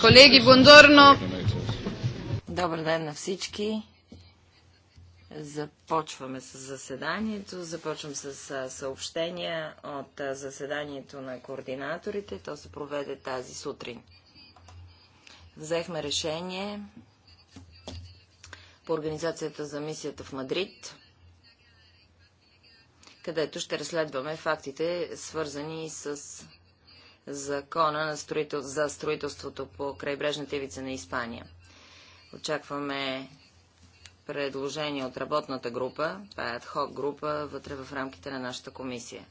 Колеги, Бондорно, Добър ден на всички. Започваме с заседанието. Започвам с съобщения от заседанието на координаторите. То се проведе тази сутрин. Взехме решение по организацията за мисията в Мадрид където ще разследваме фактите, свързани с закона на строител... за строителството по крайбрежната ивица на Испания. Очакваме предложение от работната група, това е адхок група, вътре в рамките на нашата комисия.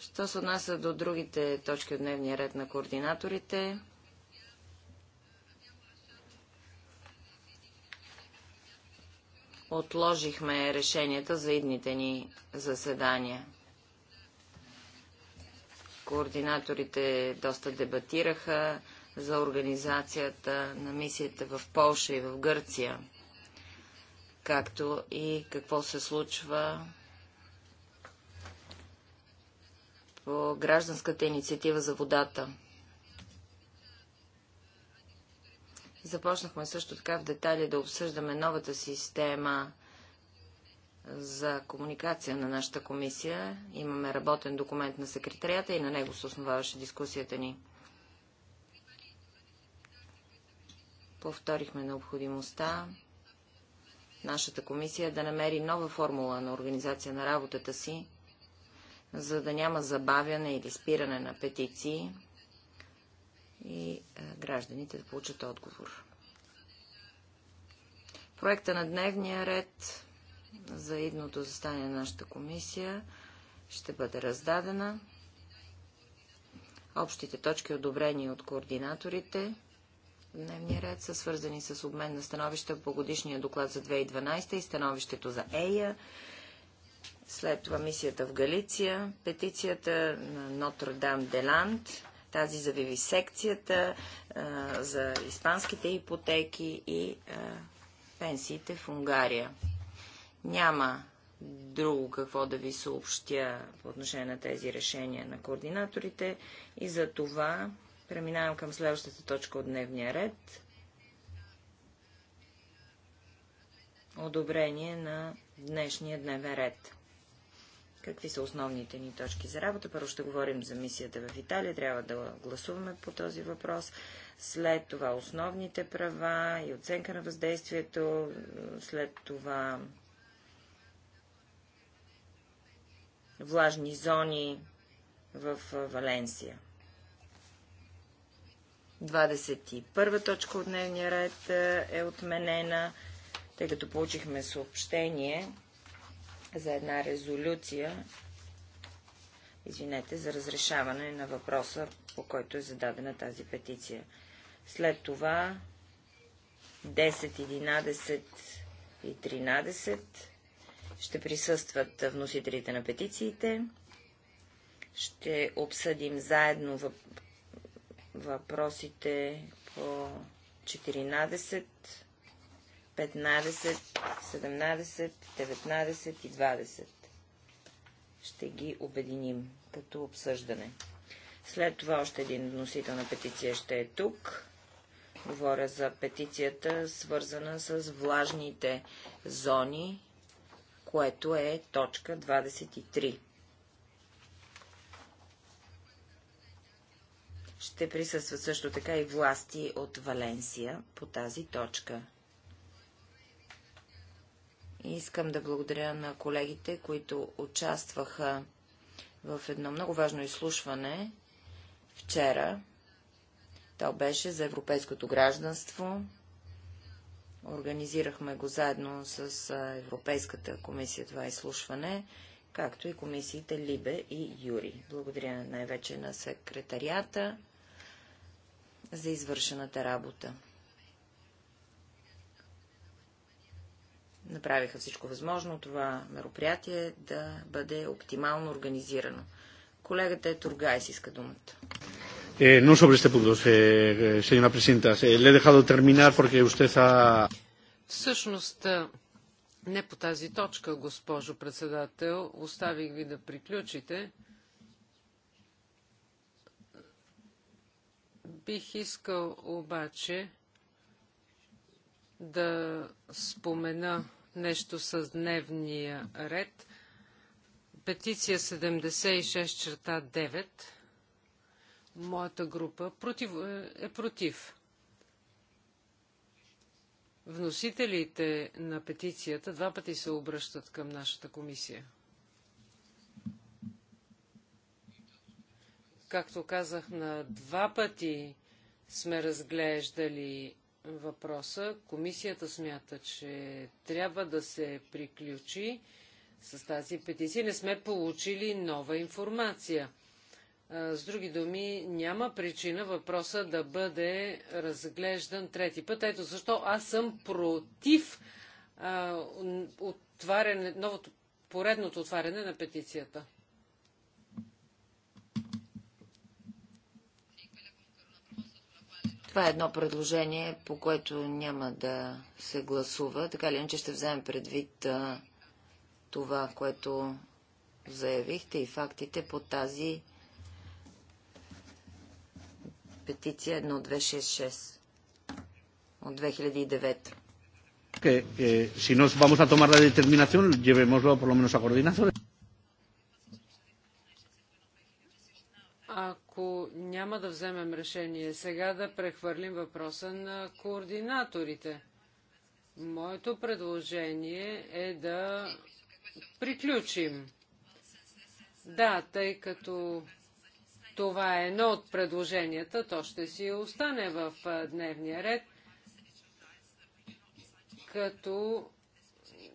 Що се отнася до другите точки от дневния ред на координаторите, отложихме решенията за идните ни заседания. Координаторите доста дебатираха за организацията на мисията в Полша и в Гърция, както и какво се случва по гражданската инициатива за водата. Започнахме също така в детали да обсъждаме новата система за комуникация на нашата комисия. Имаме работен документ на секретарията и на него се основаваше дискусията ни. Повторихме необходимостта нашата комисия да намери нова формула на организация на работата си, за да няма забавяне или спиране на петиции и е, гражданите да получат отговор. Проекта на дневния ред за идното застане на нашата комисия ще бъде раздадена. Общите точки, одобрени от координаторите, дневния ред са свързани с обмен на становища по годишния доклад за 2012 и становището за ЕЯ. след това мисията в Галиция, петицията на Нотр-Дам Деланд, тази за вивисекцията, за испанските ипотеки и пенсиите в Унгария. Няма друго какво да ви съобщя по отношение на тези решения на координаторите и за това преминавам към следващата точка от дневния ред. Одобрение на днешния дневен ред. Какви са основните ни точки за работа? Първо ще говорим за мисията в Италия. Трябва да гласуваме по този въпрос. След това основните права и оценка на въздействието. След това влажни зони в Валенсия. 21 точка от дневния ред е отменена, тъй като получихме съобщение за една резолюция, извинете, за разрешаване на въпроса, по който е зададена тази петиция. След това 10, 11 и 13 ще присъстват вносителите на петициите. Ще обсъдим заедно въпросите по 14, 15, 17, 19 и 20. Ще ги обединим като обсъждане. След това още един вносител на петиция ще е тук. Говоря за петицията, свързана с влажните зони което е точка 23. Ще присъстват също така и власти от Валенсия по тази точка. И искам да благодаря на колегите, които участваха в едно много важно изслушване вчера. То беше за европейското гражданство Организирахме го заедно с Европейската комисия това изслушване, както и комисиите Либе и Юри. Благодаря най-вече на секретарията за извършената работа. Направиха всичко възможно това мероприятие да бъде оптимално организирано. Колегата е Тургайс иска думата. Eh, no sobre este punto, eh, señora presidenta. Eh, le he dejado terminar porque usted ha... Всъщност, е, не по тази точка, госпожо председател. Оставих ви да приключите. Бих искал обаче да спомена нещо с дневния ред. Петиция 76 черта 9 Моята група против, е, е против. Вносителите на петицията два пъти се обръщат към нашата комисия. Както казах, на два пъти сме разглеждали въпроса. Комисията смята, че трябва да се приключи с тази петиция. Не сме получили нова информация. С други думи, няма причина въпроса да бъде разглеждан трети път. Ето защо аз съм против а, отваряне, новото поредното отваряне на петицията. Това е едно предложение, по което няма да се гласува. Така ли че ще вземем предвид а, това, което заявихте и фактите по тази петиция 1266 от 2009 que eh, si nos vamos a tomar la determinación, llevémoslo por lo menos a coordinación. Ако няма да вземем решение сега да прехвърлим въпроса на координаторите, моето предложение е да приключим. Да, тъй като това е едно от предложенията. То ще си остане в дневния ред, като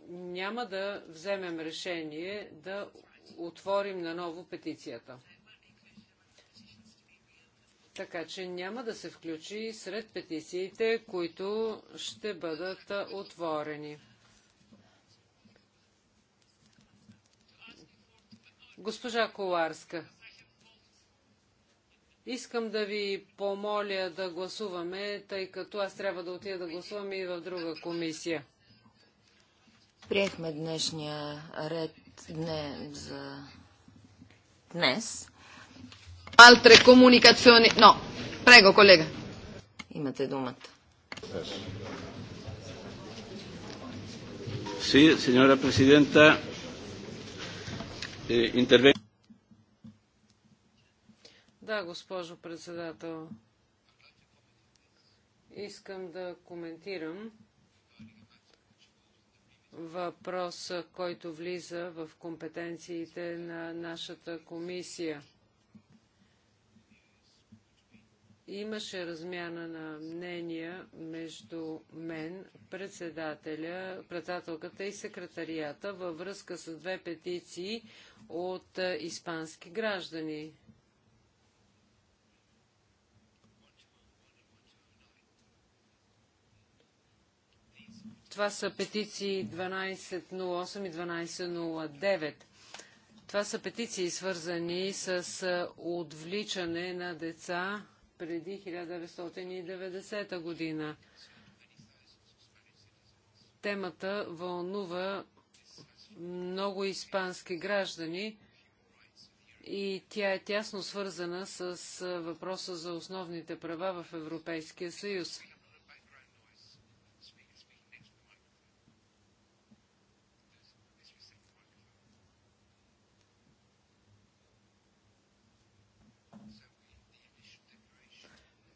няма да вземем решение да отворим наново петицията. Така че няма да се включи сред петициите, които ще бъдат отворени. Госпожа Коларска, Искам да ви помоля да гласуваме, тъй като аз трябва да отида да гласувам и в друга комисия. Приехме днешния ред дне за днес. Алтре comunicazioni? Но, прего, колега. Имате думата. Си, сеньора президента, интервен... Да, госпожо председател. Искам да коментирам въпроса, който влиза в компетенциите на нашата комисия. Имаше размяна на мнения между мен, председателя, председателката и секретарията във връзка с две петиции от е, испански граждани. Това са петиции 1208 и 1209. Това са петиции, свързани с отвличане на деца преди 1990 година. Темата вълнува много испански граждани и тя е тясно свързана с въпроса за основните права в Европейския съюз.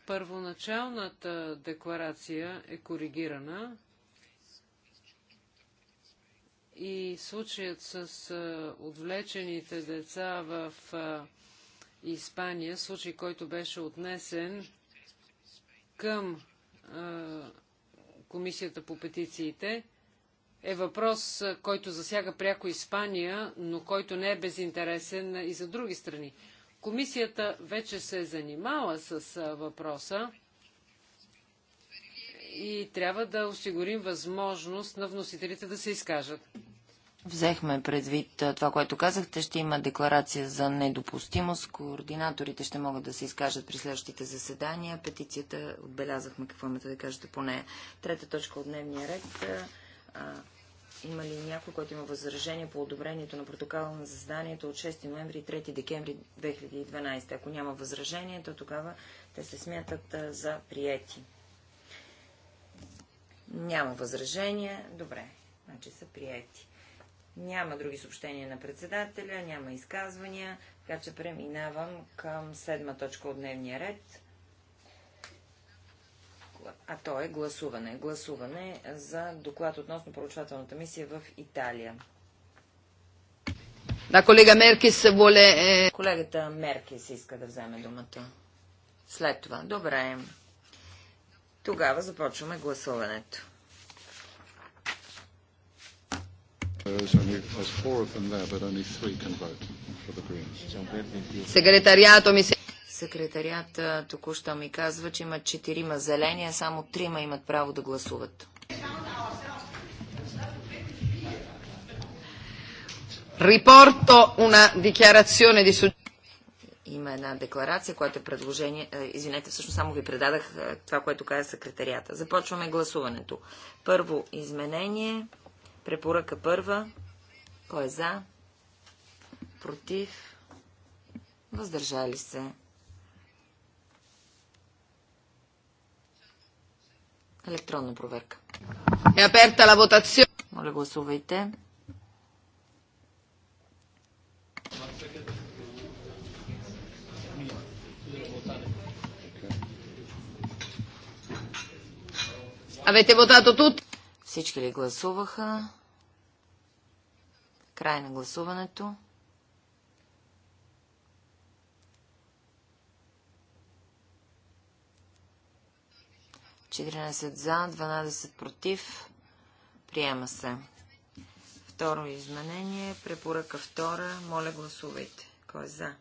Първоначалната декларация е коригирана и случаят с отвлечените деца в Испания, случай, който беше отнесен към Комисията по петициите, е въпрос, който засяга пряко Испания, но който не е безинтересен и за други страни. Комисията вече се е занимала с въпроса и трябва да осигурим възможност на вносителите да се изкажат. Взехме предвид това, което казахте. Ще има декларация за недопустимост. Координаторите ще могат да се изкажат при следващите заседания. Петицията отбелязахме какво имате да кажете по нея. Трета точка от дневния ред. А, има ли някой, който има възражение по одобрението на протокола на заседанието от 6 ноември и 3 декември 2012? Ако няма възражение, то тогава те се смятат за приети. Няма възражение. Добре, значи са приети. Няма други съобщения на председателя, няма изказвания, така че преминавам към седма точка от дневния ред а то е гласуване. Гласуване за доклад относно проучвателната мисия в Италия. Да, колега Меркис воле... Е, Колегата Меркис иска да вземе думата. След това. Добре. Тогава започваме гласуването. Секретариато ми се... Секретарията току-що ми казва, че има четирима зелени, а само трима имат право да гласуват. Репорто una dichiarazione di Има една декларация, което е предложение... Е, извинете, всъщност само ви предадах е, това, което каза секретарията. Започваме гласуването. Първо изменение, препоръка първа. Кой е за? Против? Въздържали се. Електронна проверка. Е аперта ла вотация. Моля, гласувайте. Авете вотато тут. Всички ли гласуваха? Край на гласуването. 14 за, 12 против. Приема се. Второ изменение. Препоръка втора. Моля гласувайте. Кой е за?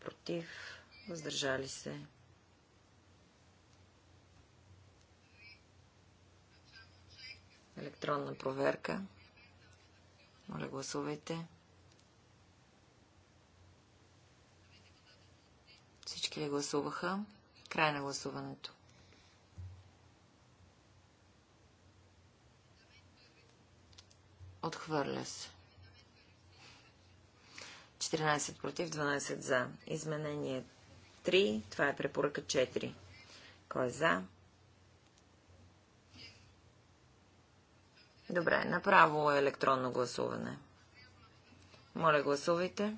Против. Въздържали се. Електронна проверка. Моля гласувайте. Всички ли гласуваха? Край на гласуването. Отхвърля се. 14 против, 12 за. Изменение 3. Това е препоръка 4. Кой е за? Добре, направо е електронно гласуване. Моля, гласувайте.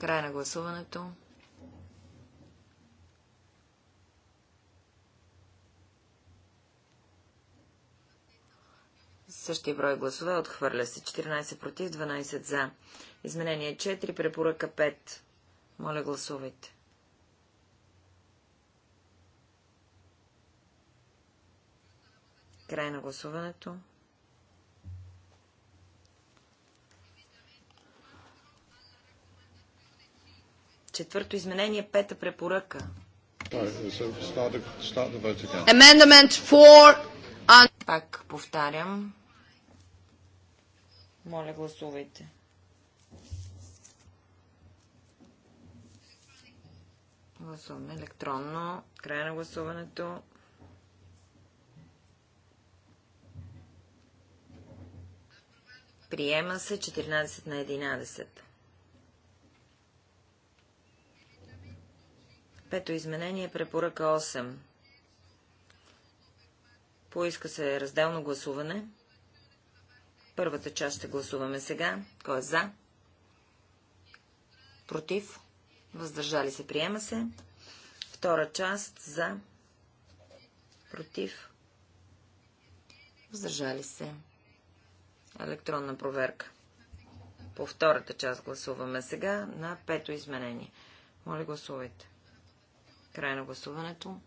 Край на гласуването. Същия брой гласове отхвърля се. 14 против, 12 за. Изменение 4, препоръка 5. Моля, гласувайте. Край на гласуването. Четвърто изменение, пета препоръка. Amendment 4. Пак повтарям. Моля, гласувайте. Гласуваме електронно. Край на гласуването. Приема се 14 на 11. Пето изменение, препоръка 8. Поиска се разделно гласуване. Първата част ще гласуваме сега. Кой е за? Против? Въздържали се? Приема се. Втора част за? Против? Въздържали се? Електронна проверка. По втората част гласуваме сега на пето изменение. Моля, гласувайте. Край на гласуването.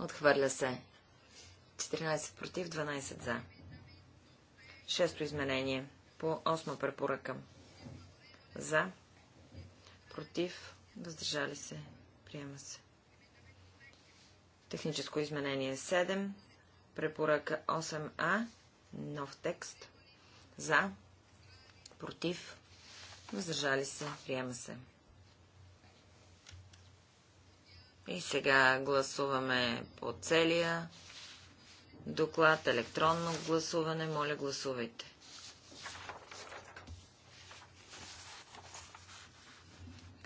Отхвърля се. 14 против, 12 за. Шесто изменение по осма препоръка. За, против, въздържали се, приема се. Техническо изменение 7, е препоръка 8а, нов текст. За, против, въздържали се, приема се. И сега гласуваме по целия доклад, електронно гласуване. Моля, гласувайте.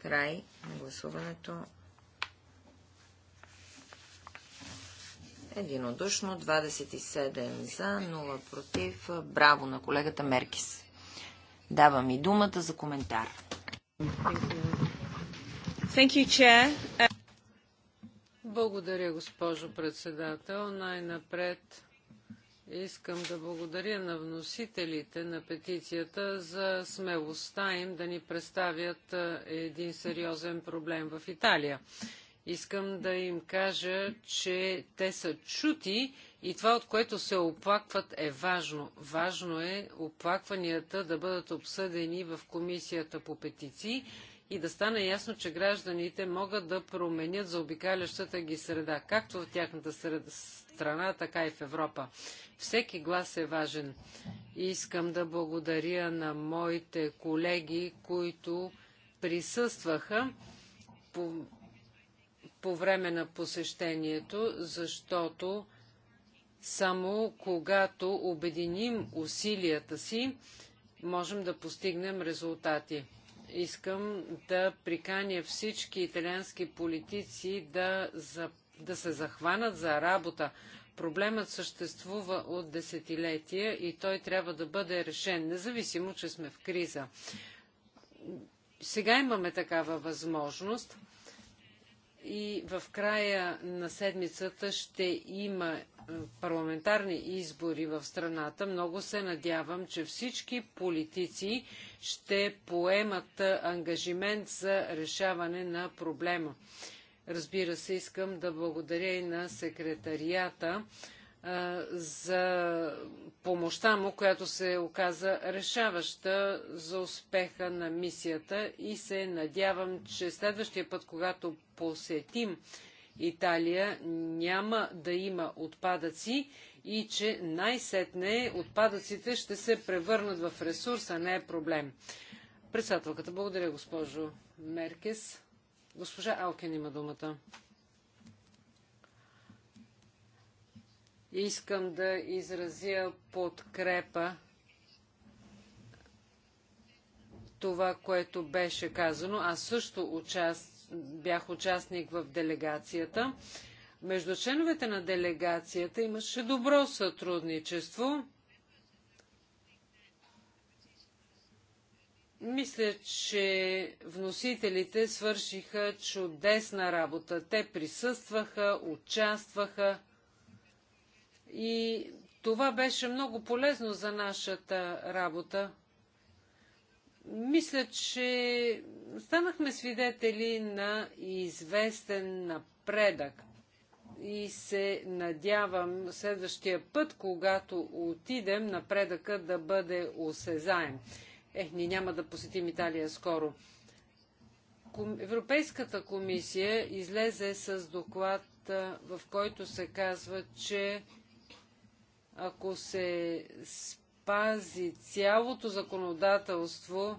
Край на гласуването. Единодушно, 27 за, 0 против. Браво на колегата Меркис. Давам и думата за коментар. Thank you, Chair. Благодаря, госпожо председател. Най-напред искам да благодаря на вносителите на петицията за смелостта им да ни представят един сериозен проблем в Италия. Искам да им кажа, че те са чути и това, от което се оплакват, е важно. Важно е оплакванията да бъдат обсъдени в Комисията по петиции и да стане ясно, че гражданите могат да променят заобикалящата ги среда, както в тяхната среда, страна, така и в Европа. Всеки глас е важен. Искам да благодаря на моите колеги, които присъстваха по, по време на посещението, защото само когато обединим усилията си, можем да постигнем резултати искам да приканя всички италиански политици да, за, да се захванат за работа. Проблемът съществува от десетилетия и той трябва да бъде решен, независимо, че сме в криза. Сега имаме такава възможност – и в края на седмицата ще има е, парламентарни избори в страната. Много се надявам, че всички политици ще поемат е, ангажимент за решаване на проблема. Разбира се, искам да благодаря и на секретарията за помощта му, която се оказа решаваща за успеха на мисията и се надявам, че следващия път, когато посетим Италия, няма да има отпадъци и че най-сетне отпадъците ще се превърнат в ресурс, а не е проблем. Председателката, благодаря госпожо Меркес. Госпожа Алкен има думата. Искам да изразя подкрепа това, което беше казано. Аз също участ... бях участник в делегацията. Между членовете на делегацията имаше добро сътрудничество. Мисля, че вносителите свършиха чудесна работа. Те присъстваха, участваха и това беше много полезно за нашата работа. Мисля, че станахме свидетели на известен напредък и се надявам следващия път, когато отидем, напредъка да бъде осезаем. Ех, ни няма да посетим Италия скоро. Европейската комисия излезе с доклад, в който се казва, че ако се спази цялото законодателство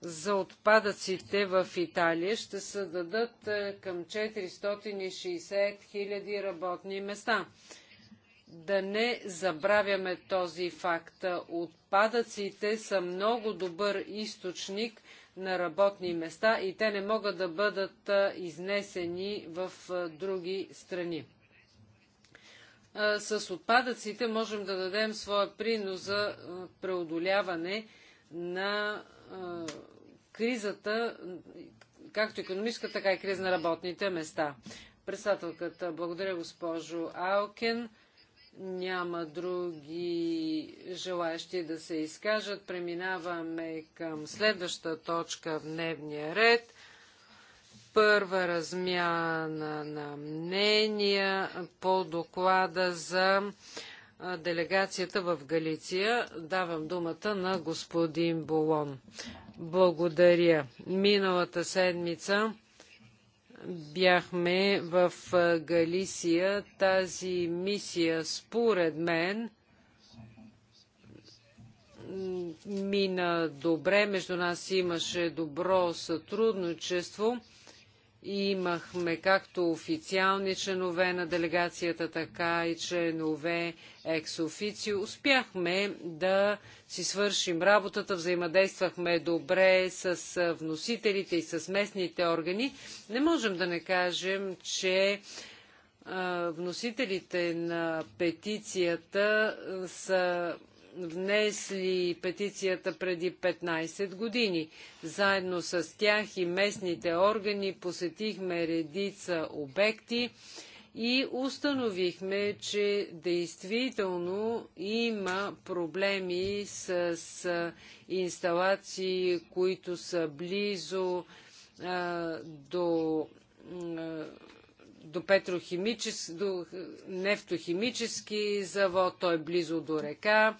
за отпадъците в Италия, ще се дадат е, към 460 000 работни места. Да не забравяме този факт. Отпадъците са много добър източник на работни места и те не могат да бъдат е, изнесени в е, други страни с отпадъците можем да дадем своя принос за преодоляване на кризата, както економическа, така и криза на работните места. Председателката, благодаря госпожо Алкен. Няма други желаящи да се изкажат. Преминаваме към следваща точка в дневния ред първа размяна на мнения по доклада за делегацията в Галиция. Давам думата на господин Болон. Благодаря. Миналата седмица бяхме в Галисия. Тази мисия, според мен, мина добре. Между нас имаше добро сътрудничество. Имахме както официални членове на делегацията, така и членове екс-официо. Успяхме да си свършим работата, взаимодействахме добре с вносителите и с местните органи. Не можем да не кажем, че вносителите на петицията са внесли петицията преди 15 години. Заедно с тях и местните органи посетихме редица обекти и установихме, че действително има проблеми с, инсталации, които са близо а, до а, до, петрохимичес, до нефтохимически завод, той е близо до река.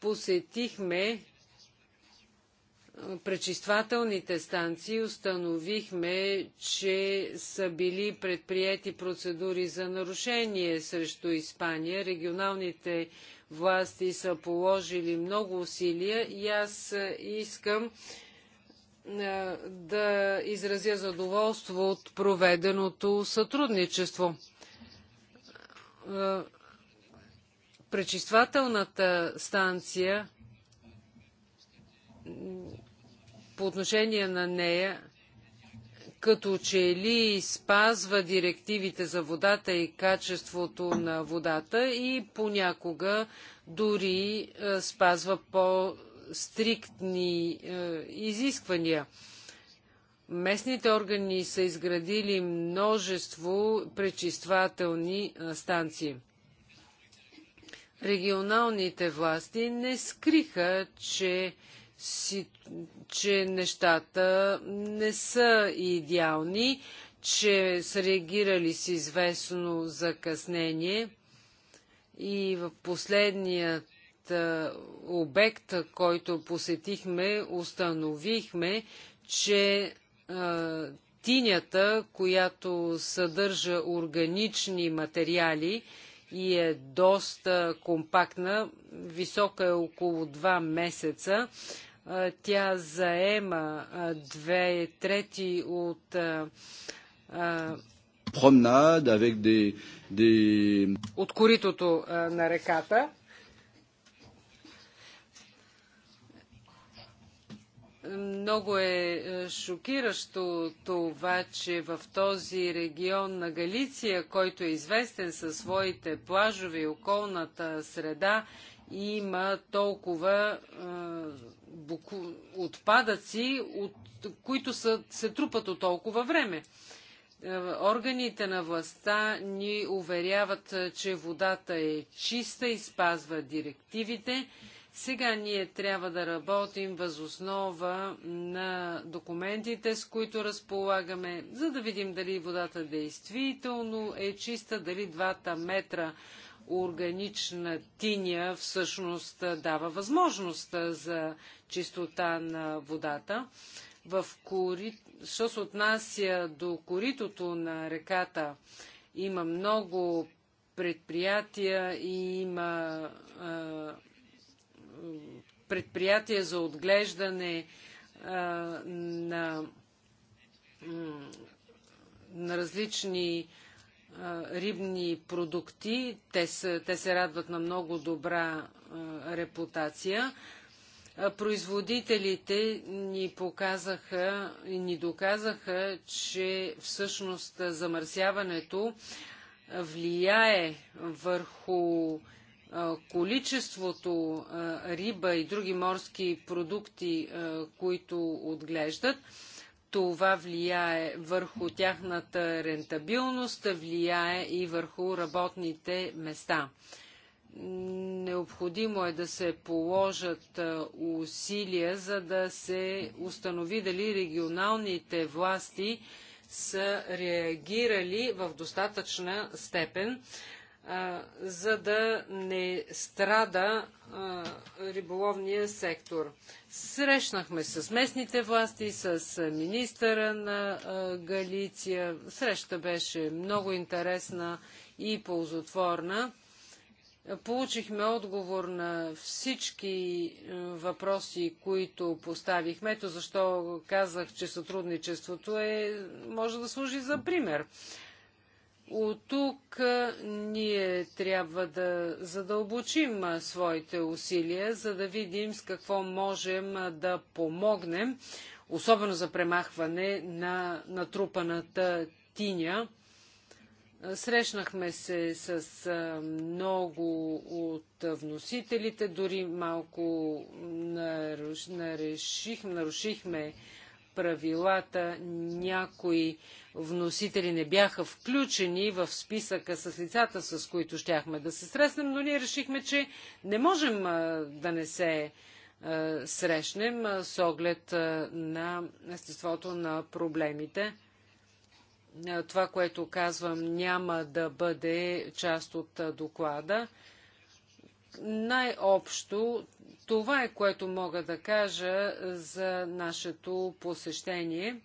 Посетихме пречиствателните станции установихме, че са били предприяти процедури за нарушение срещу Испания. Регионалните власти са положили много усилия и аз искам е, да изразя задоволство от проведеното сътрудничество. Е, пречиствателната станция по отношение на нея като че ли спазва директивите за водата и качеството на водата и понякога дори е, спазва по стриктни е, изисквания. Местните органи са изградили множество пречиствателни е, станции. Регионалните власти не скриха, че, си, че нещата не са идеални, че са реагирали с известно закъснение. И в последният е, обект, който посетихме, установихме, че е, тинята, която съдържа органични материали и е доста компактна, висока е около 2 месеца, е, тя заема две трети от променад avec des, des... от коритото на реката. Много е, е шокиращо това, че в този регион на Галиция, който е известен със своите плажове и околната среда, има толкова е, буку... отпадъци, от... които са, се трупат от толкова време. Е, органите на властта ни уверяват, че водата е чиста и спазва директивите. Сега ние трябва да работим възоснова на документите, с които разполагаме, за да видим дали водата действително е чиста, дали двата метра органична тиня всъщност дава възможност за чистота на водата. В кори... Що се отнася до коритото на реката, има много предприятия и има предприятие за отглеждане на, на различни рибни продукти. Те, са, те се радват на много добра репутация. Производителите ни показаха и ни доказаха, че всъщност замърсяването влияе върху количеството риба и други морски продукти, които отглеждат, това влияе върху тяхната рентабилност, влияе и върху работните места. Необходимо е да се положат усилия, за да се установи дали регионалните власти са реагирали в достатъчна степен за да не страда риболовния сектор. Срещнахме с местните власти, с министъра на Галиция. Среща беше много интересна и ползотворна. Получихме отговор на всички въпроси, които поставихме. Ето защо казах, че сътрудничеството е, може да служи за пример. От тук ние трябва да задълбочим своите усилия, за да видим с какво можем да помогнем, особено за премахване на натрупаната тиня. Срещнахме се с много от вносителите, дори малко наруш... нарушихме правилата някои вносители не бяха включени в списъка с лицата, с които щяхме да се срещнем, но ние решихме, че не можем да не се срещнем с оглед на естеството на проблемите. Това, което казвам, няма да бъде част от доклада най-общо това е, което мога да кажа за нашето посещение.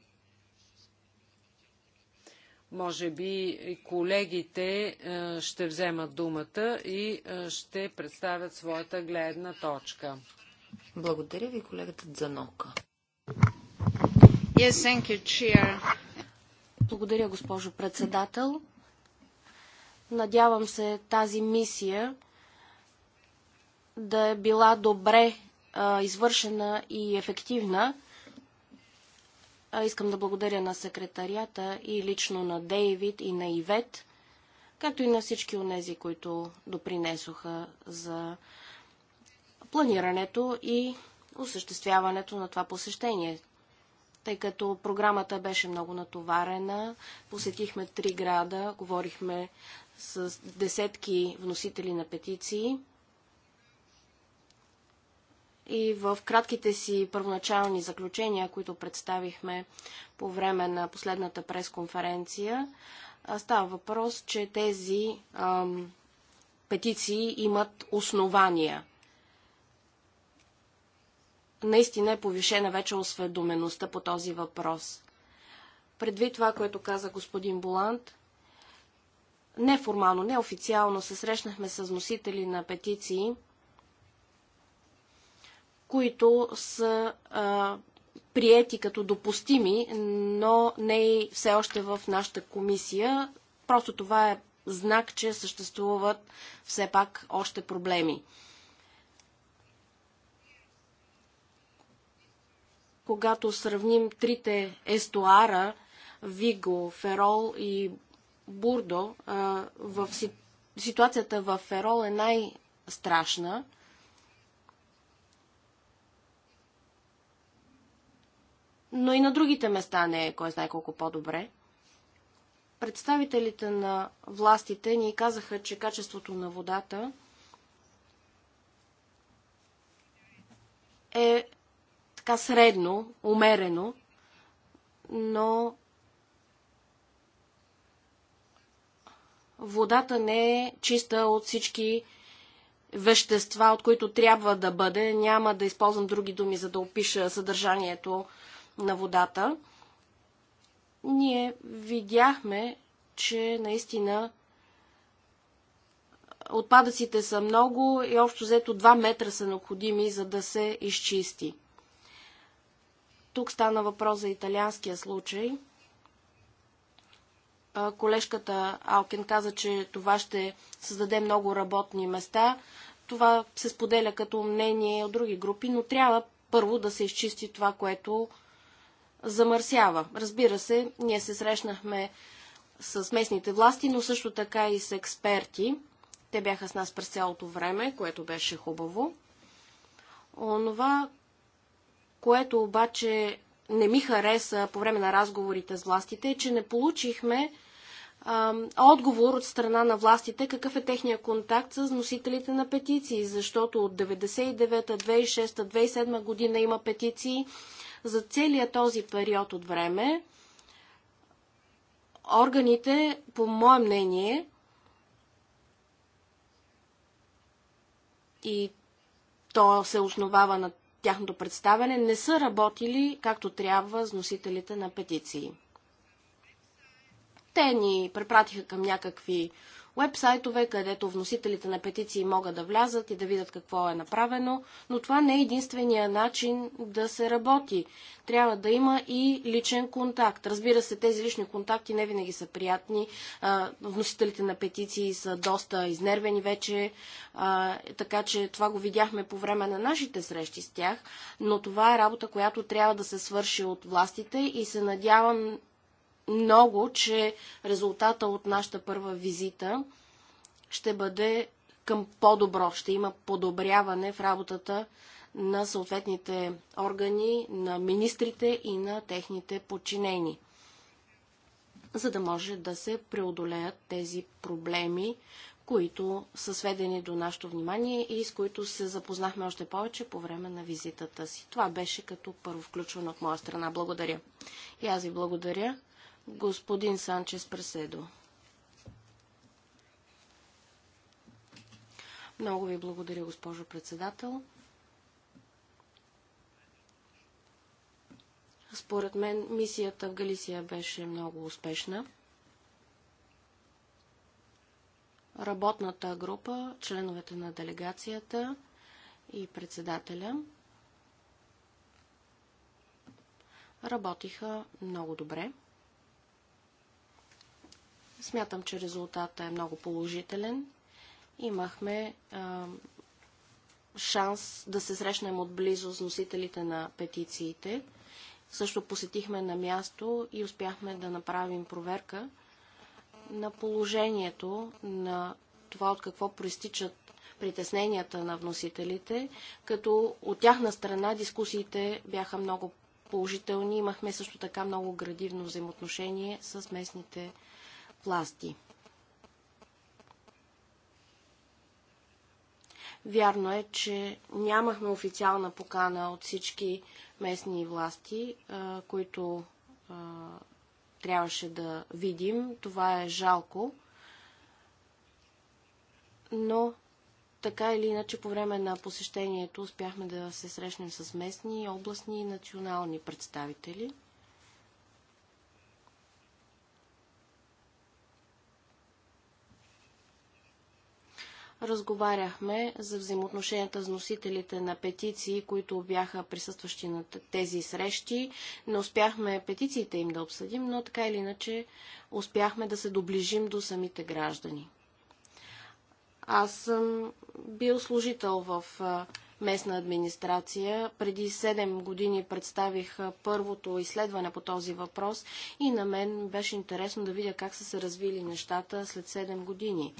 Може би колегите е, ще вземат думата и е, ще представят своята гледна точка. Благодаря ви, колегата Дзанока. Yes, thank you, chair. Благодаря, госпожо председател. Надявам се тази мисия да е била добре а, извършена и ефективна. А, искам да благодаря на секретарията и лично на Дейвид и на Ивет, както и на всички от тези, които допринесоха за планирането и осъществяването на това посещение. Тъй като програмата беше много натоварена, посетихме три града, говорихме с десетки вносители на петиции – и в кратките си първоначални заключения, които представихме по време на последната пресконференция, става въпрос, че тези ам, петиции имат основания. Наистина е повишена вече осведомеността по този въпрос. Предвид това, което каза господин Боланд, неформално, неофициално се срещнахме с носители на петиции – които са а, приети като допустими, но не и все още в нашата комисия. Просто това е знак, че съществуват все пак още проблеми. Когато сравним трите естуара, Виго, Ферол и Бурдо, а, в ситуацията в Ферол е най-страшна – но и на другите места не е кой знае колко по-добре. Представителите на властите ни казаха, че качеството на водата е така средно, умерено, но водата не е чиста от всички вещества, от които трябва да бъде. Няма да използвам други думи, за да опиша съдържанието на водата, ние видяхме, че наистина отпадъците са много и общо взето 2 метра са необходими, за да се изчисти. Тук стана въпрос за италианския случай. Колежката Алкен каза, че това ще създаде много работни места. Това се споделя като мнение от други групи, но трябва първо да се изчисти това, което замърсява. Разбира се, ние се срещнахме с местните власти, но също така и с експерти. Те бяха с нас през цялото време, което беше хубаво. Онова, което обаче не ми хареса по време на разговорите с властите, е, че не получихме а, отговор от страна на властите какъв е техния контакт с носителите на петиции, защото от 99-та, 2006-та, 2007 година има петиции, за целия този период от време органите, по мое мнение, и то се основава на тяхното представяне, не са работили както трябва с носителите на петиции. Те ни препратиха към някакви вебсайтове, където вносителите на петиции могат да влязат и да видят какво е направено, но това не е единствения начин да се работи. Трябва да има и личен контакт. Разбира се, тези лични контакти не винаги са приятни. Вносителите на петиции са доста изнервени вече, така че това го видяхме по време на нашите срещи с тях, но това е работа, която трябва да се свърши от властите и се надявам много, че резултата от нашата първа визита ще бъде към по-добро. Ще има подобряване в работата на съответните органи, на министрите и на техните подчинени, за да може да се преодолеят тези проблеми, които са сведени до нашето внимание и с които се запознахме още повече по време на визитата си. Това беше като първо включване от моя страна. Благодаря. И аз ви благодаря господин Санчес Преседо. Много ви благодаря, госпожо председател. Според мен мисията в Галисия беше много успешна. Работната група, членовете на делегацията и председателя работиха много добре. Смятам, че резултата е много положителен. Имахме а, шанс да се срещнем отблизо с носителите на петициите. Също посетихме на място и успяхме да направим проверка на положението на това от какво проистичат притесненията на вносителите, като от тяхна страна дискусиите бяха много положителни. Имахме също така много градивно взаимоотношение с местните пласти. Вярно е, че нямахме официална покана от всички местни власти, които трябваше да видим. Това е жалко. Но така или иначе по време на посещението успяхме да се срещнем с местни, областни и национални представители. разговаряхме за взаимоотношенията с носителите на петиции, които бяха присъстващи на тези срещи. Не успяхме петициите им да обсъдим, но така или иначе успяхме да се доближим до самите граждани. Аз съм бил служител в местна администрация. Преди 7 години представих първото изследване по този въпрос и на мен беше интересно да видя как са се развили нещата след 7 години.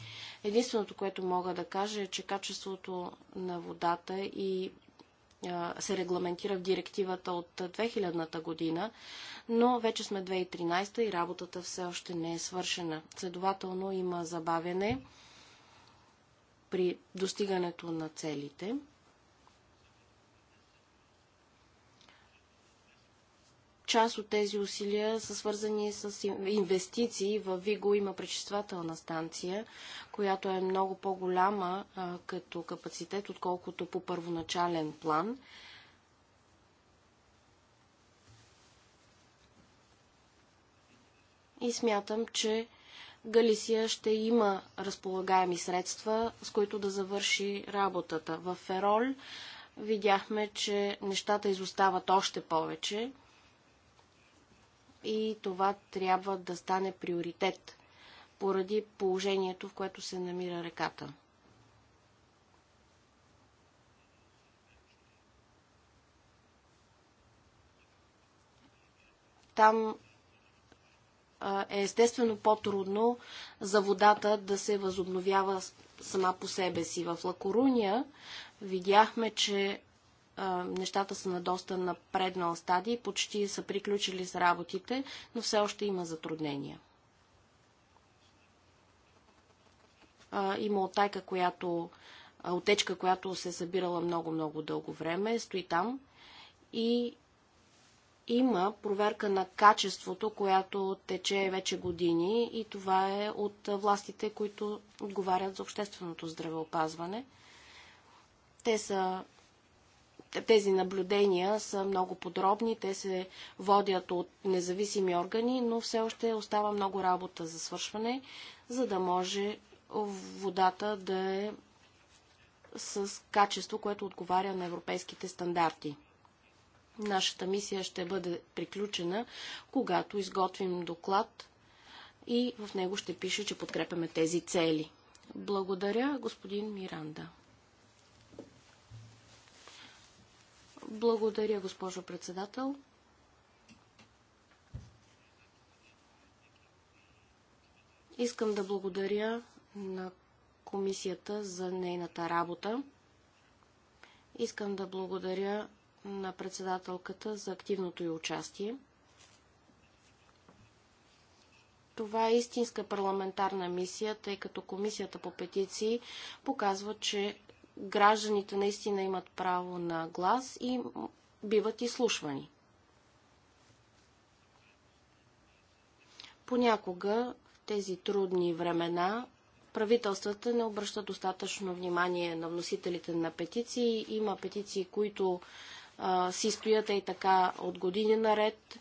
Единственото, което мога да кажа е, че качеството на водата и се регламентира в директивата от 2000-та година, но вече сме 2013 и работата все още не е свършена. Следователно има забавяне при достигането на целите. Част от тези усилия са свързани с инвестиции. В Виго има пречиствателна станция, която е много по-голяма като капацитет, отколкото по първоначален план. И смятам, че Галисия ще има разполагаеми средства, с които да завърши работата. В Ферол видяхме, че нещата изостават още повече и това трябва да стане приоритет поради положението, в което се намира реката. Там е естествено по-трудно за водата да се възобновява сама по себе си. В Лакоруния видяхме, че нещата са на доста напреднал стадий, почти са приключили с работите, но все още има затруднения. Има отайка, която, отечка, която се е събирала много-много дълго време, стои там и има проверка на качеството, която тече вече години и това е от властите, които отговарят за общественото здравеопазване. Те са тези наблюдения са много подробни, те се водят от независими органи, но все още остава много работа за свършване, за да може водата да е с качество, което отговаря на европейските стандарти. Нашата мисия ще бъде приключена, когато изготвим доклад и в него ще пише, че подкрепяме тези цели. Благодаря, господин Миранда. Благодаря, госпожо председател. Искам да благодаря на комисията за нейната работа. Искам да благодаря на председателката за активното й участие. Това е истинска парламентарна мисия, тъй като Комисията по петиции показва, че гражданите наистина имат право на глас и биват изслушвани. Понякога в тези трудни времена правителствата не обръщат достатъчно внимание на вносителите на петиции. Има петиции, които а, си стоят и така от години наред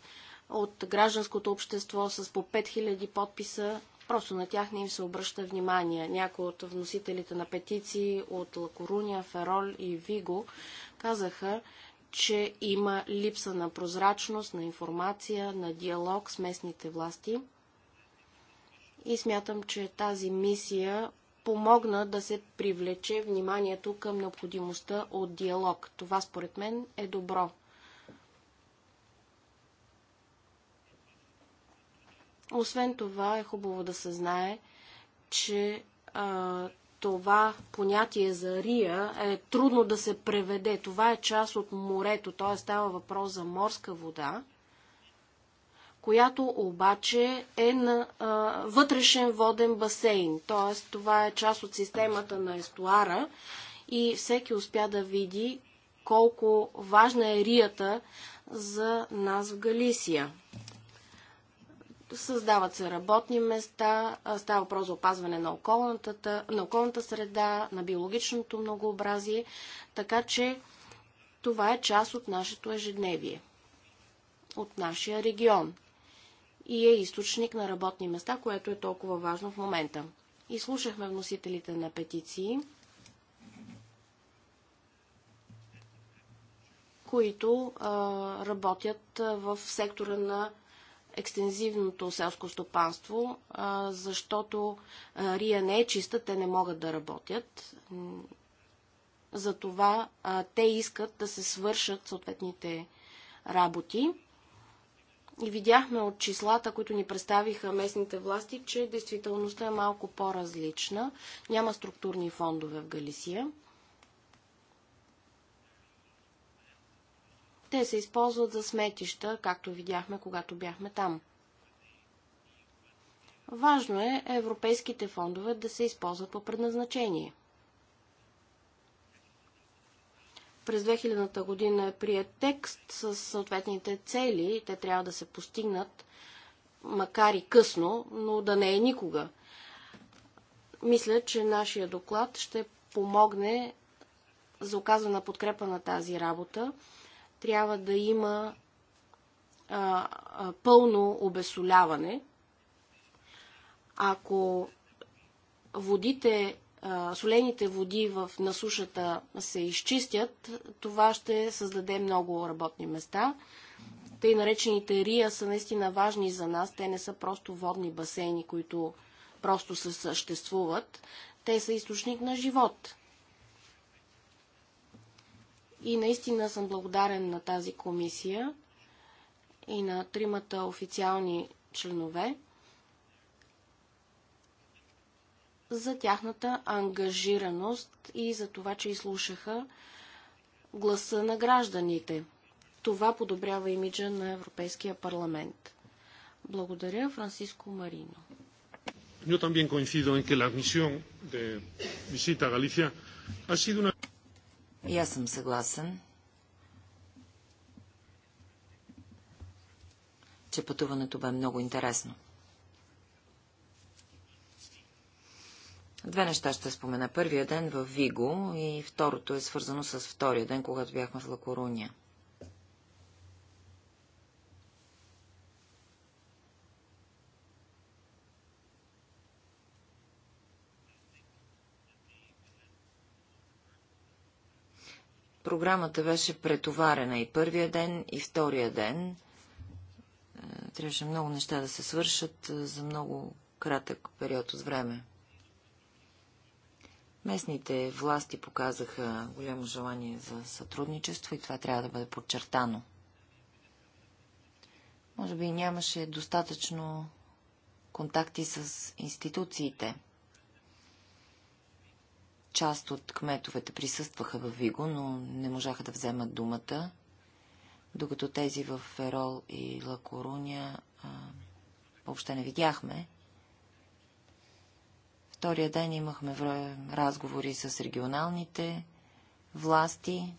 от гражданското общество с по 5000 подписа Просто на тях не им се обръща внимание. Някои от вносителите на петиции от Лакоруния, Ферол и Виго казаха, че има липса на прозрачност, на информация, на диалог с местните власти. И смятам, че тази мисия помогна да се привлече вниманието към необходимостта от диалог. Това според мен е добро. Освен това е хубаво да се знае, че а, това понятие за рия е трудно да се преведе. Това е част от морето, т.е. става въпрос за морска вода, която обаче е на а, вътрешен воден басейн. Т.е. това е част от системата на естуара и всеки успя да види колко важна е рията за нас в Галисия. Създават се работни места, става въпрос за опазване на околната, на околната среда, на биологичното многообразие, така че това е част от нашето ежедневие, от нашия регион и е източник на работни места, което е толкова важно в момента. И слушахме вносителите на петиции, които а, работят в сектора на екстензивното селско стопанство, защото Рия не е чиста, те не могат да работят. Затова те искат да се свършат съответните работи. И видяхме от числата, които ни представиха местните власти, че действителността е малко по-различна. Няма структурни фондове в Галисия. Те се използват за сметища, както видяхме, когато бяхме там. Важно е европейските фондове да се използват по предназначение. През 2000-та година е прият текст с съответните цели. Те трябва да се постигнат, макар и късно, но да не е никога. Мисля, че нашия доклад ще помогне за оказана подкрепа на тази работа трябва да има а, а, пълно обесоляване. Ако водите, а, солените води в, на сушата се изчистят, това ще създаде много работни места. Тъй наречените рия са наистина важни за нас. Те не са просто водни басейни, които просто се съществуват. Те са източник на живот. И наистина съм благодарен на тази комисия и на тримата официални членове за тяхната ангажираност и за това, че изслушаха гласа на гражданите. Това подобрява имиджа на Европейския парламент. Благодаря, Франциско Марино. Yo también coincido en que la de visita a Galicia ha sido una. И аз съм съгласен, че пътуването бе много интересно. Две неща ще спомена. Първия ден в Виго и второто е свързано с втория ден, когато бяхме в Лакоруния. Програмата беше претоварена и първия ден, и втория ден. Е, трябваше много неща да се свършат е, за много кратък период от време. Местните власти показаха голямо желание за сътрудничество и това трябва да бъде подчертано. Може би нямаше достатъчно контакти с институциите – Част от кметовете присъстваха в Виго, но не можаха да вземат думата, докато тези в Ферол и Лакоруня а, въобще не видяхме. Втория ден имахме разговори с регионалните власти.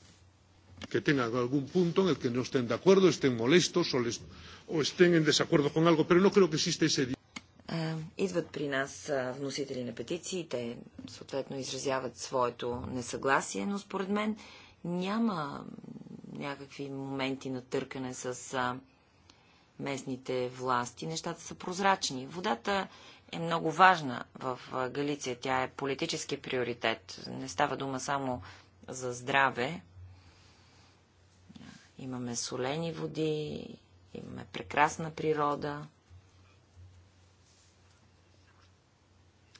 Que tengan algún punto en el que no estén de acuerdo, estén molestos o, les, o estén en desacuerdo con algo, pero no creo que existe ese Идват при нас вносители на петиции, те съответно изразяват своето несъгласие, но според мен няма някакви моменти на търкане с местните власти. Нещата са прозрачни. Водата е много важна в Галиция. Тя е политически приоритет. Не става дума само за здраве. Имаме солени води, имаме прекрасна природа.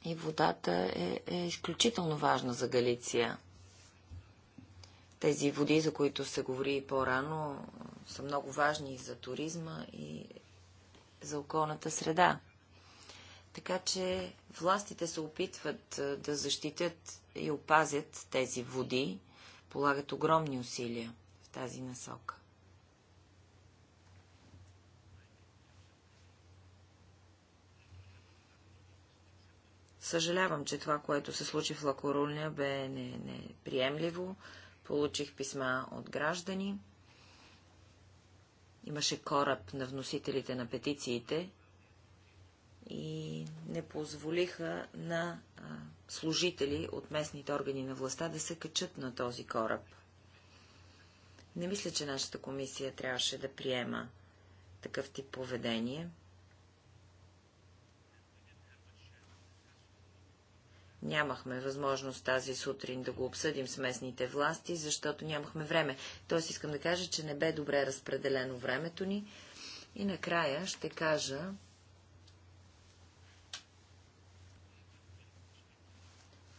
И водата е, е изключително важна за Галиция. Тези води, за които се говори по-рано, са много важни и за туризма, и за околната среда. Така че властите се опитват е, да защитят и опазят тези води, полагат огромни усилия в тази насока. Съжалявам, че това, което се случи в Лакоруния, бе неприемливо. Получих писма от граждани. Имаше кораб на вносителите на петициите и не позволиха на а, служители от местните органи на властта да се качат на този кораб. Не мисля, че нашата комисия трябваше да приема такъв тип поведение. Нямахме възможност тази сутрин да го обсъдим с местните власти, защото нямахме време. Тоест искам да кажа, че не бе добре разпределено времето ни. И накрая ще кажа,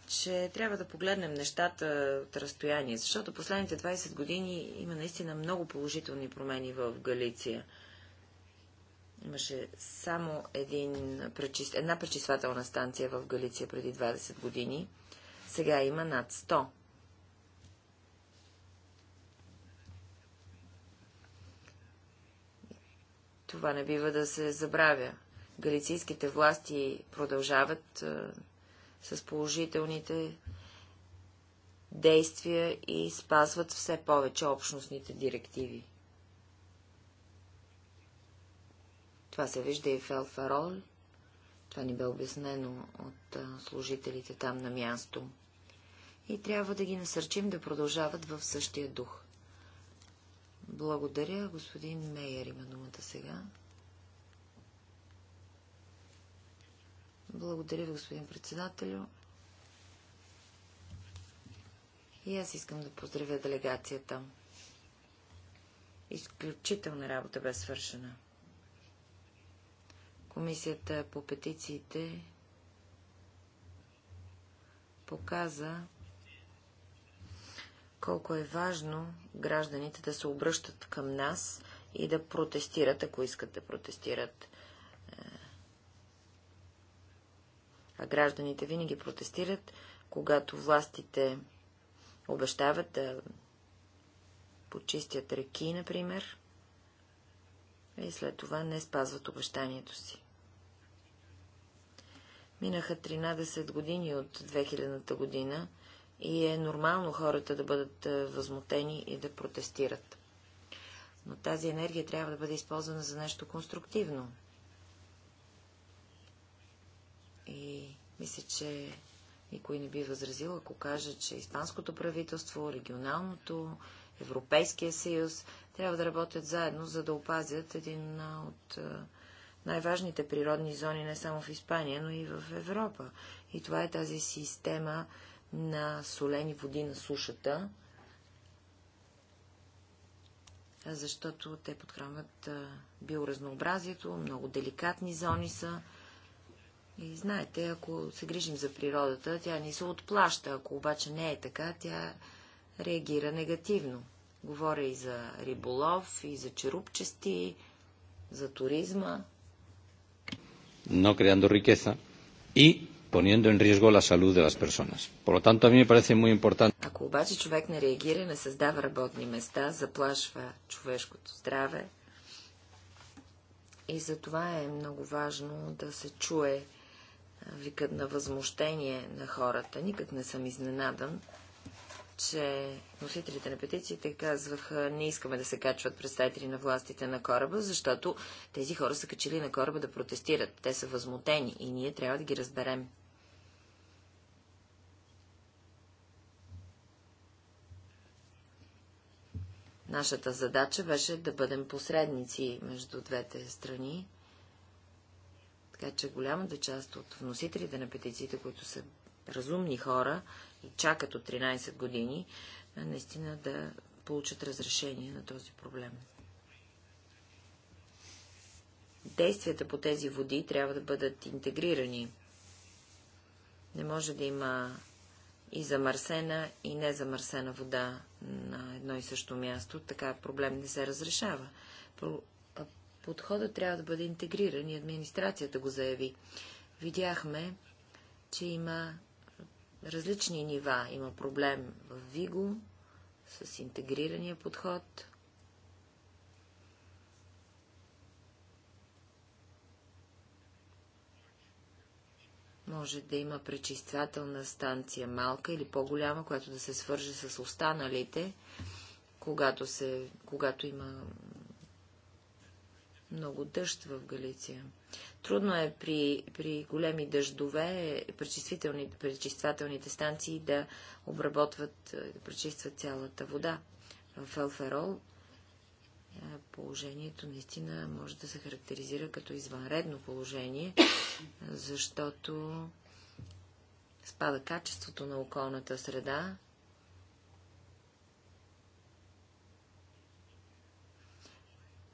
че трябва да погледнем нещата от разстояние, защото последните 20 години има наистина много положителни промени в Галиция – Имаше само един, една пречиствателна станция в Галиция преди 20 години. Сега има над 100. Това не бива да се забравя. Галицийските власти продължават е, с положителните действия и спазват все повече общностните директиви. Това се вижда и в Елфарол. Това ни бе обяснено от служителите там на място. И трябва да ги насърчим да продължават в същия дух. Благодаря, господин Мейер има думата сега. Благодаря ви, господин председателю. И аз искам да поздравя делегацията. Изключителна работа бе свършена. Комисията по петициите показа колко е важно гражданите да се обръщат към нас и да протестират, ако искат да протестират. А гражданите винаги протестират, когато властите обещават да почистят реки, например, и след това не спазват обещанието си. Минаха 13 години от 2000-та година и е нормално хората да бъдат е, възмутени и да протестират. Но тази енергия трябва да бъде използвана за нещо конструктивно. И мисля, че никой не би възразил, ако каже, че испанското правителство, регионалното, Европейския съюз трябва да работят заедно, за да опазят един от най-важните природни зони не само в Испания, но и в Европа. И това е тази система на солени води на сушата, защото те подхранват биоразнообразието, много деликатни зони са. И знаете, ако се грижим за природата, тя ни се отплаща. Ако обаче не е така, тя реагира негативно. Говоря и за риболов, и за черупчести, за туризма no creando riqueza y poniendo en riesgo la salud de las personas. Por lo tanto, a mí me parece muy importante. Ако обаче човек не реагира, не създава работни места, заплашва човешкото здраве. И за това е много важно да се чуе викът на възмущение на хората. Никак не съм изненадан, че носителите на петициите казваха, не искаме да се качват представители на властите на кораба, защото тези хора са качили на кораба да протестират. Те са възмутени и ние трябва да ги разберем. Нашата задача беше да бъдем посредници между двете страни, така че голямата част от вносителите на петициите, които са разумни хора, чакат от 13 години, наистина да получат разрешение на този проблем. Действията по тези води трябва да бъдат интегрирани. Не може да има и замърсена, и незамърсена вода на едно и също място, така проблем не се разрешава. Подходът трябва да бъде интегриран и администрацията го заяви. Видяхме, че има различни нива. Има проблем в Виго с интегрирания подход. Може да има пречиствателна станция малка или по-голяма, която да се свърже с останалите, когато, се, когато има много дъжд в Галиция. Трудно е при, при големи дъждове пречиствателните, станции да обработват, е, да пречистват цялата вода. В Елферол е, положението наистина може да се характеризира като извънредно положение, защото спада качеството на околната среда,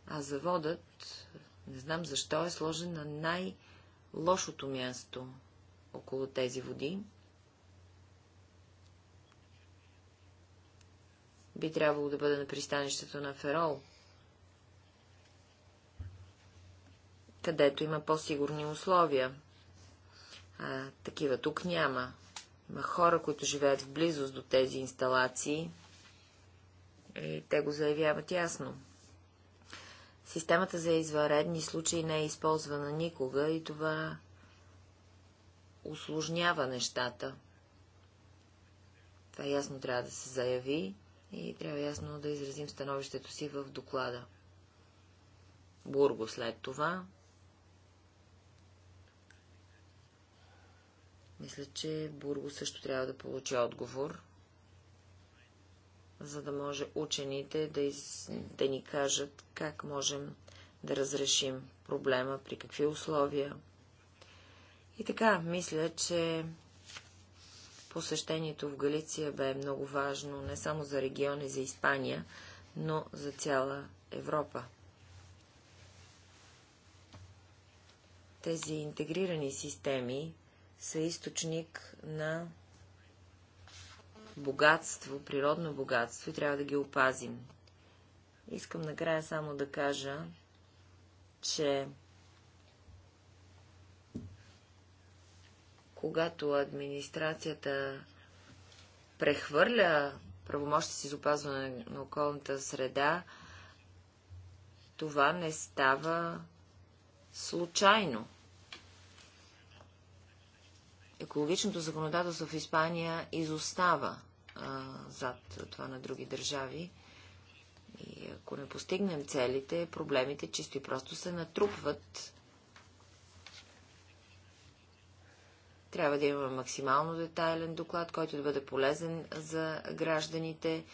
а заводът, не знам защо, е сложен на най-лошото място около тези води. Би трябвало да бъде на пристанището на Ферол, където има по-сигурни условия. А, такива тук няма. Има хора, които живеят в близост до тези инсталации и те го заявяват ясно. Системата за извънредни случаи не е използвана никога и това усложнява нещата. Това ясно трябва да се заяви и трябва ясно да изразим становището си в доклада. Бурго след това. Мисля, че Бурго също трябва да получи отговор за да може учените да, из... да ни кажат как можем да разрешим проблема, при какви условия. И така, мисля, че посещението в Галиция бе много важно не само за региона за Испания, но за цяла Европа. Тези интегрирани системи са източник на богатство, природно богатство и трябва да ги опазим. Искам накрая само да кажа, че когато администрацията прехвърля правомощите си за опазване на околната среда, това не става случайно екологичното законодателство в Испания изостава а, зад това на други държави. И ако не постигнем целите, проблемите чисто и просто се натрупват. Трябва да имаме максимално детайлен доклад, който да бъде полезен за гражданите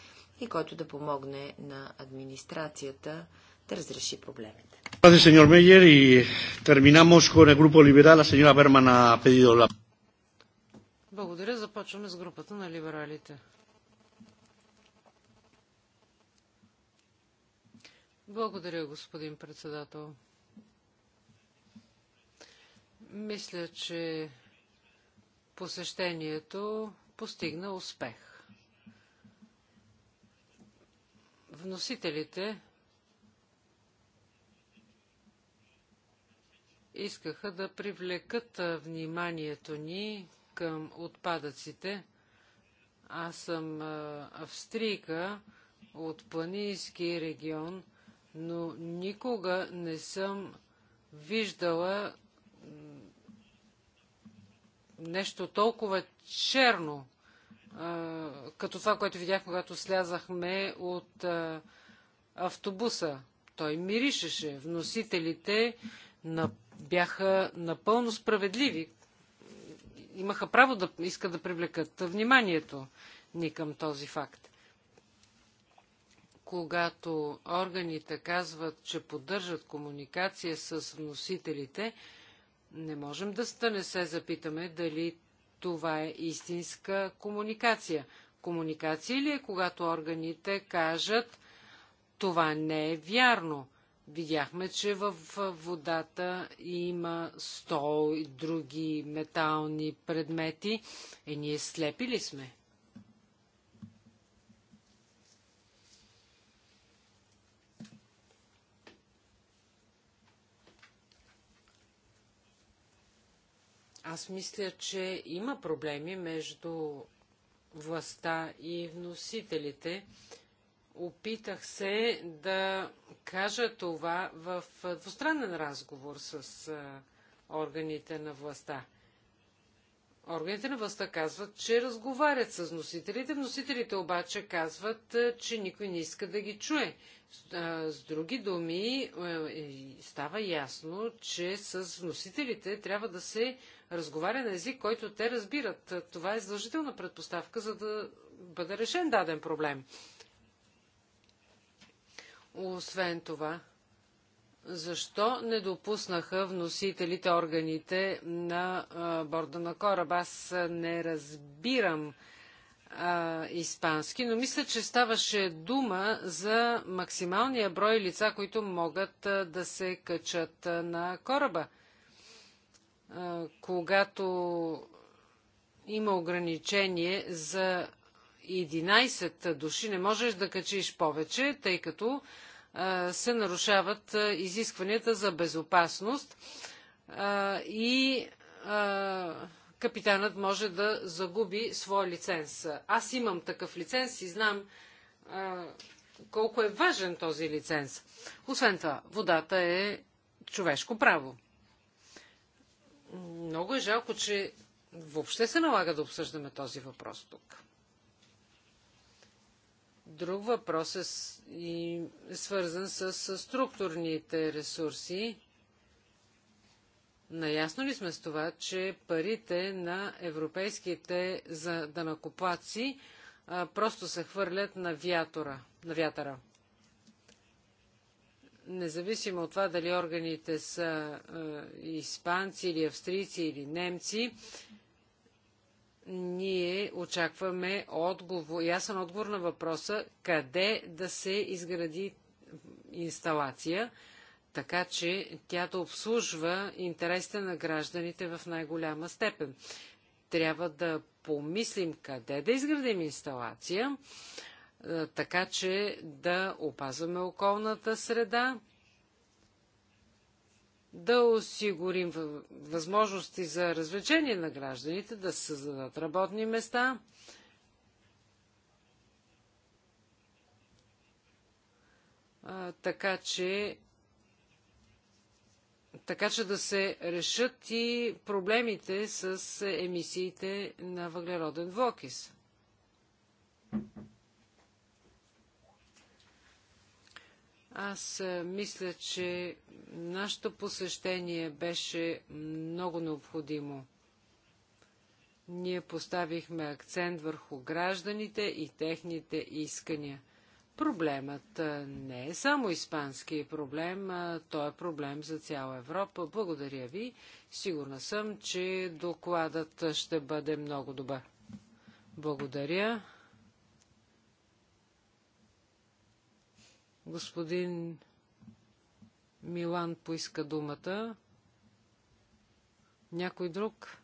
и който да помогне на администрацията да разреши проблемите. Gracias, señor Meyer, y terminamos con el Grupo Liberal. La señora Berman ha pedido la... Благодаря. Започваме с групата на либералите. Благодаря, господин председател. Мисля, че посещението постигна успех. Вносителите искаха да привлекат вниманието ни към отпадъците. Аз съм австрийка от планински регион, но никога не съм виждала нещо толкова черно, като това, което видях, когато слязахме от автобуса. Той миришеше. Вносителите бяха напълно справедливи, имаха право да искат да привлекат вниманието ни към този факт. Когато органите казват, че поддържат комуникация с вносителите, не можем да стане се запитаме дали това е истинска комуникация. Комуникация ли е, когато органите кажат, това не е вярно – Видяхме, че в водата има стол и други метални предмети. Е, ние слепи ли сме? Аз мисля, че има проблеми между властта и вносителите. Опитах се да кажа това в двустранен разговор с органите на властта. Органите на властта казват, че разговарят с носителите, носителите обаче казват, че никой не иска да ги чуе. С други думи, става ясно, че с носителите трябва да се разговаря на език, който те разбират. Това е задължителна предпоставка, за да бъде решен даден проблем. Освен това, защо не допуснаха вносителите органите на а, борда на кораба. Аз не разбирам а, испански, но мисля, че ставаше дума за максималния брой лица, които могат а, да се качат а, на кораба. А, когато има ограничение за 11 души не можеш да качиш повече, тъй като се нарушават изискванията за безопасност и капитанът може да загуби своя лиценз. Аз имам такъв лиценз и знам колко е важен този лиценз. Освен това, водата е човешко право. Много е жалко, че въобще се налага да обсъждаме този въпрос тук. Друг въпрос е, е свързан с структурните ресурси. Наясно ли сме с това, че парите на европейските данакоплаци просто се хвърлят на, вятора, на вятъра? Независимо от това дали органите са е, испанци или австрийци или немци, ние очакваме отговор, ясен отговор на въпроса къде да се изгради инсталация, така че тя да обслужва интересите на гражданите в най-голяма степен. Трябва да помислим къде да изградим инсталация, така че да опазваме околната среда, да осигурим възможности за развлечение на гражданите, да създадат работни места. А, така че така че да се решат и проблемите с емисиите на въглероден двуокис. Аз мисля, че нашето посещение беше много необходимо. Ние поставихме акцент върху гражданите и техните искания. Проблемът не е само испански проблем, той е проблем за цяла Европа. Благодаря ви. Сигурна съм, че докладът ще бъде много добър. Благодаря. Господин Милан поиска думата. Някой друг?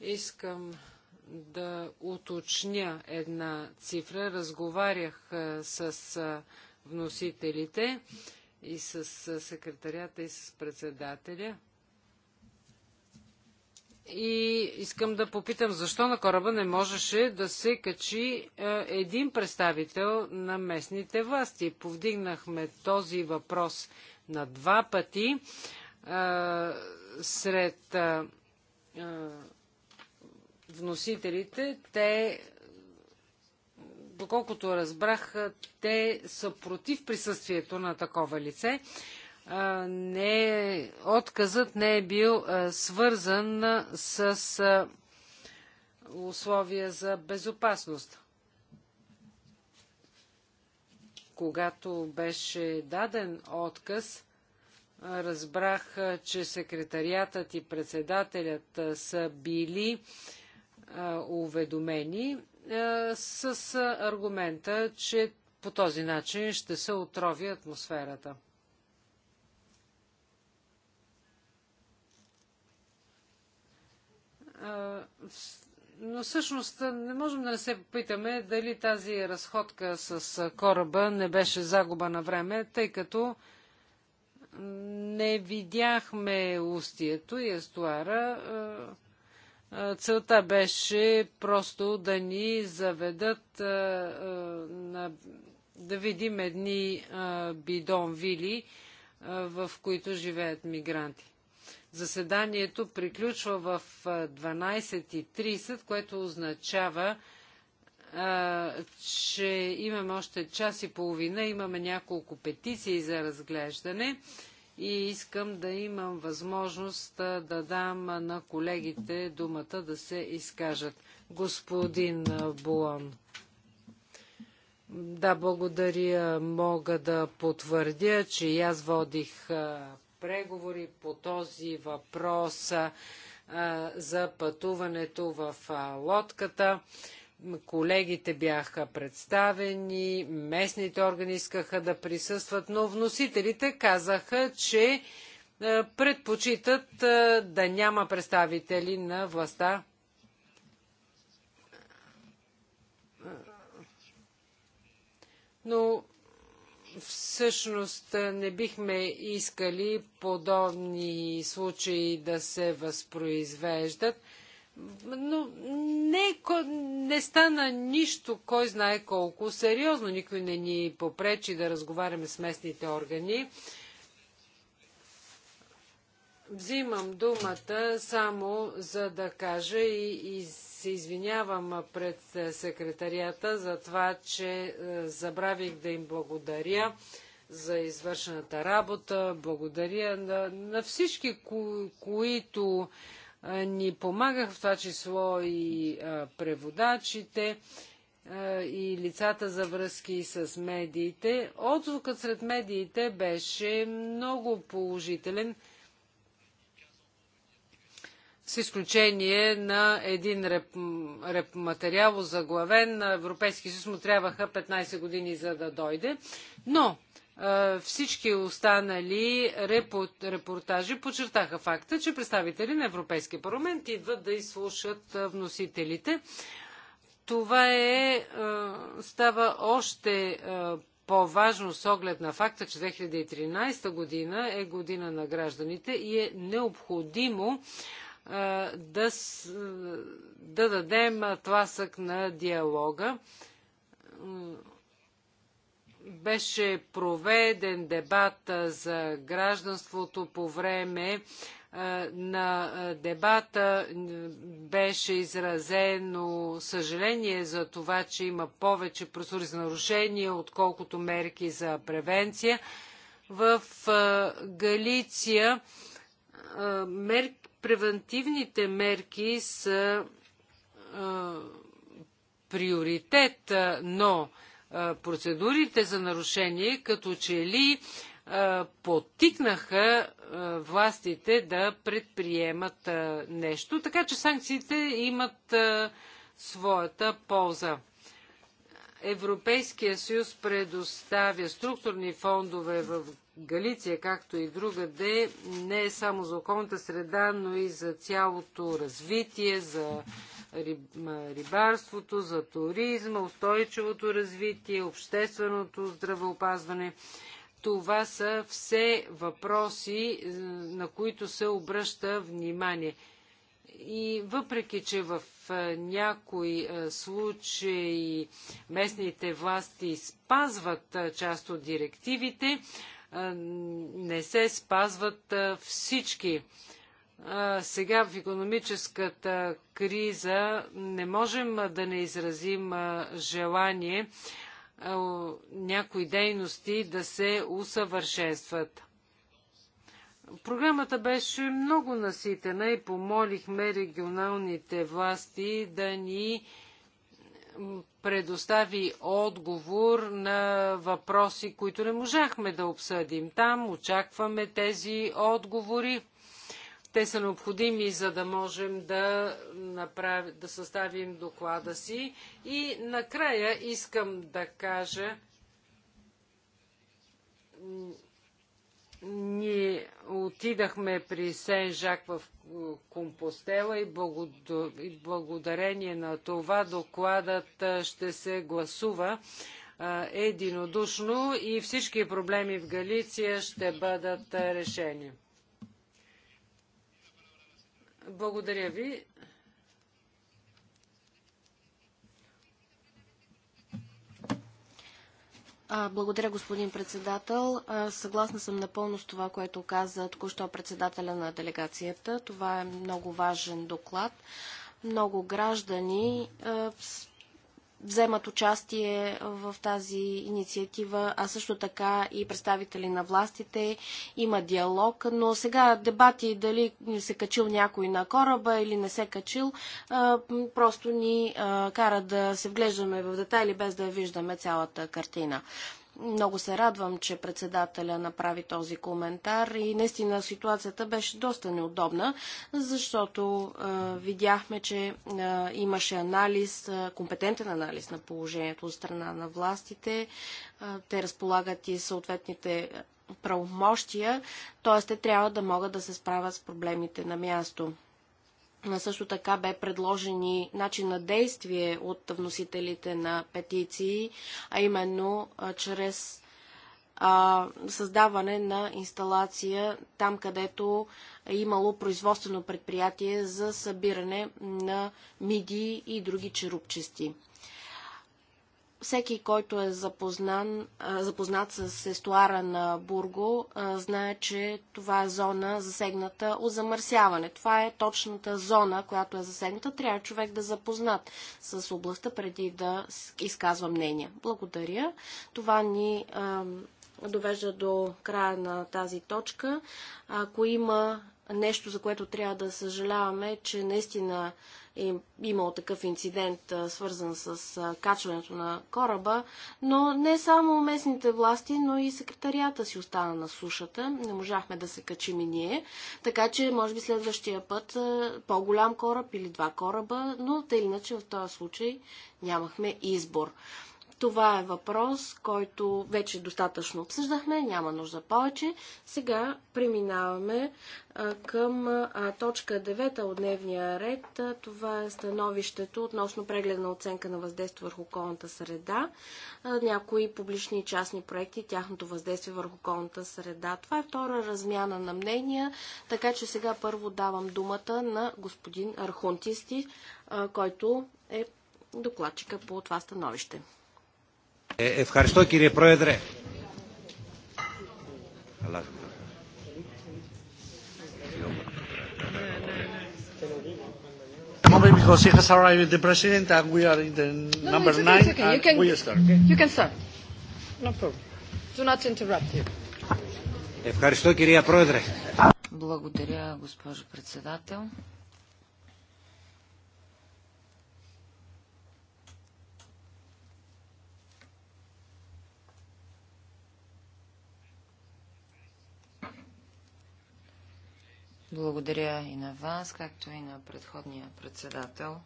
Искам да уточня една цифра. Разговарях с вносителите и с секретарята и с председателя. И искам да попитам, защо на кораба не можеше да се качи е, един представител на местните власти. Повдигнахме този въпрос на два пъти е, сред е, вносителите. Те, доколкото разбрах, те са против присъствието на такова лице не, е, отказът не е бил свързан с условия за безопасност. Когато беше даден отказ, разбрах, че секретариатът и председателят са били уведомени с аргумента, че по този начин ще се отрови атмосферата. но всъщност не можем да не се попитаме дали тази разходка с кораба не беше загуба на време, тъй като не видяхме устието и естуара. Целта беше просто да ни заведат да видим едни бидон вили, в които живеят мигранти. Заседанието приключва в 12.30, което означава, че имаме още час и половина, имаме няколко петиции за разглеждане и искам да имам възможност да дам на колегите думата да се изкажат. Господин Булон. Да, благодаря. Мога да потвърдя, че и аз водих преговори по този въпрос а, за пътуването в а, лодката. Колегите бяха представени, местните органи искаха да присъстват, но вносителите казаха, че предпочитат да няма представители на властта. Но всъщност не бихме искали подобни случаи да се възпроизвеждат. Но не, не стана нищо, кой знае колко сериозно. Никой не ни попречи да разговаряме с местните органи. Взимам думата само за да кажа и, и се извинявам пред е, секретарията за това, че е, забравих да им благодаря за извършената работа. Благодаря на, на всички, ко, които е, ни помагах, в това число и а, преводачите а, и лицата за връзки с медиите. Отзвукът сред медиите беше много положителен с изключение на един реп, реп материал озаглавен на Европейски съюз му трябваха 15 години за да дойде. Но всички останали репортажи подчертаха факта, че представители на Европейския парламент идват да изслушат вносителите. Това е, става още по-важно с оглед на факта, че 2013 година е година на гражданите и е необходимо да, да дадем тласък на диалога. Беше проведен дебат за гражданството по време на дебата беше изразено съжаление за това, че има повече просури за нарушения, отколкото мерки за превенция. В Галиция мерки превентивните мерки са а, приоритет, но а, процедурите за нарушение като че ли а, потикнаха властите да предприемат нещо, така че санкциите имат своята полза. Европейския съюз предоставя структурни фондове в Галиция, както и другаде, не е само за околната среда, но и за цялото развитие, за рибарството, за туризма, устойчивото развитие, общественото здравеопазване. Това са все въпроси, е, на които се обръща внимание. И въпреки, че в е, някои е, случаи местните власти спазват част от директивите, не се спазват всички. Сега в економическата криза не можем да не изразим желание някои дейности да се усъвършенстват. Програмата беше много наситена и помолихме регионалните власти да ни предостави отговор на въпроси, които не можахме да обсъдим там. Очакваме тези отговори. Те са необходими, за да можем да, направи, да съставим доклада си. И накрая искам да кажа, ние отидахме при Сен-Жак в Компостела и, и благодарение на това докладът ще се гласува единодушно и всички проблеми в Галиция ще бъдат решени. Благодаря ви. Благодаря, господин председател. Съгласна съм напълно с това, което каза току-що председателя на делегацията. Това е много важен доклад. Много граждани вземат участие в тази инициатива, а също така и представители на властите. Има диалог, но сега дебати дали се качил някой на кораба или не се качил, просто ни кара да се вглеждаме в детайли, без да виждаме цялата картина. Много се радвам, че председателя направи този коментар и наистина ситуацията беше доста неудобна, защото е, видяхме, че е, имаше анализ, е, компетентен анализ на положението от страна на властите. Е, те разполагат и съответните правомощия, т.е. те трябва да могат да се справят с проблемите на място. Също така бе предложени начин на действие от вносителите на петиции, а именно а, чрез а, създаване на инсталация там, където е имало производствено предприятие за събиране на миди и други черупчести. Всеки, който е запознан, запознат с естуара на Бурго, знае, че това е зона засегната от замърсяване. Това е точната зона, която е засегната. Трябва човек да е запознат с областта преди да изказва мнение. Благодаря. Това ни довежда до края на тази точка. Ако има нещо, за което трябва да съжаляваме, че наистина е имало такъв инцидент, свързан с качването на кораба, но не само местните власти, но и секретарията си остана на сушата. Не можахме да се качим и ние, така че може би следващия път по-голям кораб или два кораба, но те иначе в този случай нямахме избор. Това е въпрос, който вече достатъчно обсъждахме, няма нужда повече. Сега преминаваме към точка 9 от дневния ред. това е становището относно прегледна оценка на въздействие върху околната среда, някои публични и частни проекти, тяхното въздействие върху околната среда. Това е втора размяна на мнения, така че сега първо давам думата на господин Архунтисти, който е докладчика по това становище. Ευχαριστώ κύριε Πρόεδρε. moment because he has arrived the president and we are in the no, number it's okay, nine. It's okay. You can, we start. You can start. No problem. Do not interrupt you. Ευχαριστώ κυρία Πρόεδρε. Благодаря, госпожо председател. Благодаря и на вас, както и на предходния председател.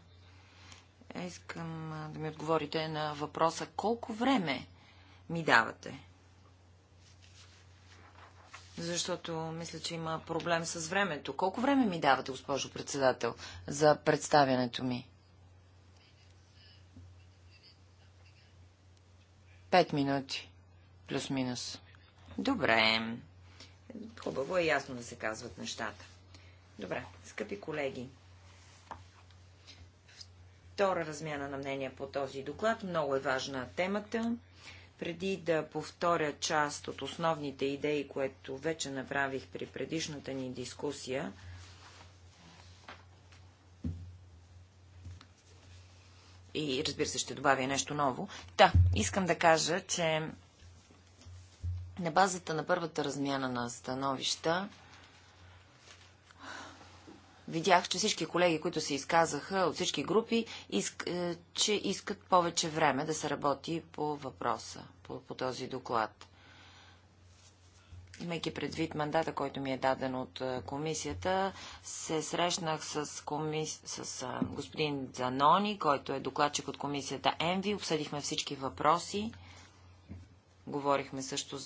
Искам да ми отговорите на въпроса колко време ми давате. Защото мисля, че има проблем с времето. Колко време ми давате, госпожо председател, за представянето ми? Пет минути. Плюс-минус. Добре. Хубаво е ясно да се казват нещата. Добре, скъпи колеги. Втора размяна на мнения по този доклад. Много е важна темата. Преди да повторя част от основните идеи, което вече направих при предишната ни дискусия, и разбира се ще добавя нещо ново. Да, искам да кажа, че на базата на първата размяна на становища видях, че всички колеги, които се изказаха от всички групи, иск, е, че искат повече време да се работи по въпроса, по, по този доклад. Имайки предвид мандата, който ми е даден от е, комисията, се срещнах с, коми... с е, господин Занони, който е докладчик от комисията ЕНВИ. Обсъдихме всички въпроси. Говорихме също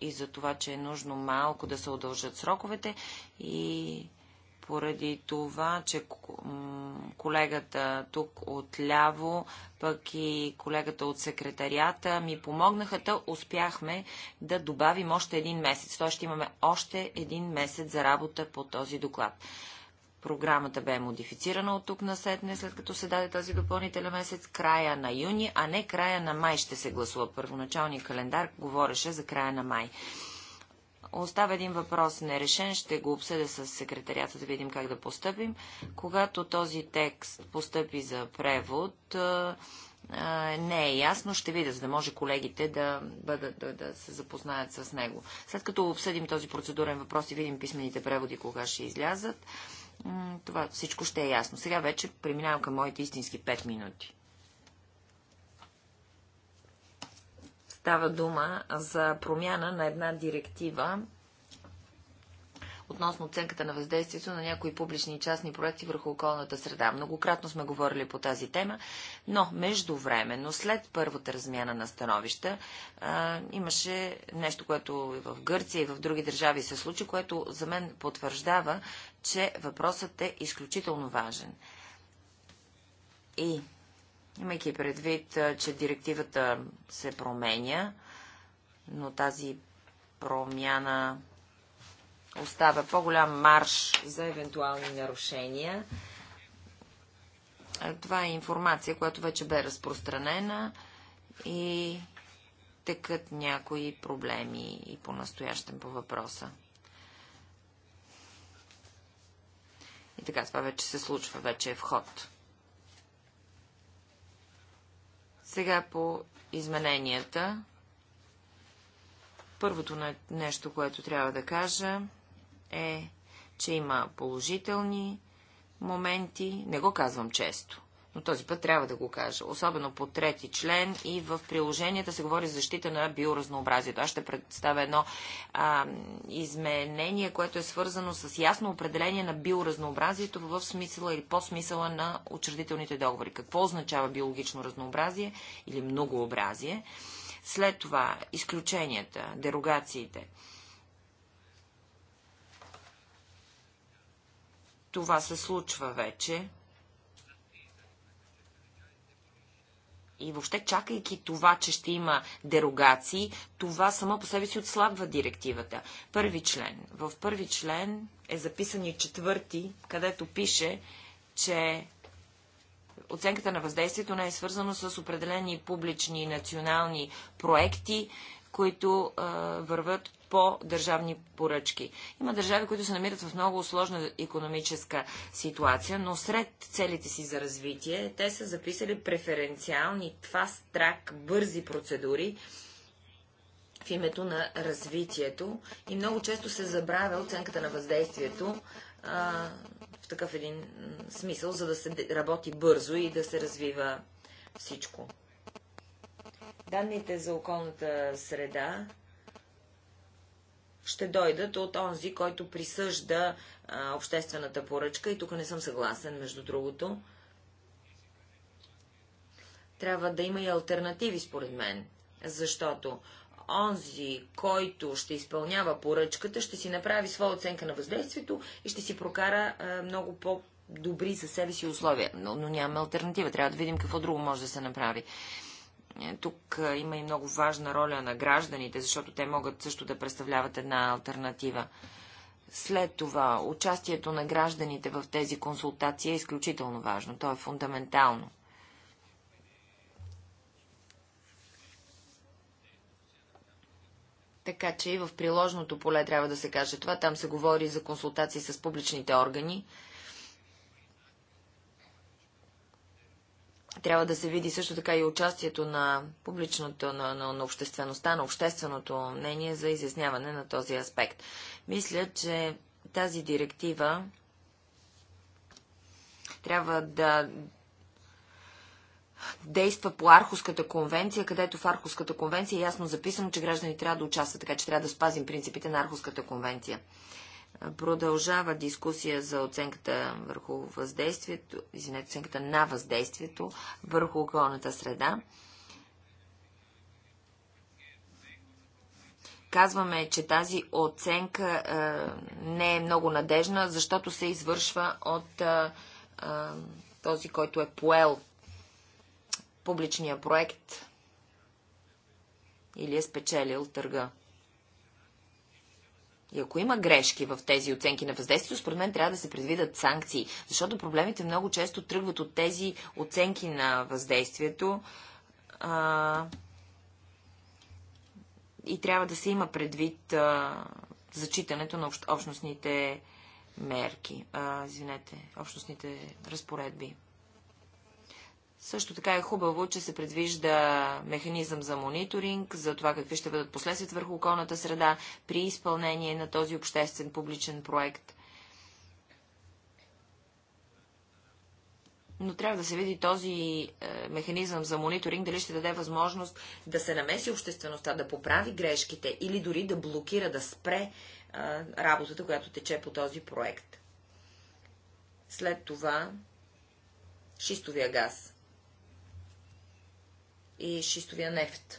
и за това, че е нужно малко да се удължат сроковете и поради това, че колегата тук отляво, пък и колегата от секретарията ми помогнаха, то успяхме да добавим още един месец. Той ще имаме още един месец за работа по този доклад. Програмата бе модифицирана от тук на сетне, след като се даде този допълнителен месец, края на юни, а не края на май ще се гласува. Първоначалният календар говореше за края на май. Остава един въпрос нерешен, ще го обсъда с секретарията да видим как да постъпим. Когато този текст постъпи за превод, не е ясно, ще видя, за да може колегите да, бъдат, да, да се запознаят с него. След като обсъдим този процедурен въпрос и видим писмените преводи кога ще излязат, това всичко ще е ясно. Сега вече преминавам към моите истински 5 минути. Става дума за промяна на една директива относно оценката на въздействието на някои публични и частни проекти върху околната среда. Многократно сме говорили по тази тема, но междувременно, след първата размяна на становища, имаше нещо, което и в Гърция, и в други държави се случи, което за мен потвърждава, че въпросът е изключително важен. И Имайки предвид, че директивата се променя, но тази промяна остава по-голям марш за евентуални нарушения. Това е информация, която вече бе разпространена и текат някои проблеми и по-настоящем по въпроса. И така, това вече се случва, вече е вход. ход. Сега по измененията. Първото нещо, което трябва да кажа е, че има положителни моменти. Не го казвам често но този път трябва да го кажа. Особено по трети член и в приложенията се говори за защита на биоразнообразието. Аз ще представя едно а, изменение, което е свързано с ясно определение на биоразнообразието в смисъла или по смисъла на учредителните договори. Какво означава биологично разнообразие или многообразие? След това изключенията, дерогациите. Това се случва вече И въобще, чакайки това, че ще има дерогации, това само по себе си отслабва директивата. Първи член. В първи член е записан и четвърти, където пише, че оценката на въздействието не е свързано с определени публични национални проекти, които е, върват по държавни поръчки. Има държави, които се намират в много сложна економическа ситуация, но сред целите си за развитие те са записали преференциални фаст-трак бързи процедури, в името на развитието и много често се забравя оценката на въздействието а, в такъв един смисъл, за да се работи бързо и да се развива всичко. Данните за околната среда ще дойдат от онзи, който присъжда а, обществената поръчка. И тук не съм съгласен, между другото. Трябва да има и альтернативи, според мен. Защото онзи, който ще изпълнява поръчката, ще си направи своя оценка на въздействието и ще си прокара а, много по добри за себе си условия, но, но няма альтернатива. Трябва да видим какво друго може да се направи. Е, тук е, има и много важна роля на гражданите, защото те могат също да представляват една альтернатива. След това, участието на гражданите в тези консултации е изключително важно. То е фундаментално. Така че и в приложното поле трябва да се каже това. Там се говори за консултации с публичните органи Трябва да се види също така и участието на публичното, на, на, на обществеността, на общественото мнение за изясняване на този аспект. Мисля, че тази директива трябва да действа по Архуската конвенция, където в Архуската конвенция е ясно записано, че гражданите трябва да участват, така че трябва да спазим принципите на Архуската конвенция. Продължава дискусия за оценката върху въздействието, извинете, оценката на въздействието върху околната среда. Казваме, че тази оценка а, не е много надежна, защото се извършва от а, а, този, който е поел публичния проект или е спечелил търга. И ако има грешки в тези оценки на въздействието, според мен трябва да се предвидят санкции, защото проблемите много често тръгват от тези оценки на въздействието а, и трябва да се има предвид а, зачитането на общ, общностните мерки, а, извинете, общностните разпоредби. Също така е хубаво, че се предвижда механизъм за мониторинг, за това какви ще бъдат последствията върху околната среда при изпълнение на този обществен публичен проект. Но трябва да се види този е, механизъм за мониторинг, дали ще даде възможност да се намеси обществеността, да поправи грешките или дори да блокира, да спре е, работата, която тече по този проект. След това шистовия газ и шистовия нефт.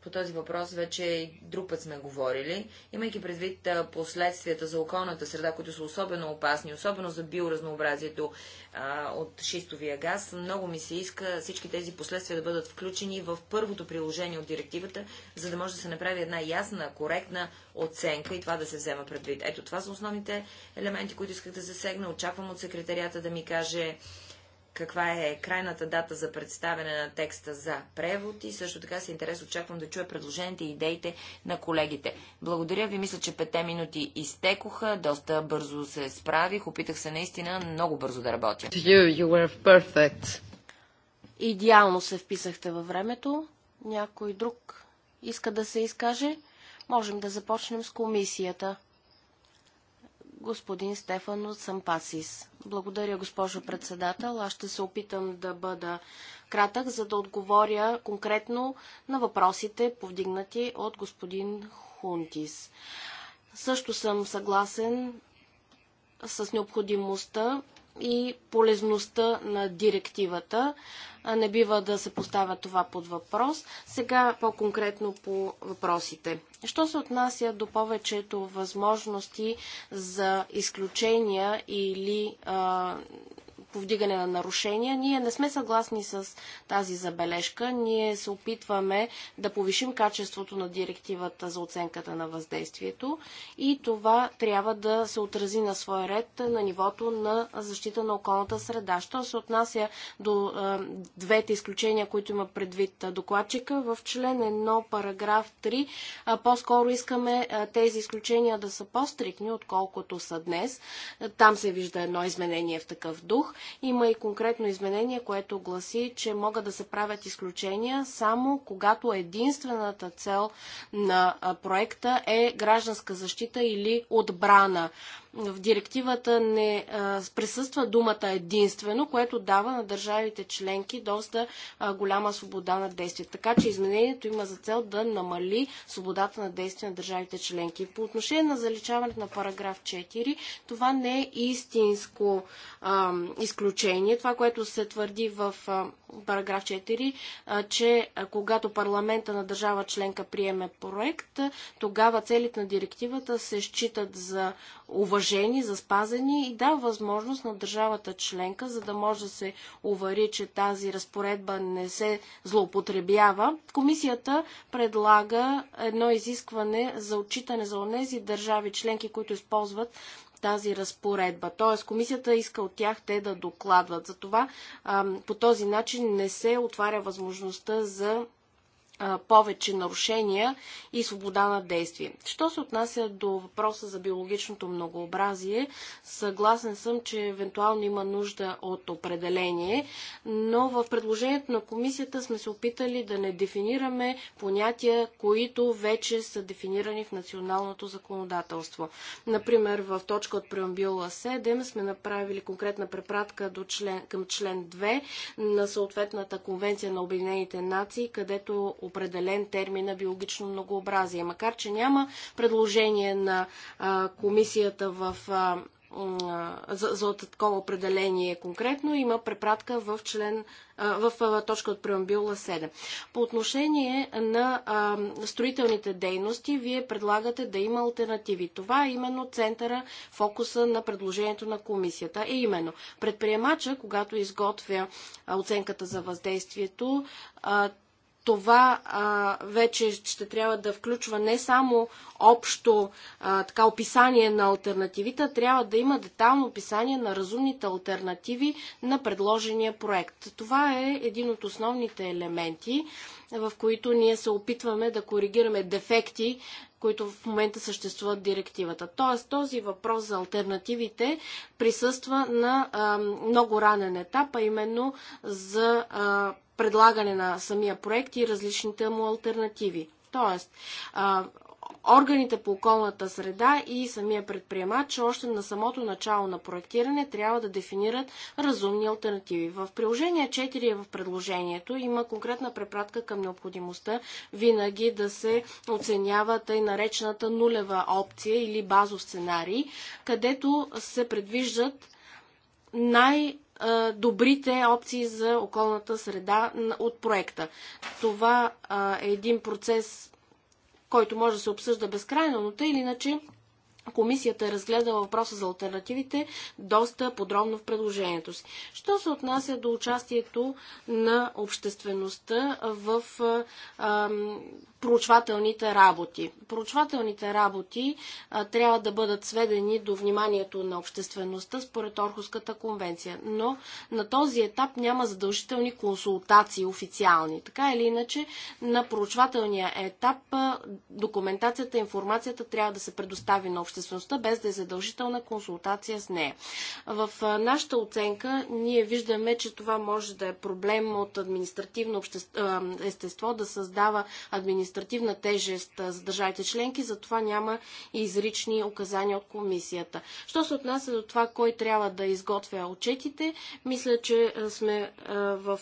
По този въпрос вече и друг път сме говорили, имайки предвид последствията за околната среда, които са особено опасни, особено за биоразнообразието а, от шистовия газ, много ми се иска всички тези последствия да бъдат включени в първото приложение от директивата, за да може да се направи една ясна, коректна оценка и това да се взема предвид. Ето това са основните елементи, които исках да засегна. Очаквам от секретарията да ми каже каква е крайната дата за представяне на текста за превод и също така се интерес очаквам да чуя предложените и идеите на колегите. Благодаря ви, мисля, че пете минути изтекоха, доста бързо се справих, опитах се наистина много бързо да работя. You, you were perfect. Идеално се вписахте във времето. Някой друг иска да се изкаже? Можем да започнем с комисията господин Стефано Сампасис. Благодаря, госпожо председател. Аз ще се опитам да бъда кратък, за да отговоря конкретно на въпросите, повдигнати от господин Хунтис. Също съм съгласен с необходимостта и полезността на директивата. Не бива да се поставя това под въпрос. Сега по-конкретно по въпросите. Що се отнася до повечето възможности за изключения или а, повдигане на нарушения. Ние не сме съгласни с тази забележка. Ние се опитваме да повишим качеството на директивата за оценката на въздействието и това трябва да се отрази на своя ред на нивото на защита на околната среда. Що се отнася до е, двете изключения, които има предвид докладчика, в член 1, параграф 3, по-скоро искаме тези изключения да са по-стрикни, отколкото са днес. Там се вижда едно изменение в такъв дух. Има и конкретно изменение, което гласи, че могат да се правят изключения само когато единствената цел на проекта е гражданска защита или отбрана. В директивата не присъства думата единствено, което дава на държавите членки доста голяма свобода на действие. Така че изменението има за цел да намали свободата на действие на държавите членки. По отношение на заличаването на параграф 4, това не е истинско а, изключение. Това, което се твърди в а, параграф 4, а, че а, когато парламента на държава членка приеме проект, тогава целите на директивата се считат за уважение уважени, за спазени и дава възможност на държавата членка, за да може да се увари, че тази разпоредба не се злоупотребява. Комисията предлага едно изискване за отчитане за онези държави членки, които използват тази разпоредба. Т.е. комисията иска от тях те да докладват. Затова по този начин не се отваря възможността за повече нарушения и свобода на действие. Що се отнася до въпроса за биологичното многообразие, съгласен съм, че евентуално има нужда от определение, но в предложението на комисията сме се опитали да не дефинираме понятия, които вече са дефинирани в националното законодателство. Например, в точка от преамбюла 7 сме направили конкретна препратка до член, към член 2 на съответната конвенция на Обединените нации, където определен термина биологично многообразие. Макар, че няма предложение на а, комисията в а, за, за такова определение конкретно има препратка в, член, в точка от преамбюла 7. По отношение на а, строителните дейности, вие предлагате да има альтернативи. Това е именно центъра, фокуса на предложението на комисията. Е именно предприемача, когато изготвя оценката за въздействието, а, това а, вече ще трябва да включва не само общо а, така описание на альтернативите, трябва да има детално описание на разумните альтернативи на предложения проект. Това е един от основните елементи, в които ние се опитваме да коригираме дефекти, които в момента съществуват в директивата. Тоест този въпрос за альтернативите присъства на а, много ранен етап, а именно за а, предлагане на самия проект и различните му альтернативи. Тоест, а, органите по околната среда и самия предприемач още на самото начало на проектиране трябва да дефинират разумни альтернативи. В приложение 4 е в предложението има конкретна препратка към необходимостта винаги да се оценява тъй наречената нулева опция или базов сценарий, където се предвиждат най- добрите опции за околната среда от проекта. Това е един процес, който може да се обсъжда безкрайно, но тъй или иначе Комисията е разгледала въпроса за альтернативите доста подробно в предложението си. Що се отнася до участието на обществеността в проучвателните работи. Проучвателните работи а, трябва да бъдат сведени до вниманието на обществеността според орховската конвенция, но на този етап няма задължителни консултации официални. Така или иначе, на проучвателния етап а, документацията, информацията трябва да се предостави на обществеността, без да е задължителна консултация с нея. В а, нашата оценка ние виждаме, че това може да е проблем от административно обще... естество да създава административно административна тежест за държавите членки, затова няма и изрични указания от комисията. Що се отнася до това, кой трябва да изготвя отчетите, мисля, че сме в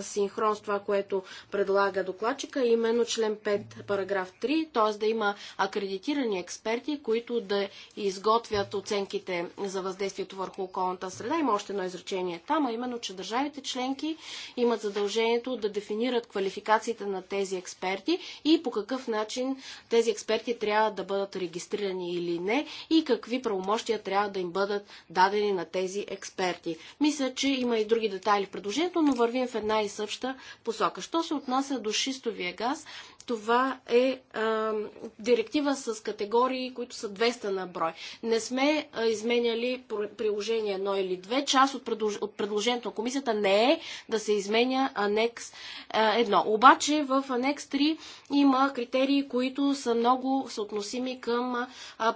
синхрон с това, което предлага докладчика, именно член 5, параграф 3, т.е. да има акредитирани експерти, които да изготвят оценките за въздействието върху околната среда. Има още едно изречение там, а именно, че държавите членки имат задължението да дефинират квалификациите на тези експерти и по какъв начин тези експерти трябва да бъдат регистрирани или не и какви правомощия трябва да им бъдат дадени на тези експерти. Мисля, че има и други детайли в предложението, но вървим в една и съща посока. Що се отнася до шистовия газ, това е а, директива с категории, които са 200 на брой. Не сме а, изменяли приложение 1 или 2. Част от, предлож... от предложението на комисията не е да се изменя анекс а, 1. Обаче в анекс 3 има критерии, които са много съотносими към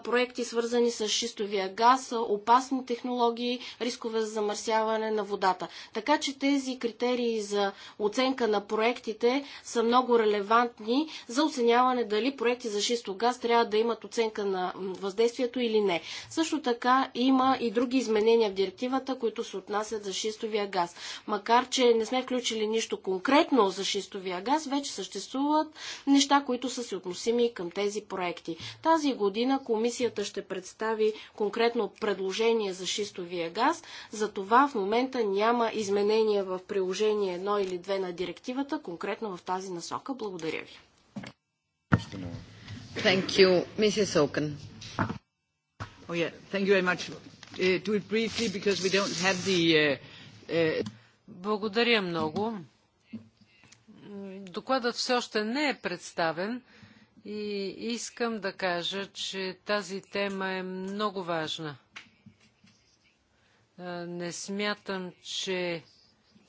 проекти, свързани с шистовия газ, опасни технологии, рискове за замърсяване на водата. Така че тези критерии за оценка на проектите са много релевантни за оценяване дали проекти за шистов газ трябва да имат оценка на въздействието или не. Също така има и други изменения в директивата, които се отнасят за шистовия газ. Макар, че не сме включили нищо конкретно за шистовия газ, вече съществуват неща, които са се относими към тези проекти. Тази година комисията ще представи конкретно предложение за шистовия газ. За това в момента няма изменения в приложение 1 или 2 на директивата, конкретно в тази насока. Благодаря ви. Thank you, Mrs. Oaken. Oh yeah, thank you very much. Uh, do it briefly because we don't have the. Uh, uh... Благодаря много. Докладът все още не е представен и искам да кажа, че тази тема е много важна. Не смятам, че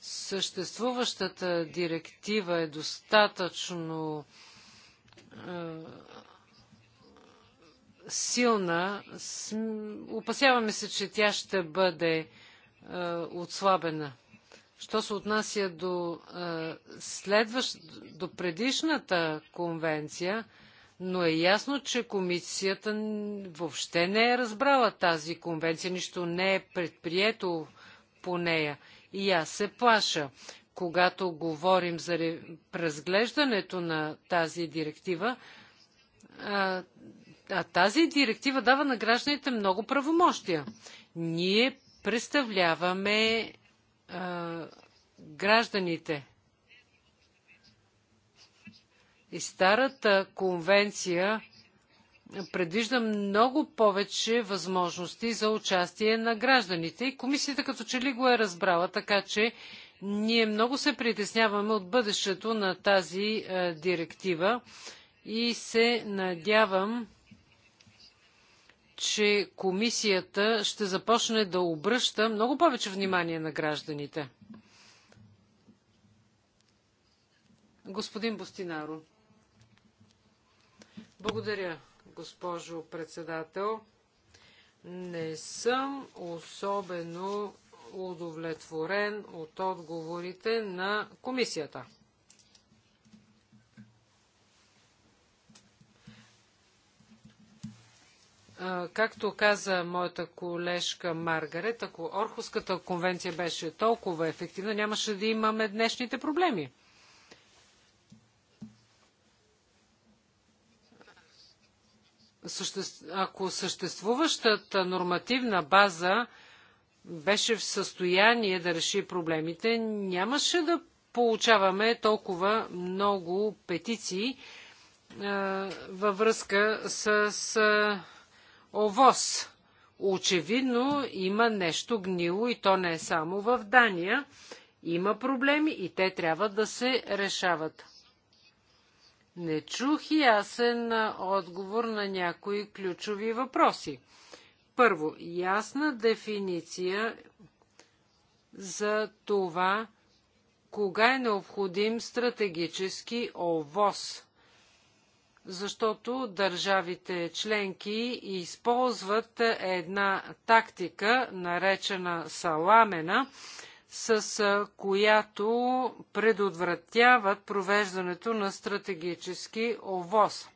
съществуващата директива е достатъчно силна. Опасяваме се, че тя ще бъде отслабена. Що се отнася до, е, следващ, до предишната конвенция, но е ясно, че комисията въобще не е разбрала тази конвенция, нищо не е предприето по нея. И аз се плаша, когато говорим за разглеждането на тази директива, а, е, а тази директива дава на гражданите много правомощия. Ние представляваме гражданите. И старата конвенция предвижда много повече възможности за участие на гражданите. И комисията като че ли го е разбрала, така че ние много се притесняваме от бъдещето на тази директива и се надявам че комисията ще започне да обръща много повече внимание на гражданите. Господин Бостинаро. Благодаря, госпожо председател. Не съм особено удовлетворен от отговорите на комисията. Както каза моята колежка Маргарет, ако Орхуската конвенция беше толкова ефективна, нямаше да имаме днешните проблеми. Ако съществуващата нормативна база беше в състояние да реши проблемите, нямаше да получаваме толкова много петиции във връзка с овоз. Очевидно има нещо гнило и то не е само в Дания. Има проблеми и те трябва да се решават. Не чух ясен отговор на някои ключови въпроси. Първо, ясна дефиниция за това, кога е необходим стратегически овоз защото държавите членки използват една тактика, наречена саламена, с която предотвратяват провеждането на стратегически овоз.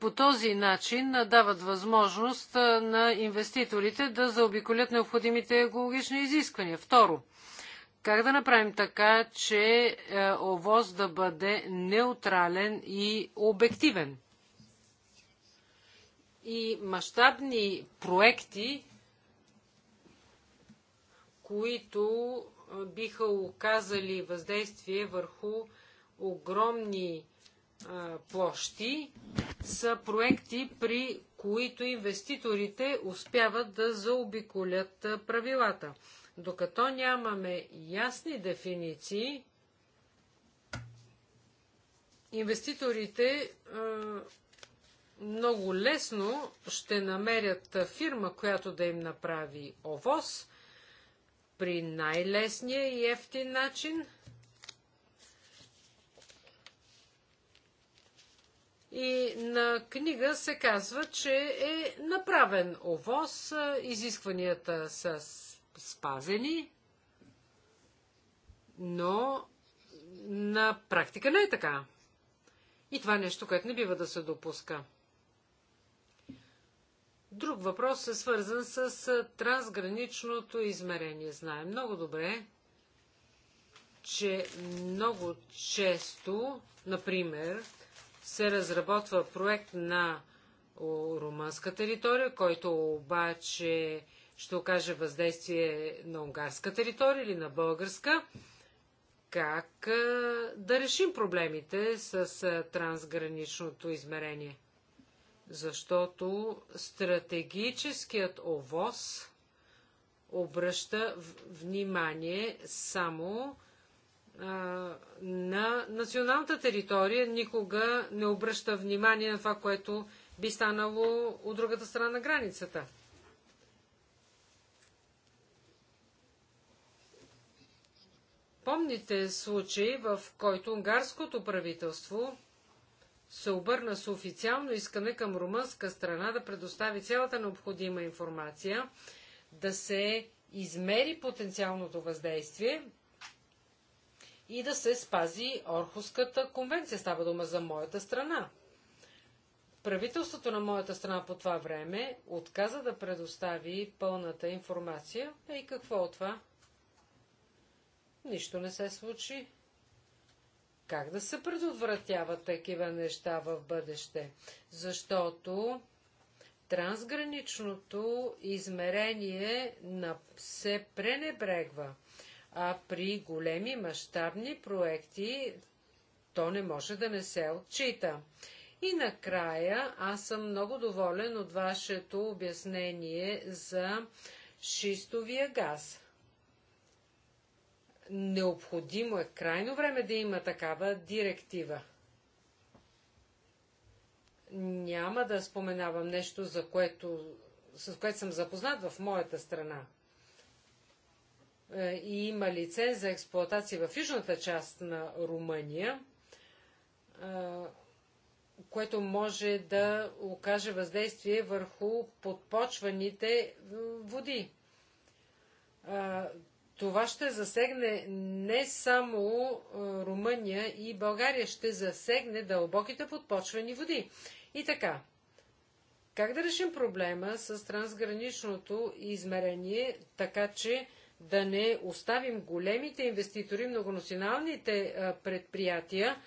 По този начин дават възможност на инвеститорите да заобиколят необходимите екологични изисквания. Второ, как да направим така, че е, ОВОЗ да бъде неутрален и обективен? И мащабни проекти, които е, биха оказали въздействие върху огромни е, площи, са проекти, при които инвеститорите успяват да заобиколят правилата. Докато нямаме ясни дефиниции, инвеститорите е, много лесно ще намерят фирма, която да им направи овоз при най-лесния и ефтин начин. И на книга се казва, че е направен овоз, е, изискванията с спазени, но на практика не е така. И това е нещо, което не бива да се допуска. Друг въпрос е свързан с трансграничното измерение. Знаем много добре, че много често, например, се разработва проект на румънска територия, който обаче ще окаже въздействие на унгарска територия или на българска. Как да решим проблемите с трансграничното измерение? Защото стратегическият овоз обръща внимание само на националната територия никога не обръща внимание на това, което би станало от другата страна на границата. Помните случай, в който унгарското правителство се обърна с официално искане към румънска страна да предостави цялата необходима информация, да се измери потенциалното въздействие и да се спази Орхуската конвенция. Става дума за моята страна. Правителството на моята страна по това време отказа да предостави пълната информация. Е, и какво от това? Нищо не се случи. Как да се предотвратяват такива неща в бъдеще? Защото трансграничното измерение се пренебрегва, а при големи мащабни проекти то не може да не се отчита. И накрая аз съм много доволен от вашето обяснение за шистовия газ. Необходимо е крайно време да има такава директива. Няма да споменавам нещо, за което, с което съм запознат в моята страна. Е, и има лиценз за експлоатация в южната част на Румъния, е, което може да окаже въздействие върху подпочваните води. Е, това ще засегне не само е, Румъния и България, ще засегне дълбоките подпочвени води. И така, как да решим проблема с трансграничното измерение, така че да не оставим големите инвеститори, многонационалните е, предприятия е,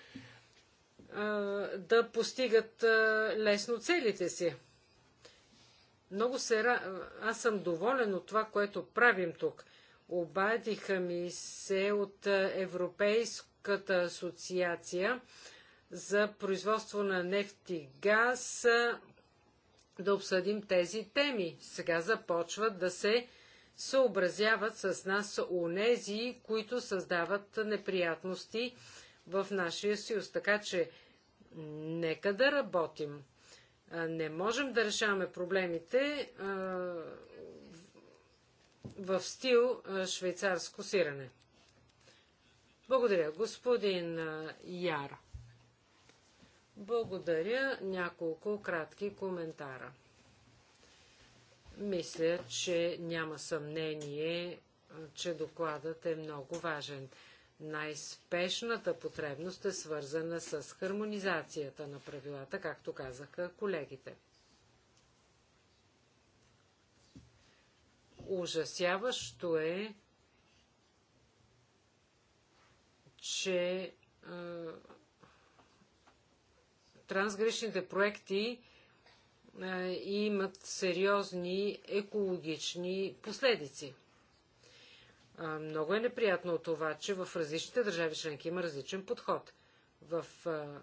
да постигат лесно целите си? Много се... Аз съм доволен от това, което правим тук. Обадиха ми се от Европейската асоциация за производство на нефт и газ да обсъдим тези теми. Сега започват да се съобразяват с нас унези, които създават неприятности в нашия съюз. Така че, нека да работим. Не можем да решаваме проблемите в стил швейцарско сирене. Благодаря. Господин Яр. Благодаря. Няколко кратки коментара. Мисля, че няма съмнение, че докладът е много важен. Най-спешната потребност е свързана с хармонизацията на правилата, както казаха колегите. Ужасяващо е, че а, трансгрешните проекти а, имат сериозни екологични последици. А, много е неприятно от това, че в различните държави членки има различен подход. В, а,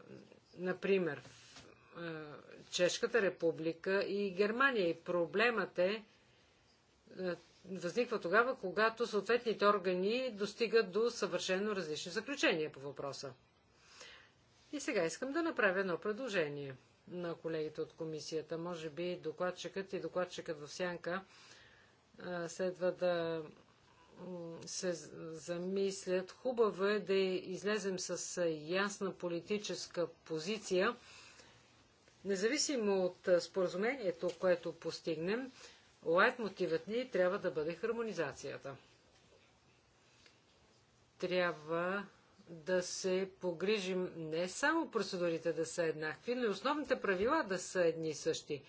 например, в, а, Чешката република и Германия. И проблемът е, е, възниква тогава, когато съответните органи достигат до съвършено различни заключения по въпроса. И сега искам да направя едно предложение на колегите от комисията. Може би докладчикът и докладчикът в сянка е, следва да се замислят. Хубаво е да излезем с ясна политическа позиция, независимо от е, споразумението, което постигнем, Лайт мотивът ни трябва да бъде хармонизацията. Трябва да се погрижим не само процедурите да са еднакви, но и основните правила да са едни и същи.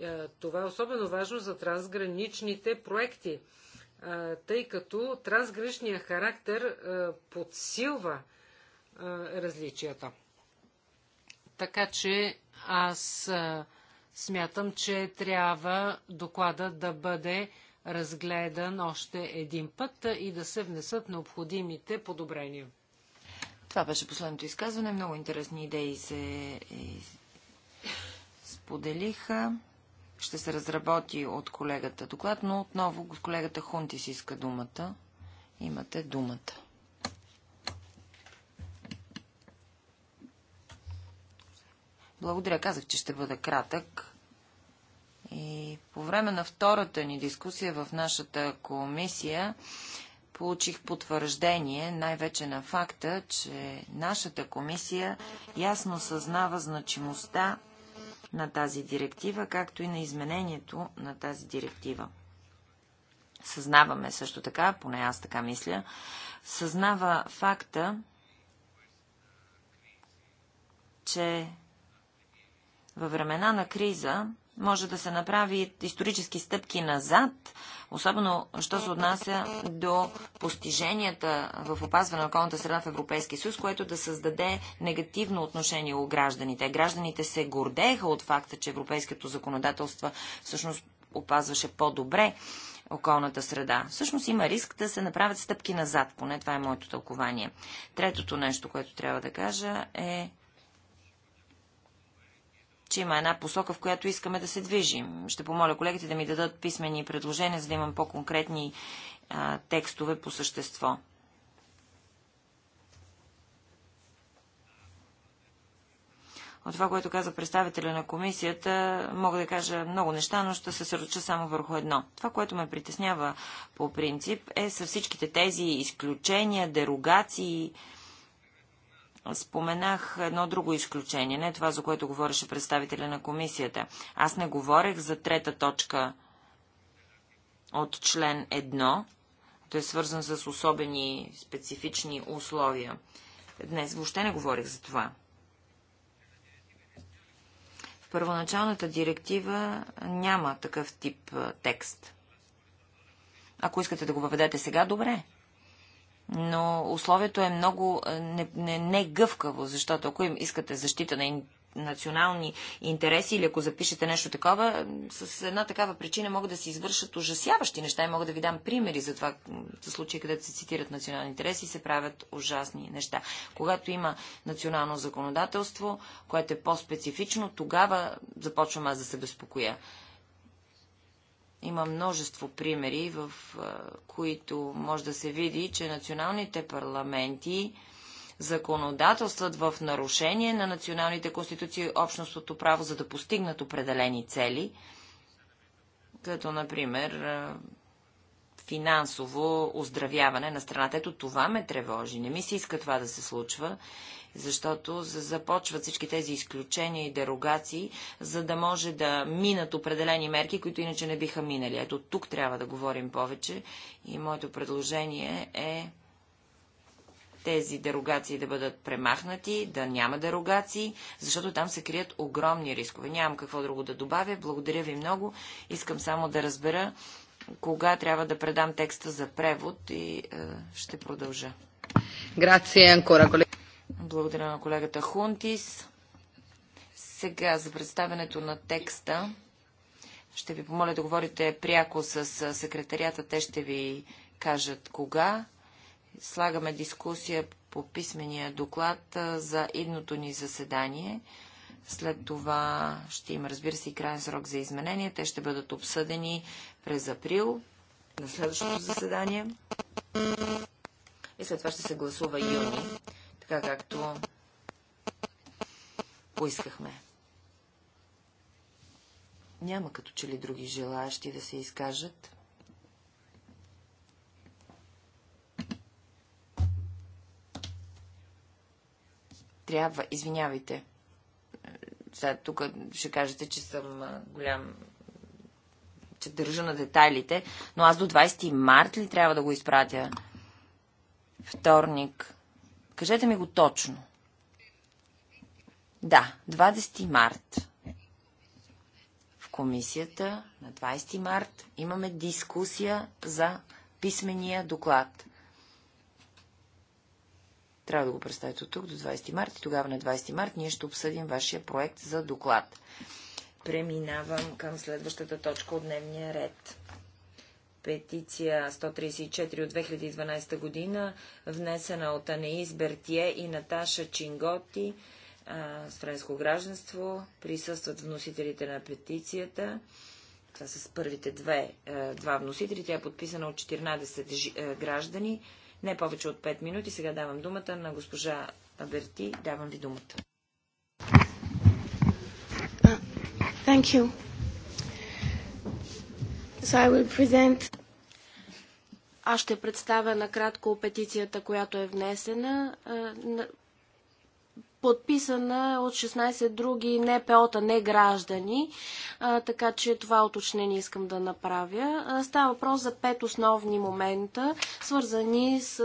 Е, това е особено важно за трансграничните проекти, е, тъй като трансграничният характер е, подсилва различията. Така че аз Смятам, че трябва доклада да бъде разгледан още един път и да се внесат необходимите подобрения. Това беше последното изказване. Много интересни идеи се е, споделиха. Ще се разработи от колегата доклад, но отново колегата Хунтис иска думата. Имате думата. Благодаря. Казах, че ще бъда кратък. И по време на втората ни дискусия в нашата комисия получих потвърждение, най-вече на факта, че нашата комисия ясно съзнава значимостта на тази директива, както и на изменението на тази директива. Съзнаваме също така, поне аз така мисля, съзнава факта, че във времена на криза може да се направи исторически стъпки назад, особено, що се отнася до постиженията в опазване на околната среда в Европейския съюз, което да създаде негативно отношение у гражданите. Гражданите се гордееха от факта, че европейското законодателство всъщност опазваше по-добре околната среда. Всъщност има риск да се направят стъпки назад, поне това е моето тълкование. Третото нещо, което трябва да кажа е че има една посока, в която искаме да се движим. Ще помоля колегите да ми дадат писмени предложения, за да имам по-конкретни текстове по същество. От това, което каза представителя на комисията, мога да кажа много неща, но ще се съроча само върху едно. Това, което ме притеснява по принцип, е са всичките тези изключения, дерогации, Споменах едно друго изключение, не това, за което говореше представителя на комисията. Аз не говорех за трета точка от член 1. то е свързан с особени специфични условия. Днес въобще не говорих за това. В първоначалната директива няма такъв тип текст. Ако искате да го въведете сега, добре но условието е много е, не, не, не гъвкаво, защото ако им искате защита на национални интереси или ако запишете нещо такова, с една такава причина могат да се извършат ужасяващи неща и мога да ви дам примери за това, за случаи, където се цитират национални интереси и се правят ужасни неща. Когато има национално законодателство, което е по-специфично, тогава започвам аз да се безпокоя. Има множество примери, в които може да се види, че националните парламенти законодателстват в нарушение на националните конституции и общностното право, за да постигнат определени цели, като, например, финансово оздравяване на страната. Ето това ме тревожи. Не ми се иска това да се случва защото започват всички тези изключения и дерогации, за да може да минат определени мерки, които иначе не биха минали. Ето тук трябва да говорим повече и моето предложение е тези дерогации да бъдат премахнати, да няма дерогации, защото там се крият огромни рискове. Нямам какво друго да добавя. Благодаря ви много. Искам само да разбера кога трябва да предам текста за превод и е, ще продължа. Грация, анкора, колега. Благодаря на колегата Хунтис. Сега за представенето на текста ще ви помоля да говорите пряко с секретарията. Те ще ви кажат кога. Слагаме дискусия по писмения доклад за идното ни заседание. След това ще има, разбира се, и крайен срок за изменения. Те ще бъдат обсъдени през април на следващото заседание. И след това ще се гласува юни така както поискахме. Няма като че ли други желаящи да се изкажат. Трябва, извинявайте. Сега тук ще кажете, че съм голям че държа на детайлите, но аз до 20 март ли трябва да го изпратя? Вторник. Кажете ми го точно. Да, 20 март. В комисията на 20 март имаме дискусия за писмения доклад. Трябва да го представите от тук до 20 март и тогава на 20 март ние ще обсъдим вашия проект за доклад. Преминавам към следващата точка от дневния ред петиция 134 от 2012 година, внесена от Анеис Бертие и Наташа Чинготи а, с френско гражданство. Присъстват вносителите на петицията. Това са с първите две, а, е, два вносители. Тя е подписана от 14 е, граждани. Не повече от 5 минути. Сега давам думата на госпожа Аберти. Давам ви думата. Thank you. So I will present... Аз ще представя накратко петицията, която е внесена подписана от 16 други НПО-та, не граждани, а, така че това уточнение искам да направя. А, става въпрос за пет основни момента, свързани с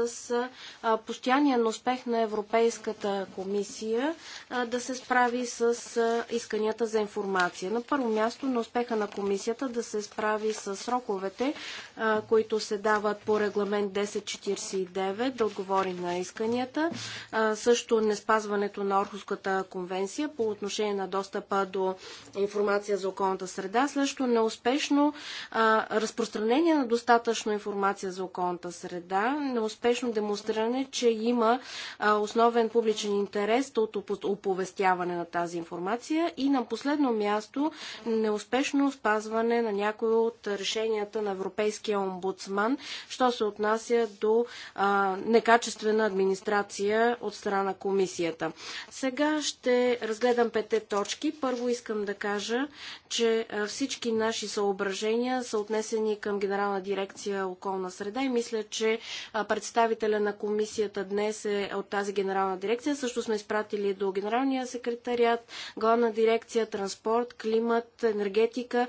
а, постоянния успех на Европейската комисия а, да се справи с а, исканията за информация. На първо място на успеха на комисията да се справи с сроковете, а, които се дават по регламент 1049, да отговори на исканията. А, също не спазването на Орхуската конвенция по отношение на достъпа до информация за околната среда, също неуспешно а, разпространение на достатъчно информация за околната среда, неуспешно демонстриране, че има а, основен публичен интерес от оповестяване на тази информация и на последно място неуспешно спазване на някои от решенията на Европейския омбудсман, що се отнася до а, некачествена администрация от страна на комисията. Сега ще разгледам пете точки. Първо искам да кажа, че всички наши съображения са отнесени към Генерална дирекция околна среда и мисля, че представителя на комисията днес е от тази генерална дирекция. Също сме изпратили до генералния секретарят, главна дирекция транспорт, климат, енергетика,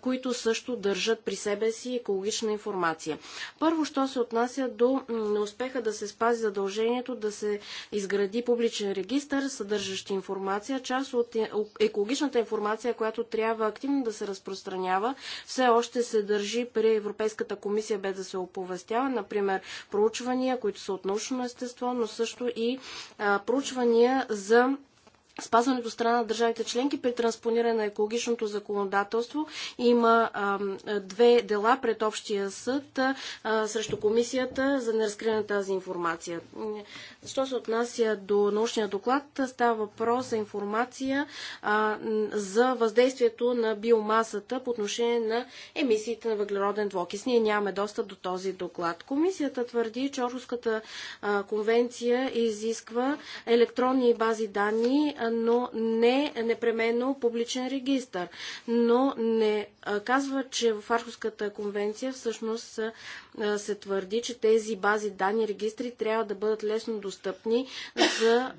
които също държат при себе си екологична информация. Първо, що се отнася до неуспеха да се спази задължението да се изгради публичен регистр, регистър, съдържащ информация, част от е, екологичната информация, която трябва активно да се разпространява, все още се държи при Европейската комисия без да се оповестява, например проучвания, които са от научно естество, но също и проучвания за спазването страна на държавите членки при транспониране на екологичното законодателство. Има две дела пред Общия съд срещу комисията за неразкриване на тази информация. Що се отнася до научния доклад, става въпрос за информация за въздействието на биомасата по отношение на емисиите на въглероден двокис. Ние нямаме достъп до този доклад. Комисията твърди, че Орската конвенция изисква електронни бази данни но не непременно публичен регистр. Но не казва, че в Архуската конвенция всъщност се твърди, че тези бази данни, регистри трябва да бъдат лесно достъпни за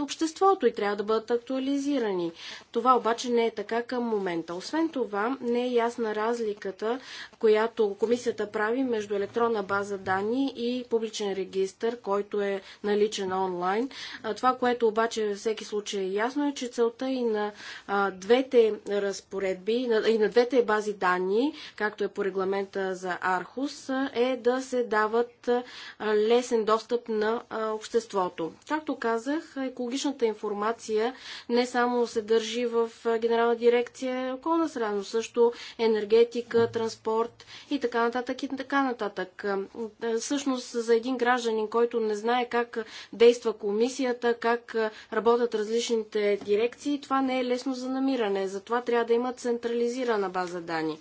обществото и трябва да бъдат актуализирани. Това обаче не е така към момента. Освен това, не е ясна разликата, която комисията прави между електронна база данни и публичен регистр, който е наличен онлайн. Това, което обаче във всеки случай е ясно е, че целта и на двете разпоредби, и на, и на двете бази данни, както е по регламента за Архус, е да се дават лесен достъп на обществото. Както казах, екологичната информация не само се държи в Генерална дирекция околна среда, но също енергетика, транспорт и така нататък и така нататък. Всъщност за един гражданин, който не знае как действа комисията, как работят различните дирекции, това не е лесно за намиране. Затова трябва да има централизирана база данни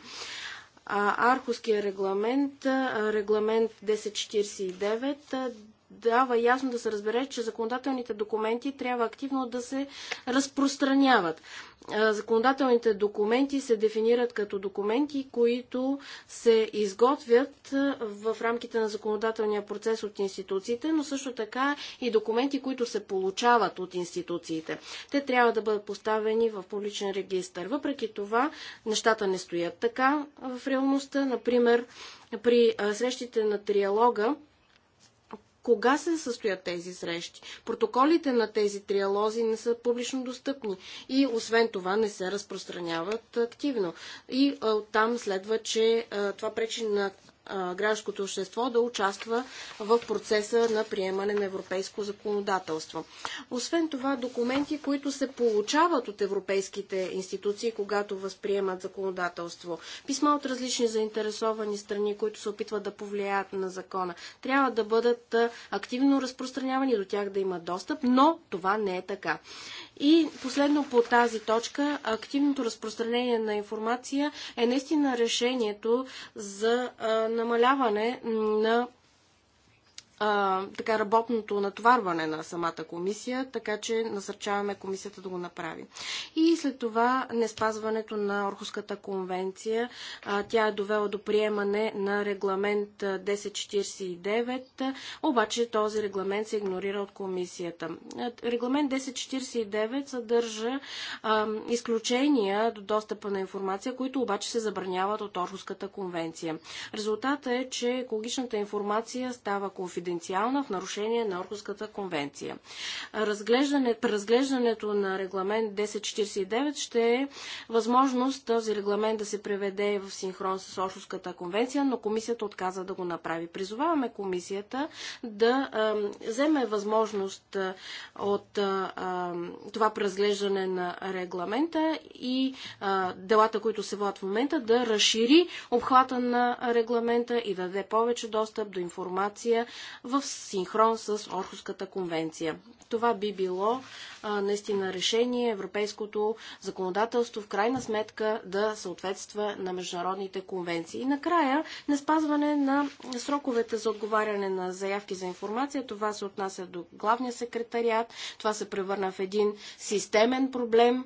а Архуския регламент, регламент 1049 дава ясно да се разбере, че законодателните документи трябва активно да се разпространяват. Законодателните документи се дефинират като документи, които се изготвят в рамките на законодателния процес от институциите, но също така и документи, които се получават от институциите. Те трябва да бъдат поставени в публичен регистр. Въпреки това, нещата не стоят така в реалността. Например, при срещите на триалога, кога се състоят тези срещи? Протоколите на тези триалози не са публично достъпни и освен това не се разпространяват активно. И там следва, че а, това пречи на гражданското общество да участва в процеса на приемане на европейско законодателство. Освен това, документи, които се получават от европейските институции, когато възприемат законодателство, писма от различни заинтересовани страни, които се опитват да повлияят на закона, трябва да бъдат активно разпространявани, до тях да има достъп, но това не е така. И последно по тази точка, активното разпространение на информация е наистина решението за намаляване на а, така работното натоварване на самата комисия, така че насърчаваме комисията да го направи. И след това не спазването на Орхуската конвенция. А, тя е довела до приемане на регламент 1049, обаче този регламент се игнорира от комисията. Регламент 1049 съдържа а, изключения до достъпа на информация, които обаче се забраняват от Орхуската конвенция. Резултата е, че екологичната информация става конфиденциална потенциална в нарушение на Орхуската конвенция. Разглеждане, разглеждането на регламент 1049 ще е възможност този регламент да се преведе в синхрон с Орхуската конвенция, но комисията отказа да го направи. Призоваваме комисията да а, вземе възможност от а, това преразглеждане на регламента и а, делата, които се водят в момента, да разшири обхвата на регламента и да даде повече достъп до информация в синхрон с Орхуската конвенция. Това би било а, наистина решение европейското законодателство в крайна сметка да съответства на международните конвенции. И накрая, не спазване на сроковете за отговаряне на заявки за информация, това се отнася до главния секретариат, това се превърна в един системен проблем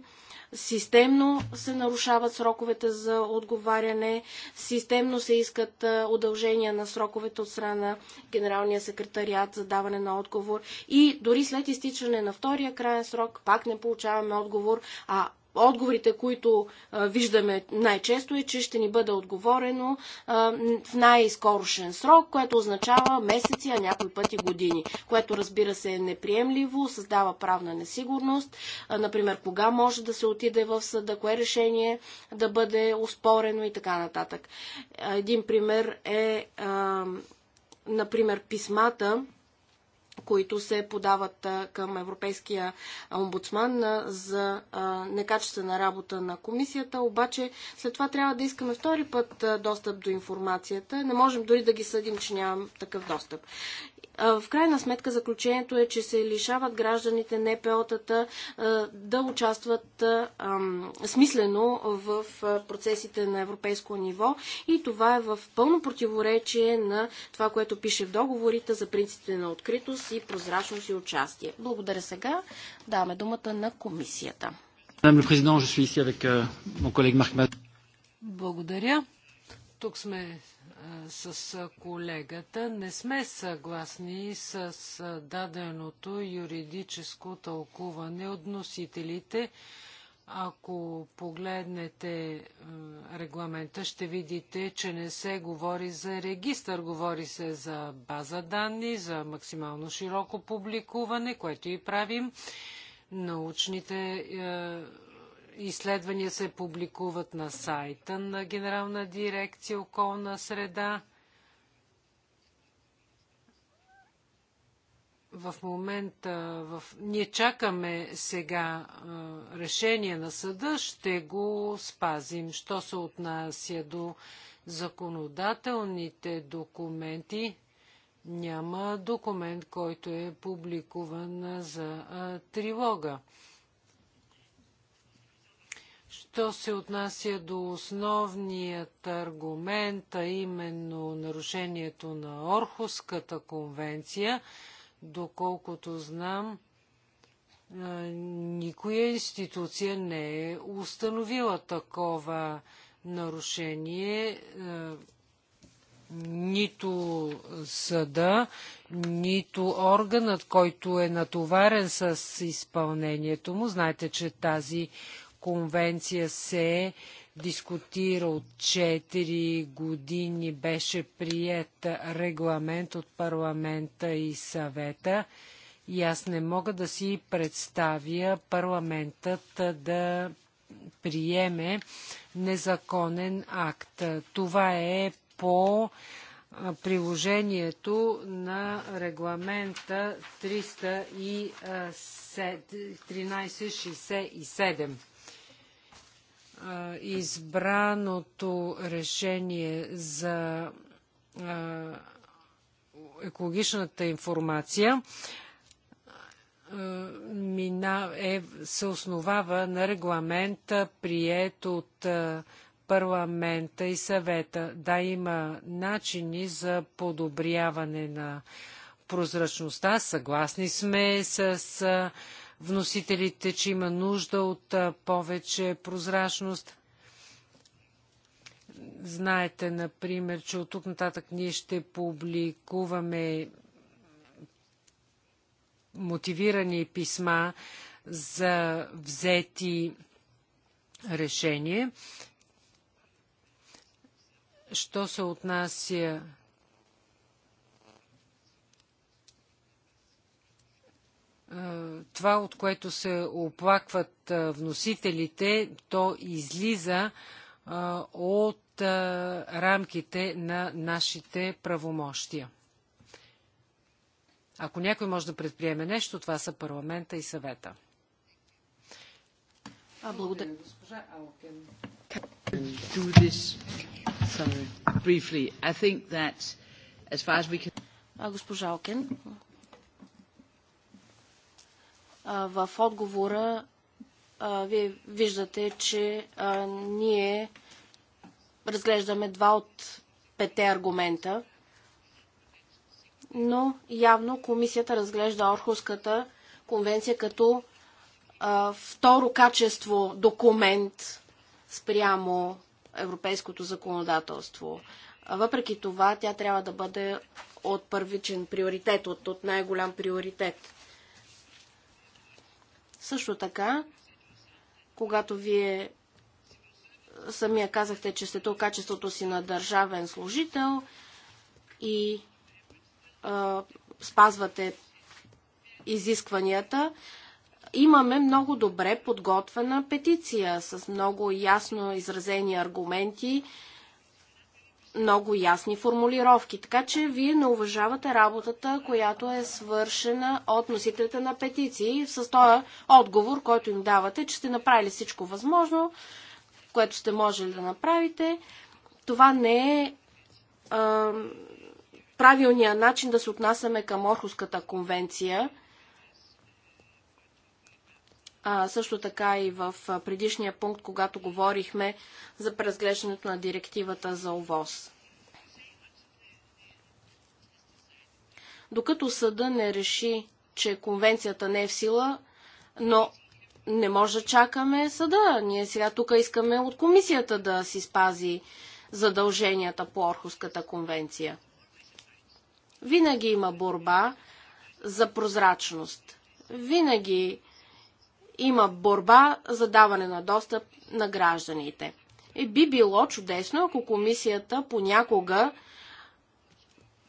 системно се нарушават сроковете за отговаряне, системно се искат удължения на сроковете от страна на Генералния секретариат за даване на отговор и дори след изтичане на втория крайен срок пак не получаваме отговор, а отговорите, които виждаме най-често е, че ще ни бъде отговорено в най-скорошен срок, което означава месеци, а някои пъти години, което разбира се е неприемливо, създава правна несигурност, например кога може да се отиде в съда, кое решение да бъде успорено и така нататък. Един пример е, например, писмата, които се подават към Европейския омбудсман за некачествена работа на комисията, обаче след това трябва да искаме втори път достъп до информацията. Не можем дори да ги съдим, че нямам такъв достъп. В крайна сметка заключението е, че се лишават гражданите НПО-тата да участват смислено в процесите на европейско ниво и това е в пълно противоречие на това, което пише в договорите за принципите на откритост и прозрачност и участие. Благодаря сега. Даваме думата на комисията. Euh, Благодаря. Тук сме с колегата. Не сме съгласни с даденото юридическо тълкуване от носителите. Ако погледнете регламента, ще видите, че не се говори за регистър, говори се за база данни, за максимално широко публикуване, което и правим. Научните е, изследвания се публикуват на сайта на Генерална дирекция околна среда. В момента в... ние чакаме сега а, решение на съда, ще го спазим. Що се отнася до законодателните документи, няма документ, който е публикуван за а, трилога. Що се отнася до основният аргумент, а именно нарушението на Орхуската конвенция, доколкото знам, никоя институция не е установила такова нарушение, нито съда, нито органът, който е натоварен с изпълнението му. Знаете, че тази конвенция се дискутира от 4 години. Беше прият регламент от парламента и съвета. И аз не мога да си представя парламентът да приеме незаконен акт. Това е по приложението на регламента 1367 избраното решение за екологичната информация е, се основава на регламента, прият от парламента и съвета. Да, има начини за подобряване на прозрачността. Съгласни сме с вносителите, че има нужда от повече прозрачност. Знаете, например, че от тук нататък ние ще публикуваме мотивирани писма за взети решения. Що се отнася Е, това, от което се оплакват е, вносителите, то излиза е, от рамките на нашите правомощия. Ако някой може да предприеме нещо, това са парламента и съвета. А, благодаря. А, госпожа Алкен, в отговора вие виждате, че ние разглеждаме два от пете аргумента, но явно комисията разглежда Орхуската конвенция като второ качество документ спрямо европейското законодателство. Въпреки това, тя трябва да бъде от първичен приоритет, от, от най-голям приоритет. Също така, когато вие самия казахте, че сте то качеството си на държавен служител и а, спазвате изискванията, имаме много добре подготвена петиция с много ясно изразени аргументи много ясни формулировки. Така че вие не уважавате работата, която е свършена от носителите на петиции с този отговор, който им давате, че сте направили всичко възможно, което сте можели да направите. Това не е правилният начин да се отнасяме към Орхуската конвенция – също така и в предишния пункт, когато говорихме за преразглеждането на директивата за ОВОз. Докато съда не реши, че конвенцията не е в сила, но не може да чакаме съда. Ние сега тук искаме от комисията да си спази задълженията по Орховската конвенция. Винаги има борба за прозрачност. Винаги има борба за даване на достъп на гражданите. И би било чудесно, ако комисията понякога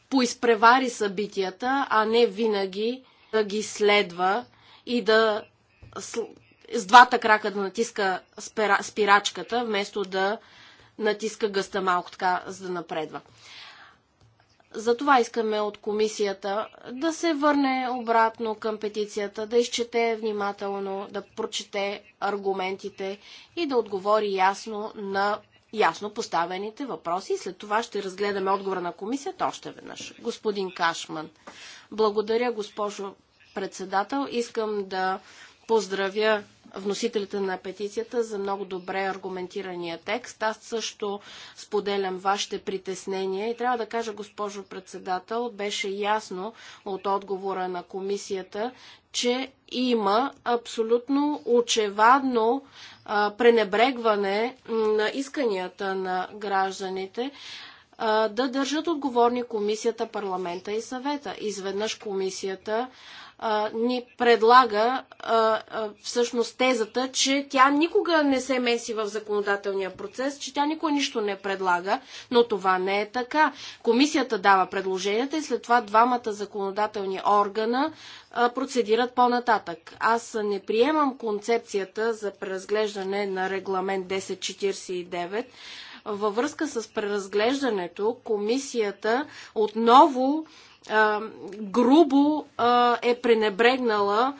поизпревари събитията, а не винаги да ги следва и да с двата крака да натиска спирачката, вместо да натиска гъста малко така, за да напредва. Затова искаме от комисията да се върне обратно към петицията, да изчете внимателно, да прочете аргументите и да отговори ясно на ясно поставените въпроси. След това ще разгледаме отговора на комисията още веднъж. Господин Кашман, благодаря, госпожо председател. Искам да поздравя вносителите на петицията за много добре аргументирания текст. Аз също споделям вашите притеснения и трябва да кажа, госпожо председател, беше ясно от отговора на комисията, че има абсолютно очевадно пренебрегване на исканията на гражданите да държат отговорни комисията, парламента и съвета. Изведнъж комисията ни предлага а, а, всъщност тезата, че тя никога не се меси в законодателния процес, че тя никога нищо не предлага, но това не е така. Комисията дава предложенията и след това двамата законодателни органа а, процедират по-нататък. Аз не приемам концепцията за преразглеждане на регламент 1049 във връзка с преразглеждането комисията отново а, грубо а, е пренебрегнала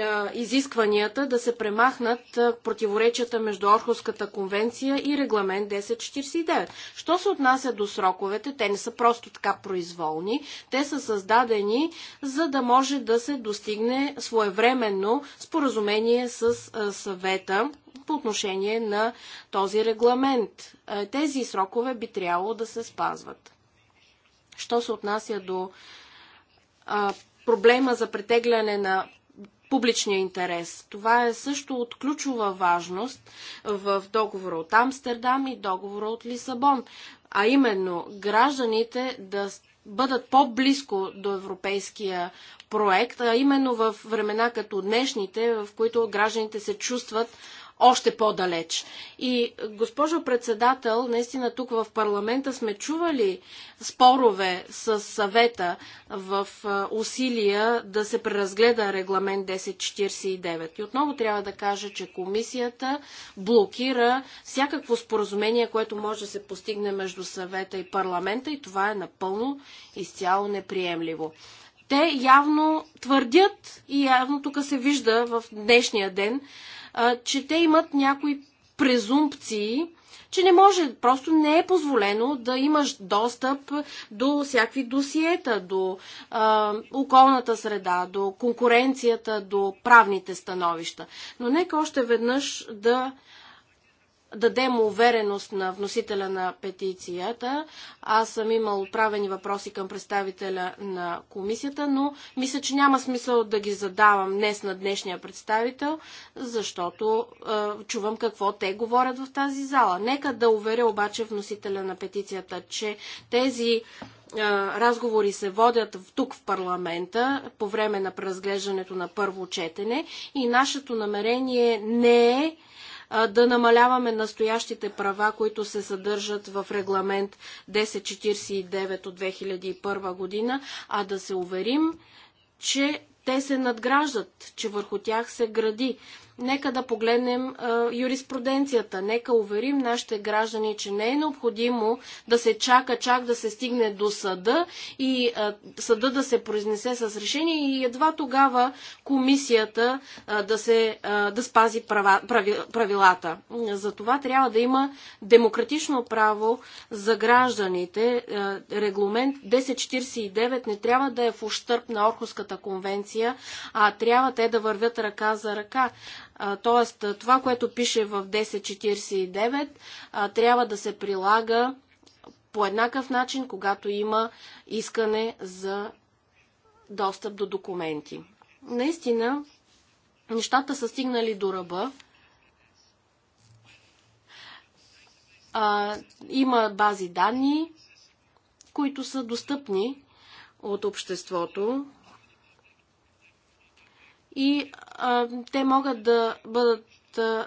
а, изискванията да се премахнат а, противоречията между Орховската конвенция и регламент 1049. Що се отнася до сроковете, те не са просто така произволни, те са създадени за да може да се достигне своевременно споразумение с а, съвета по отношение на този регламент. Тези срокове би трябвало да се спазват. Що се отнася до а, проблема за претегляне на публичния интерес. Това е също от ключова важност в договора от Амстердам и договора от Лисабон, а именно гражданите да бъдат по-близко до европейския проект, а именно в времена като днешните, в които гражданите се чувстват още по-далеч. И, госпожо председател, наистина тук в парламента сме чували спорове с съвета в усилия да се преразгледа регламент 1049. И отново трябва да кажа, че комисията блокира всякакво споразумение, което може да се постигне между съвета и парламента и това е напълно изцяло неприемливо те явно твърдят и явно тук се вижда в днешния ден, че те имат някои презумпции, че не може, просто не е позволено да имаш достъп до всякакви досиета, до а, околната среда, до конкуренцията, до правните становища. Но нека още веднъж да дадем увереност на вносителя на петицията. Аз съм имал правени въпроси към представителя на комисията, но мисля, че няма смисъл да ги задавам днес на днешния представител, защото е, чувам какво те говорят в тази зала. Нека да уверя обаче вносителя на петицията, че тези разговори се водят тук в парламента по време на преразглеждането на първо четене и нашето намерение не е да намаляваме настоящите права, които се съдържат в регламент 1049 от 2001 година, а да се уверим, че те се надграждат, че върху тях се гради. Нека да погледнем а, юриспруденцията. Нека уверим нашите граждани, че не е необходимо да се чака чак да се стигне до съда и а, съда да се произнесе с решение и едва тогава комисията а, да, се, а, да спази права, прави, правилата. За това трябва да има демократично право за гражданите. А, регламент 1049 не трябва да е в ущърп на Орхуската конвенция, а трябва те да вървят ръка за ръка. Тоест, това, което пише в 1049, трябва да се прилага по еднакъв начин, когато има искане за достъп до документи. Наистина, нещата са стигнали до ръба. А, има бази данни, които са достъпни от обществото и а, те могат да бъдат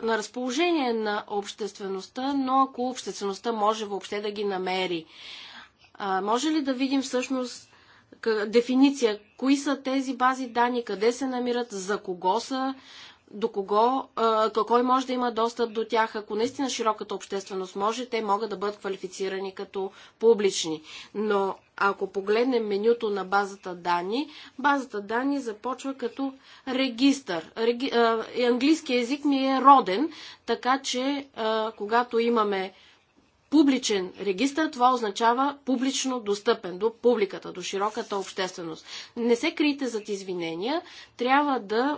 на разположение на обществеността, но ако обществеността може въобще да ги намери. А, може ли да видим всъщност дефиниция, кои са тези бази данни, къде се намират, за кого са, до кого, кой може да има достъп до тях. Ако наистина широката общественост може, те могат да бъдат квалифицирани като публични. Но ако погледнем менюто на базата данни, базата данни започва като регистър. Реги... Английският език ми е роден, така че когато имаме публичен регистр, това означава публично достъпен до публиката, до широката общественост. Не се крийте зад извинения, трябва да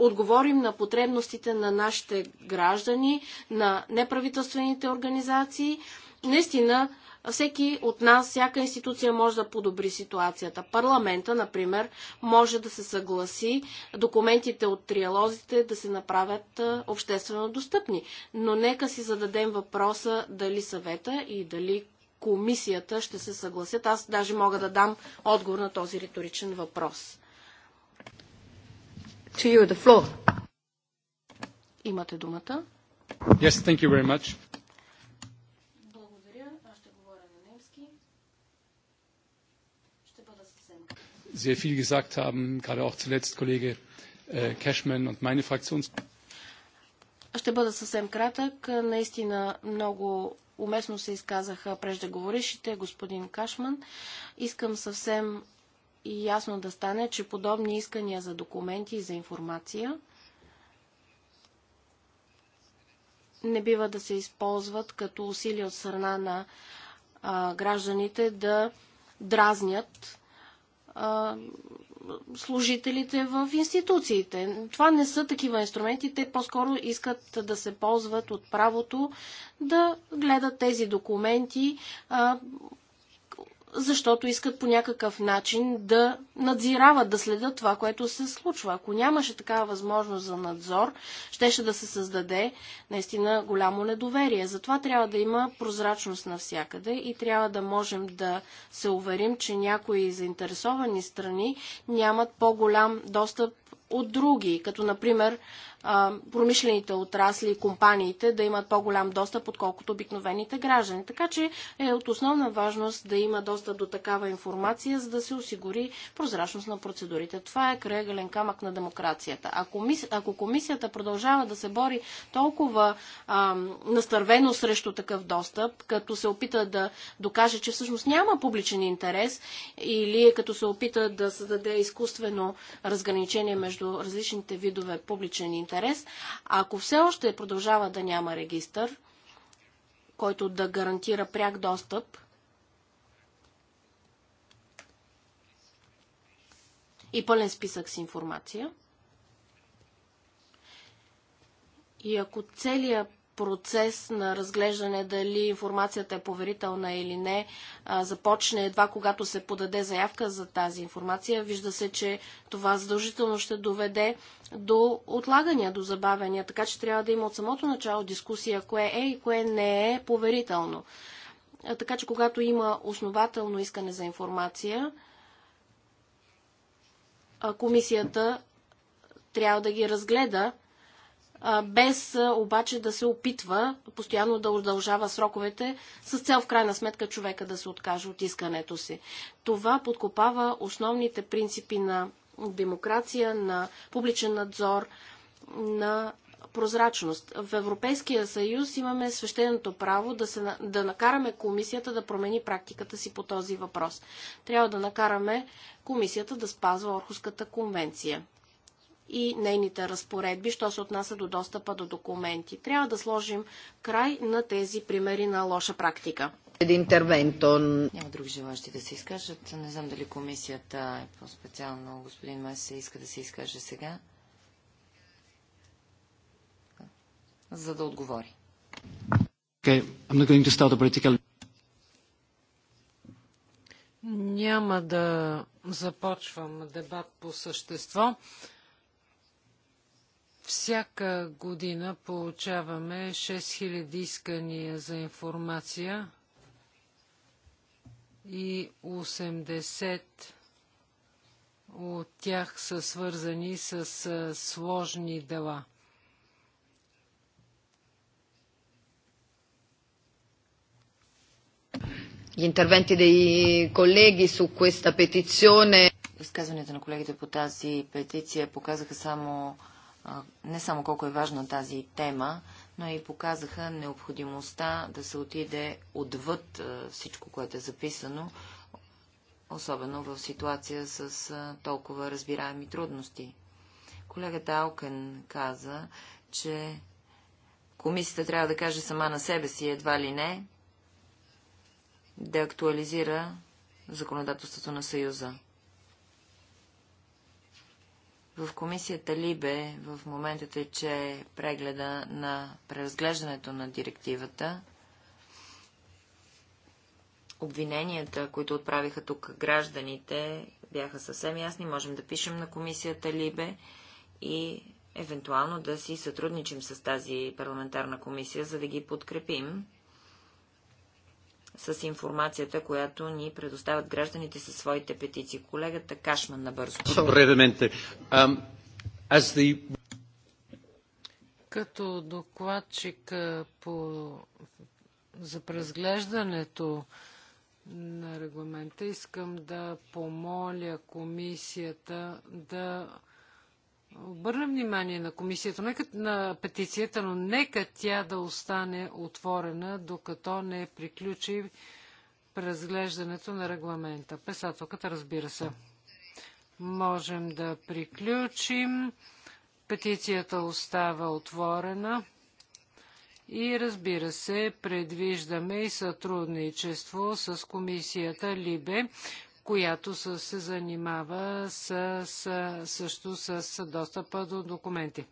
отговорим на потребностите на нашите граждани, на неправителствените организации. Наистина, всеки от нас, всяка институция може да подобри ситуацията. Парламента, например, може да се съгласи документите от триалозите да се направят обществено достъпни. Но нека си зададем въпроса дали съвета и дали комисията ще се съгласят. Аз даже мога да дам отговор на този риторичен въпрос to you the floor. Имате думата. Yes, thank you very much. Sehr viel gesagt haben, gerade auch zuletzt Kollege äh, Cashman und meine Fraktion. Ще бъда съвсем кратък. Наистина много уместно се изказаха преждеговорившите, господин Кашман. Искам съвсем и ясно да стане, че подобни искания за документи и за информация не бива да се използват като усилия от страна на а, гражданите да дразнят а, служителите в институциите. Това не са такива инструменти. Те по-скоро искат да се ползват от правото да гледат тези документи а, защото искат по някакъв начин да надзирават, да следят това, което се случва. Ако нямаше такава възможност за надзор, щеше да се създаде наистина голямо недоверие. Затова трябва да има прозрачност навсякъде и трябва да можем да се уверим, че някои заинтересовани страни нямат по-голям достъп от други, като например промишлените отрасли и компаниите да имат по-голям достъп, отколкото обикновените граждани. Така че е от основна важност да има достъп до такава информация, за да се осигури прозрачност на процедурите. Това е крайъгълен камък на демокрацията. Ако, мис... Ако комисията продължава да се бори толкова ам, настървено срещу такъв достъп, като се опита да докаже, че всъщност няма публичен интерес или като се опита да създаде изкуствено разграничение между различните видове публичен интерес, ако все още продължава да няма регистър, който да гарантира пряк достъп, и пълен списък с информация. И ако целият процес на разглеждане дали информацията е поверителна или не започне едва когато се подаде заявка за тази информация. Вижда се, че това задължително ще доведе до отлагания, до забавяния, така че трябва да има от самото начало дискусия кое е и кое не е поверително. Така че когато има основателно искане за информация, комисията трябва да ги разгледа без обаче да се опитва постоянно да удължава сроковете с цел в крайна сметка човека да се откаже от искането си. Това подкопава основните принципи на демокрация, на публичен надзор, на прозрачност. В Европейския съюз имаме свещеното право да, се, да накараме комисията да промени практиката си по този въпрос. Трябва да накараме комисията да спазва Орхуската конвенция и нейните разпоредби, що се отнася до достъпа до документи. Трябва да сложим край на тези примери на лоша практика. Няма други желащи да се изкажат. Не знам дали комисията е по-специално. Господин Месе иска да се изкаже сега. За да отговори. Okay. Няма да започвам дебат по същество. Всяка година получаваме 6000 искания за информация и 80 от тях са свързани с сложни дела. Gli interventi dei colleghi su questa petizione. Изказванията на колегите по тази петиция показаха само не само колко е важна тази тема, но и показаха необходимостта да се отиде отвъд всичко, което е записано, особено в ситуация с толкова разбираеми трудности. Колегата Алкен каза, че комисията трябва да каже сама на себе си, едва ли не, да актуализира законодателството на Съюза. В комисията Либе в момента тече прегледа на преразглеждането на директивата. Обвиненията, които отправиха тук гражданите, бяха съвсем ясни. Можем да пишем на комисията Либе и евентуално да си сътрудничим с тази парламентарна комисия, за да ги подкрепим с информацията, която ни предоставят гражданите със своите петиции. Колегата Кашман набързо. Като докладчик по... за преразглеждането на регламента искам да помоля комисията да обърна внимание на комисията, нека, на петицията, но нека тя да остане отворена, докато не приключи преразглеждането на регламента. Песателката, разбира се. Можем да приключим. Петицията остава отворена. И разбира се, предвиждаме и сътрудничество с комисията Либе, която се занимава с, с, също с достъпа до документи.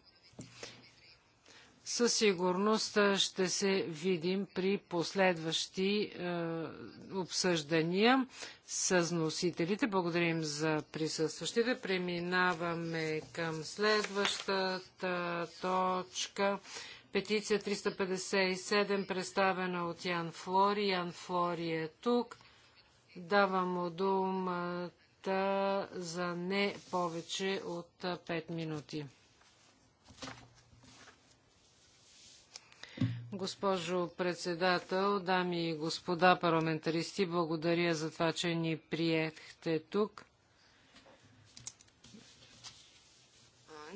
Със сигурност ще се видим при последващи е, обсъждания с носителите. Благодарим за присъстващите. Преминаваме към следващата точка. Петиция 357, представена от Ян Флори. Ян Флори е тук. Давам му думата за не повече от 5 минути. Госпожо председател, дами и господа парламентаристи, благодаря за това, че ни приехте тук.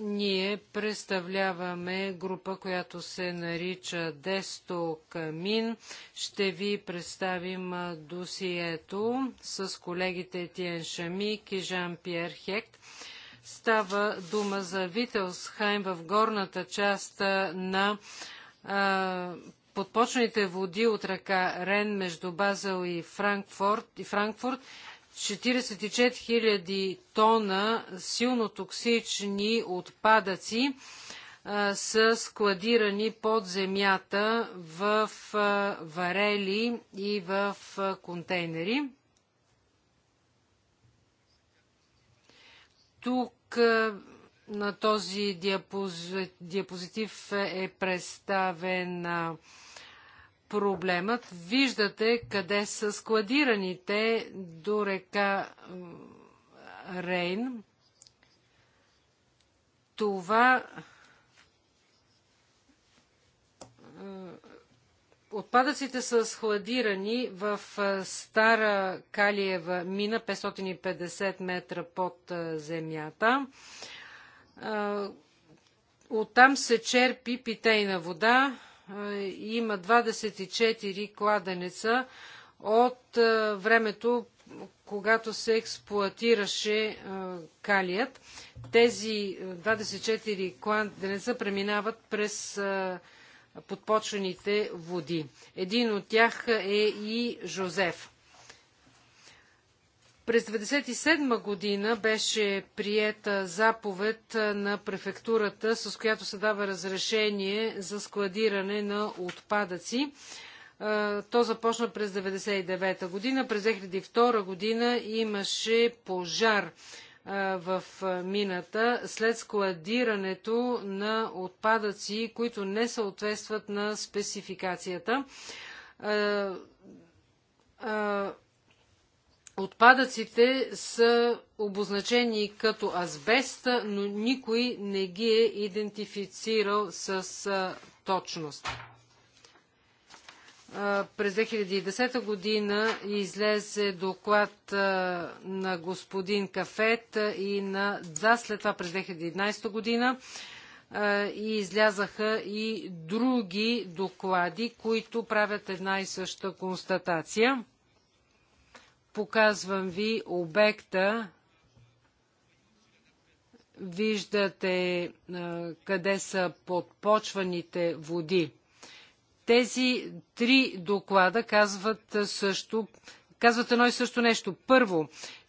Ние представляваме група, която се нарича Десто Камин. Ще ви представим досието с колегите Тиен Шамик и Жан-Пьер Хект. Става дума за Вителсхайм в горната част на а, подпочните води от ръка Рен между Базел и Франкфурт, и Франкфурт 44 000 тона силно токсични отпадъци са складирани под земята в варели и в контейнери. Тук на този диапозитив е представена проблемът. Виждате къде са складираните до река Рейн. Това Отпадъците са схладирани в стара Калиева мина, 550 метра под земята. Оттам се черпи питейна вода, има 24 кладенеца от времето, когато се експлуатираше калият. Тези 24 кладенеца преминават през подпочвените води. Един от тях е и Жозеф. През 1997 година беше приета заповед на префектурата, с която се дава разрешение за складиране на отпадъци. То започна през 1999 година. През 2002 година имаше пожар в мината след складирането на отпадъци, които не съответстват на спецификацията Отпадъците са обозначени като азбеста, но никой не ги е идентифицирал с точност. През 2010 година излезе доклад на господин Кафет и на ДЗА, след това през 2011 година и излязаха и други доклади, които правят една и съща констатация. Показвам ви обекта. Виждате къде са подпочваните води. Тези три доклада казват, също, казват едно и също нещо. Първо,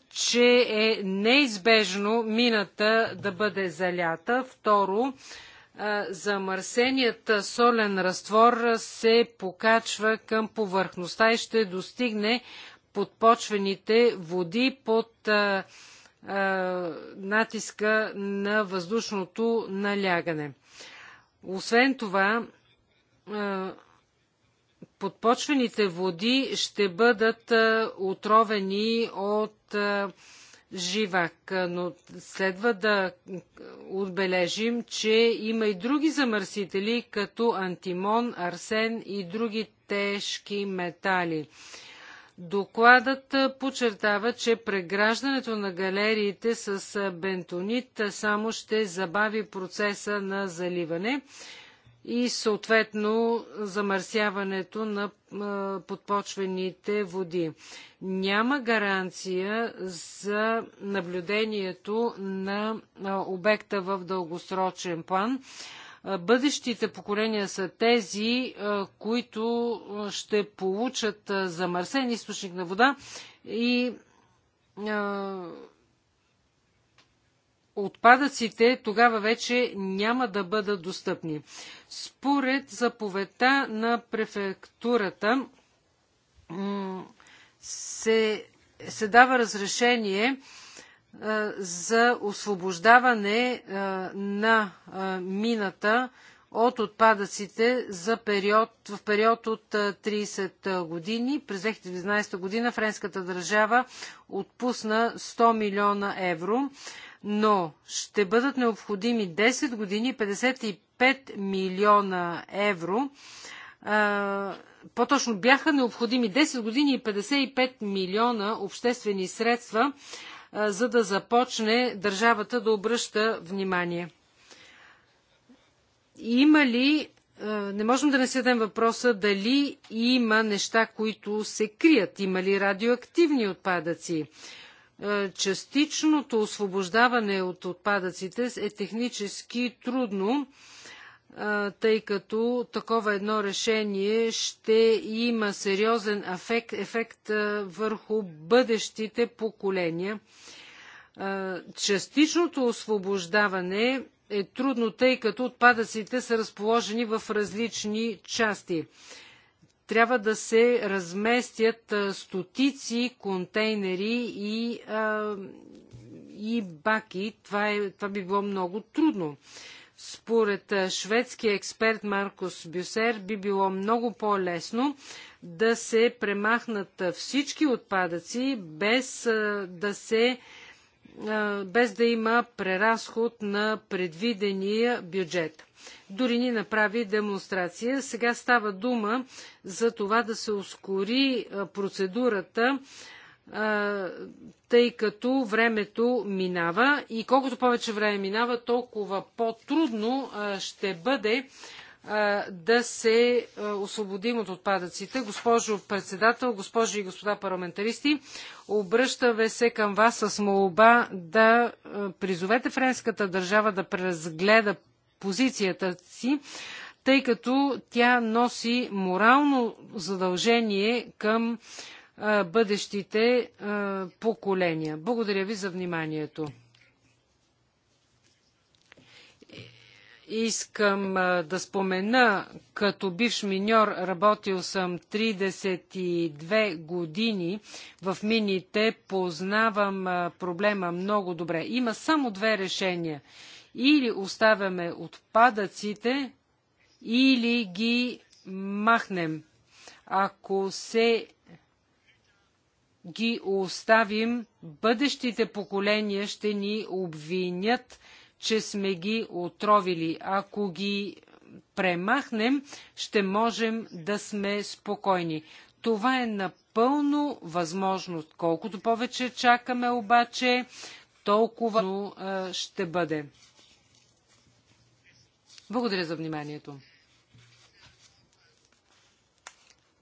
че е неизбежно мината да бъде залята. Второ, замърсеният солен разтвор се покачва към повърхността и ще достигне подпочвените води под а, а, натиска на въздушното налягане. Освен това, а, подпочвените води ще бъдат отровени от живак, но следва да отбележим, че има и други замърсители, като антимон, арсен и други тежки метали. Докладът подчертава, че преграждането на галериите с бентонит само ще забави процеса на заливане и съответно замърсяването на подпочвените води. Няма гаранция за наблюдението на обекта в дългосрочен план бъдещите поколения са тези, които ще получат замърсен източник на вода и отпадъците тогава вече няма да бъдат достъпни. Според заповедта на префектурата се, се дава разрешение за освобождаване на мината от отпадъците за период, в период от 30 години. През 2011 година френската държава отпусна 100 милиона евро, но ще бъдат необходими 10 години 55 милиона евро. По-точно бяха необходими 10 години и 55 милиона обществени средства, за да започне държавата да обръща внимание. Има ли, не можем да не си дадем въпроса, дали има неща, които се крият, има ли радиоактивни отпадъци. Частичното освобождаване от отпадъците е технически трудно тъй като такова едно решение ще има сериозен ефект, ефект върху бъдещите поколения. Частичното освобождаване е трудно, тъй като отпадъците са разположени в различни части. Трябва да се разместят стотици контейнери и, и баки. Това, е, това би било много трудно. Според шведския експерт Маркус Бюсер би било много по-лесно да се премахнат всички отпадъци без да се без да има преразход на предвидения бюджет. Дори ни направи демонстрация. Сега става дума за това да се ускори процедурата тъй като времето минава и колкото повече време минава, толкова по-трудно ще бъде да се освободим от отпадъците. Госпожо председател, госпожи и господа парламентаристи, обръщаме се към вас с молба да призовете френската държава да преразгледа позицията си, тъй като тя носи морално задължение към бъдещите поколения. Благодаря ви за вниманието. Искам да спомена, като бивш миньор работил съм 32 години в мините, познавам проблема много добре. Има само две решения. Или оставяме отпадъците, или ги махнем. Ако се ги оставим, бъдещите поколения ще ни обвинят, че сме ги отровили. Ако ги премахнем, ще можем да сме спокойни. Това е напълно възможно. Колкото повече чакаме обаче, толкова ще бъде. Благодаря за вниманието.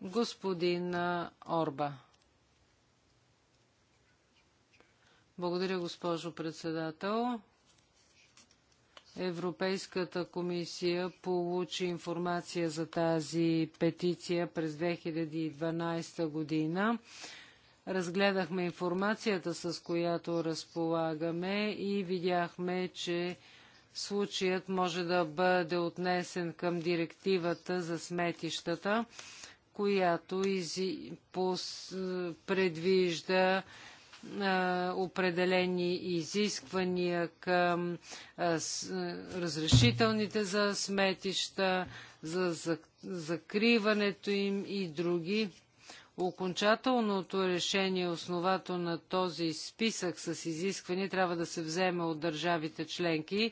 Господин Орба. Благодаря, госпожо председател. Европейската комисия получи информация за тази петиция през 2012 година. Разгледахме информацията, с която разполагаме и видяхме, че случаят може да бъде отнесен към директивата за сметищата, която предвижда определени изисквания към разрешителните за сметища, за закриването им и други. Окончателното решение, основато на този списък с изисквания, трябва да се вземе от държавите членки.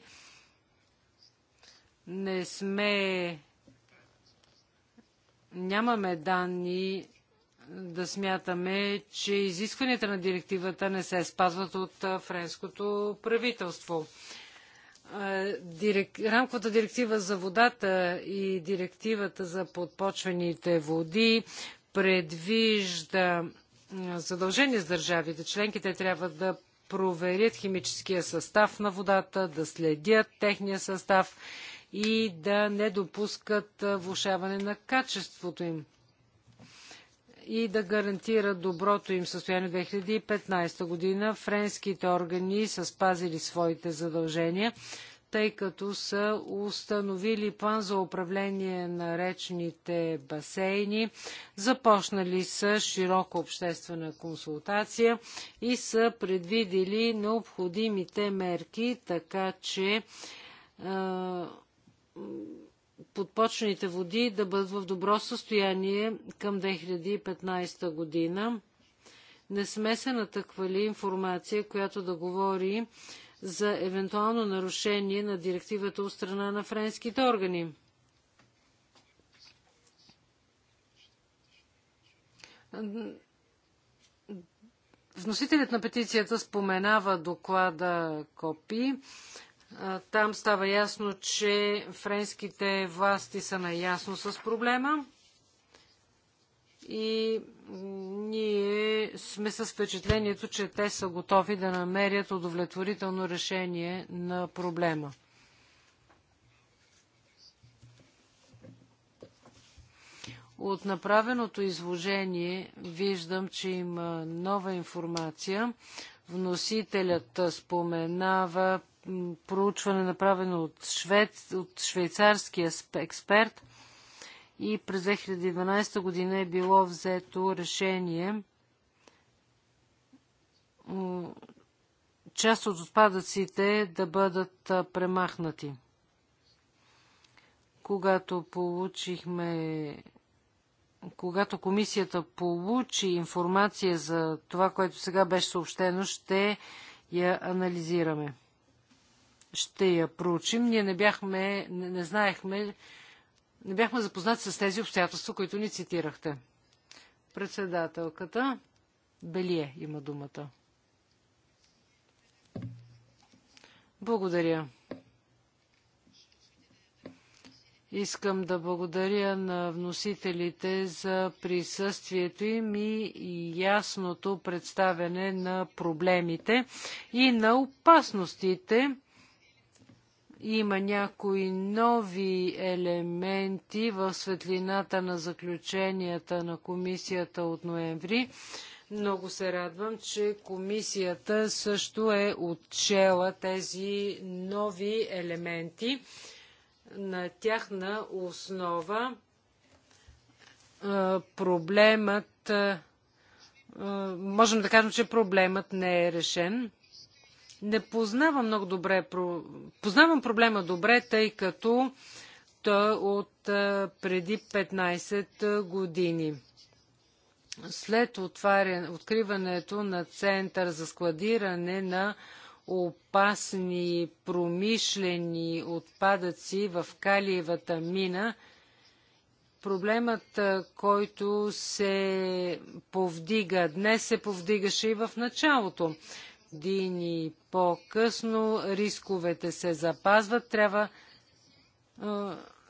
Не сме. Нямаме данни да смятаме, че изискванията на директивата не се спазват от френското правителство. Дирек... Рамковата директива за водата и директивата за подпочвените води предвижда задължение с държавите. Членките трябва да проверят химическия състав на водата, да следят техния състав и да не допускат влушаване на качеството им и да гарантира доброто им състояние 2015 година. Френските органи са спазили своите задължения, тъй като са установили план за управление на речните басейни, започнали са широка обществена консултация и са предвидили необходимите мерки, така че е, подпочните води да бъдат в добро състояние към 2015 година. Не сме се натъквали информация, която да говори за евентуално нарушение на директивата от страна на френските органи. Вносителят на петицията споменава доклада КОПИ. Там става ясно, че френските власти са наясно с проблема и ние сме с впечатлението, че те са готови да намерят удовлетворително решение на проблема. От направеното изложение виждам, че има нова информация. Вносителят споменава проучване, направено от, швед, от швейцарски експерт. И през 2012 година е било взето решение част от отпадъците да бъдат премахнати. Когато получихме когато комисията получи информация за това, което сега беше съобщено, ще я анализираме ще я проучим. Ние не бяхме, не, не знаехме, не бяхме запознати с тези обстоятелства, които ни цитирахте. Председателката Белие има думата. Благодаря. Искам да благодаря на вносителите за присъствието им и ясното представяне на проблемите и на опасностите, има някои нови елементи в светлината на заключенията на комисията от ноември. Много се радвам, че комисията също е отчела тези нови елементи на тяхна основа проблемът, можем да кажем, че проблемът не е решен не познавам много добре, познавам проблема добре, тъй като той е от е, преди 15 е, години. След отварен, откриването на център за складиране на опасни промишлени отпадъци в Калиевата мина, проблемът, който се повдига днес, се повдигаше и в началото години по-късно рисковете се запазват. Трябва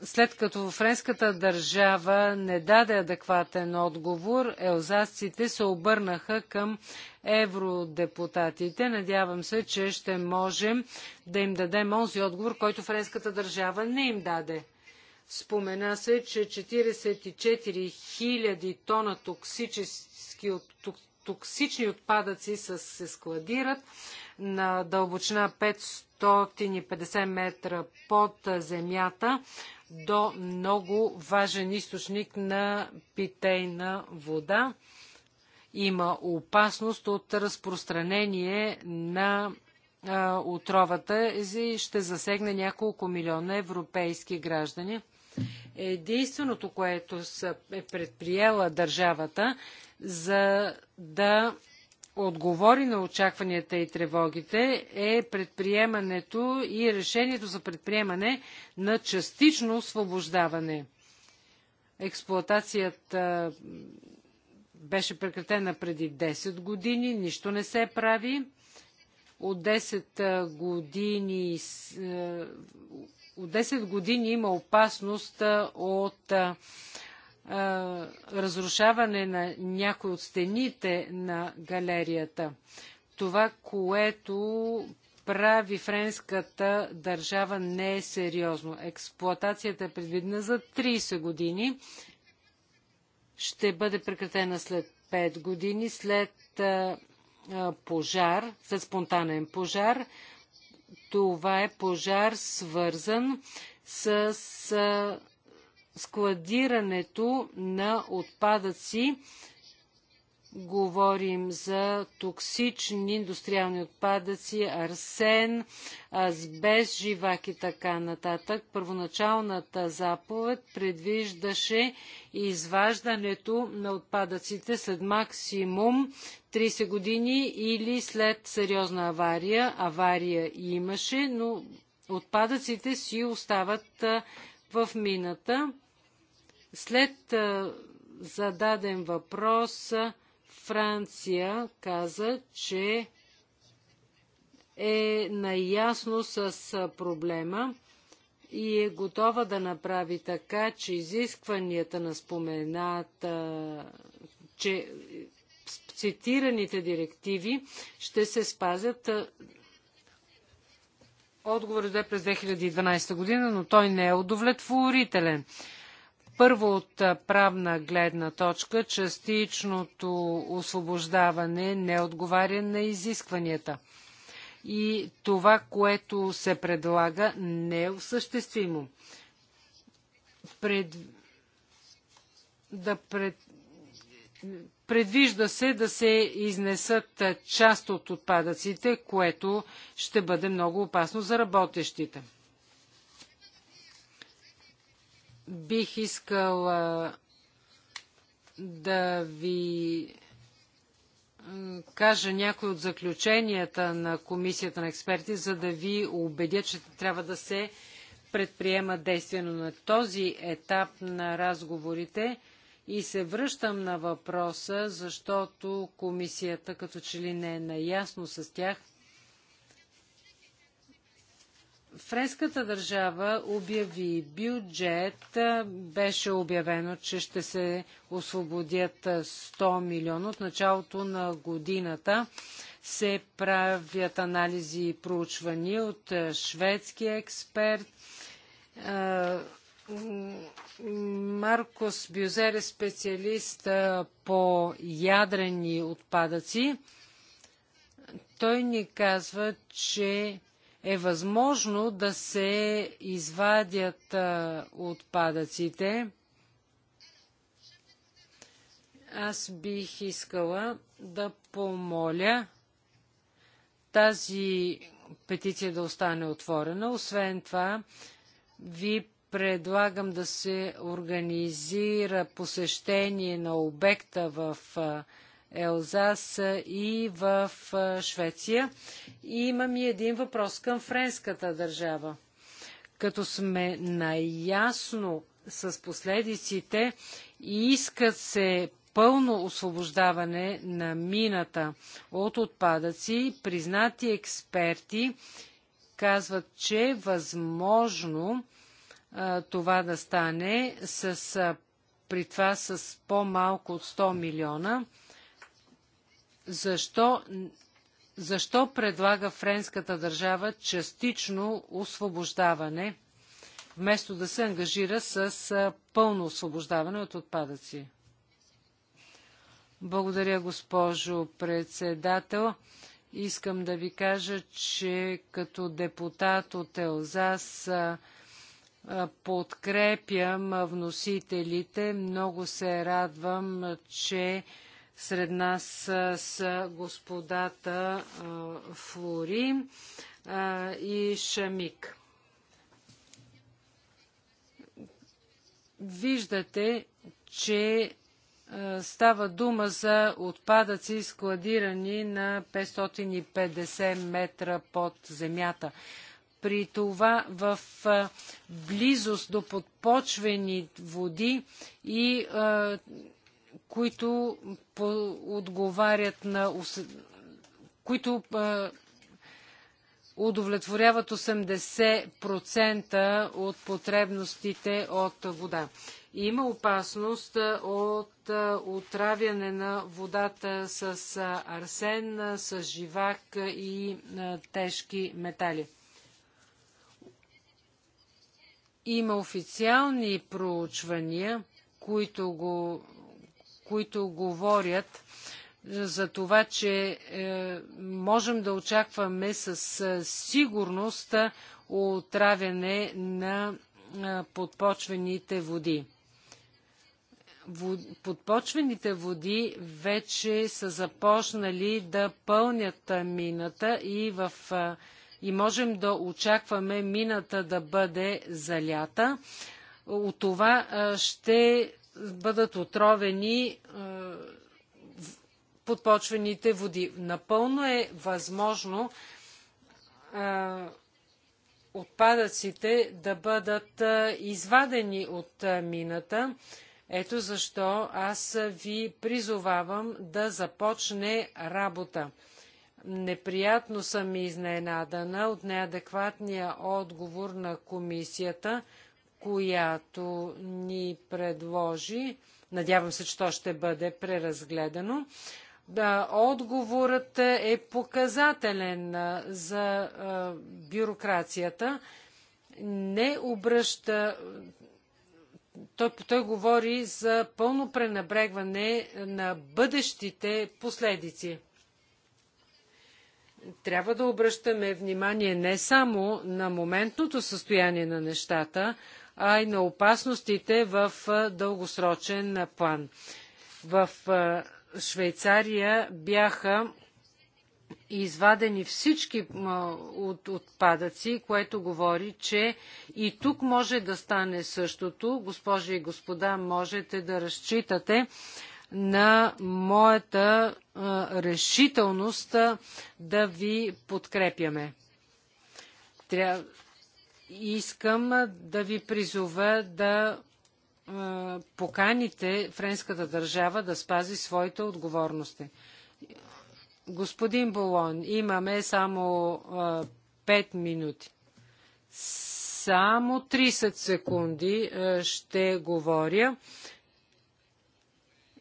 след като френската държава не даде адекватен отговор, елзасците се обърнаха към евродепутатите. Надявам се, че ще можем да им дадем онзи отговор, който френската държава не им даде. Спомена се, че 44 000 тона токсически, токсични отпадъци са, се складират на дълбочина 550 метра под земята до много важен източник на питейна вода. Има опасност от разпространение на отровата и ще засегне няколко милиона европейски граждани. Единственото, което е предприела държавата, за да отговори на очакванията и тревогите, е предприемането и решението за предприемане на частично освобождаване. Експлоатацията беше прекратена преди 10 години, нищо не се прави. От 10 години от 10 години има опасност от разрушаване на някои от стените на галерията. Това, което прави френската държава не е сериозно. Експлоатацията е предвидена за 30 години. Ще бъде прекратена след 5 години, след пожар, след спонтанен пожар. Това е пожар, свързан с складирането на отпадъци говорим за токсични индустриални отпадъци, арсен, азбест, живак и така нататък. Първоначалната заповед предвиждаше изваждането на отпадъците след максимум 30 години или след сериозна авария. Авария имаше, но отпадъците си остават в мината. След зададен въпрос, Франция каза, че е наясно с проблема и е готова да направи така, че изискванията на спомената, че цитираните директиви ще се спазят. Отговорът е през 2012 година, но той не е удовлетворителен. Първо от правна гледна точка, частичното освобождаване не отговаря на изискванията. И това, което се предлага, не е осъществимо. Пред... Да пред... Предвижда се да се изнесат част от отпадъците, което ще бъде много опасно за работещите. Бих искала да ви кажа някои от заключенията на комисията на експерти, за да ви убедя, че трябва да се предприема действено Но на този етап на разговорите и се връщам на въпроса, защото комисията като че ли не е наясно с тях френската държава обяви бюджет. Беше обявено, че ще се освободят 100 милиона. От началото на годината се правят анализи и проучвания от шведски експерт. Маркос Бюзер е специалист по ядрени отпадъци. Той ни казва, че е възможно да се извадят отпадъците. Аз бих искала да помоля тази петиция да остане отворена. Освен това, ви предлагам да се организира посещение на обекта в Елзас и в Швеция. И имам и един въпрос към френската държава. Като сме наясно с последиците и искат се пълно освобождаване на мината от отпадъци, признати експерти казват, че е възможно а, това да стане с, а, при това с по-малко от 100 милиона защо, защо предлага френската държава частично освобождаване, вместо да се ангажира с пълно освобождаване от отпадъци? Благодаря, госпожо председател. Искам да ви кажа, че като депутат от Елзас подкрепям вносителите. Много се радвам, че сред нас с господата Флори и Шамик. Виждате, че става дума за отпадъци, складирани на 550 метра под земята. При това в близост до подпочвени води и които отговарят на които удовлетворяват 80% от потребностите от вода. Има опасност от отравяне на водата с арсен, с живак и тежки метали. Има официални проучвания, които го които говорят за това, че е, можем да очакваме с е, сигурност е, отравяне на подпочвените води. Подпочвените води вече са започнали да пълнят мината и, в, и можем да очакваме мината да бъде залята. От това ще бъдат отровени е, подпочвените води. Напълно е възможно е, отпадъците да бъдат е, извадени от мината. Ето защо аз ви призовавам да започне работа. Неприятно съм изненадана от неадекватния отговор на комисията – която ни предложи. Надявам се, че то ще бъде преразгледано. Да, отговорът е показателен за а, бюрокрацията. Не обръща. Той, той говори за пълно пренабрегване на бъдещите последици. Трябва да обръщаме внимание не само на моментното състояние на нещата, а и на опасностите в дългосрочен план. В Швейцария бяха извадени всички от отпадъци, което говори, че и тук може да стане същото. Госпожи и господа, можете да разчитате на моята решителност да ви подкрепяме. Тря... Искам да ви призова да поканите френската държава да спази своите отговорности. Господин Болон, имаме само 5 минути. Само 30 секунди ще говоря.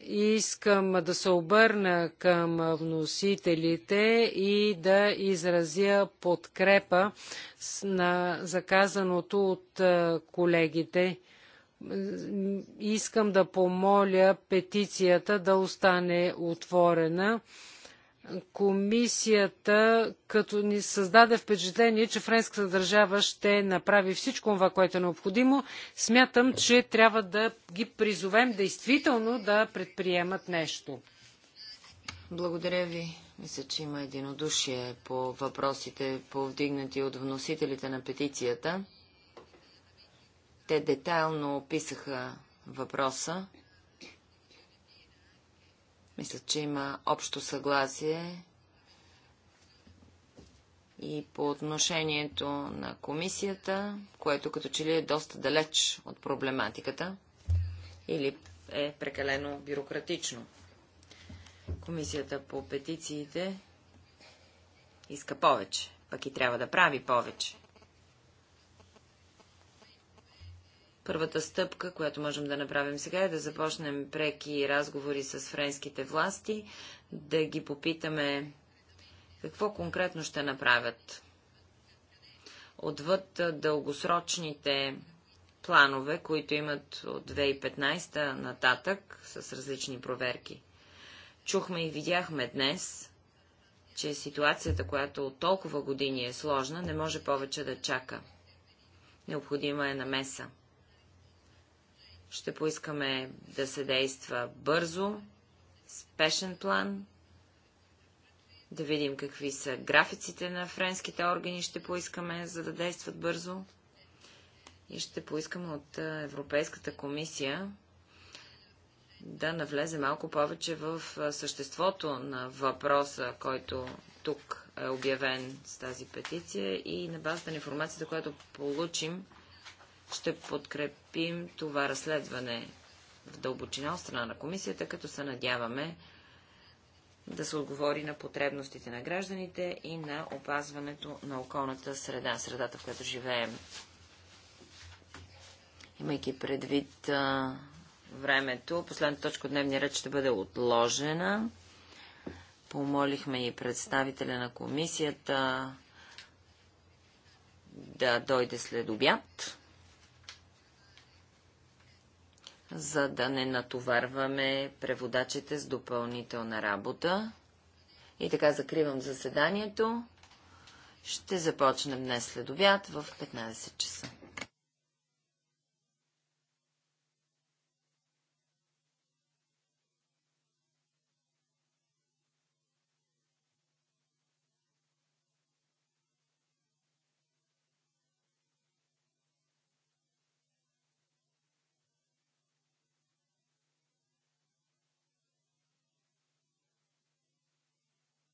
Искам да се обърна към вносителите и да изразя подкрепа на заказаното от колегите. Искам да помоля петицията да остане отворена комисията като ни създаде впечатление, че френската държава ще направи всичко това, което е необходимо, смятам, че трябва да ги призовем действително да предприемат нещо. Благодаря ви. Мисля, че има единодушие по въпросите, повдигнати от вносителите на петицията. Те детайлно описаха въпроса мисля, че има общо съгласие и по отношението на комисията, което като че ли е доста далеч от проблематиката или е прекалено бюрократично. Комисията по петициите иска повече, пък и трябва да прави повече. Първата стъпка, която можем да направим сега е да започнем преки разговори с френските власти, да ги попитаме какво конкретно ще направят. Отвъд дългосрочните планове, които имат от 2015 нататък с различни проверки. Чухме и видяхме днес, че ситуацията, която от толкова години е сложна, не може повече да чака. Необходима е намеса. Ще поискаме да се действа бързо, спешен план, да видим какви са графиците на френските органи, ще поискаме, за да действат бързо. И ще поискаме от Европейската комисия да навлезе малко повече в съществото на въпроса, който тук е обявен с тази петиция и на базата на информацията, която получим, ще подкрепим това разследване в дълбочина от страна на комисията, като се надяваме да се отговори на потребностите на гражданите и на опазването на околната среда, средата, в която живеем. Имайки предвид а, времето, последната точка от дневния ред ще бъде отложена. Помолихме и представителя на комисията да дойде след обяд. за да не натоварваме преводачите с допълнителна работа. И така закривам заседанието. Ще започнем днес след обяд в 15 часа.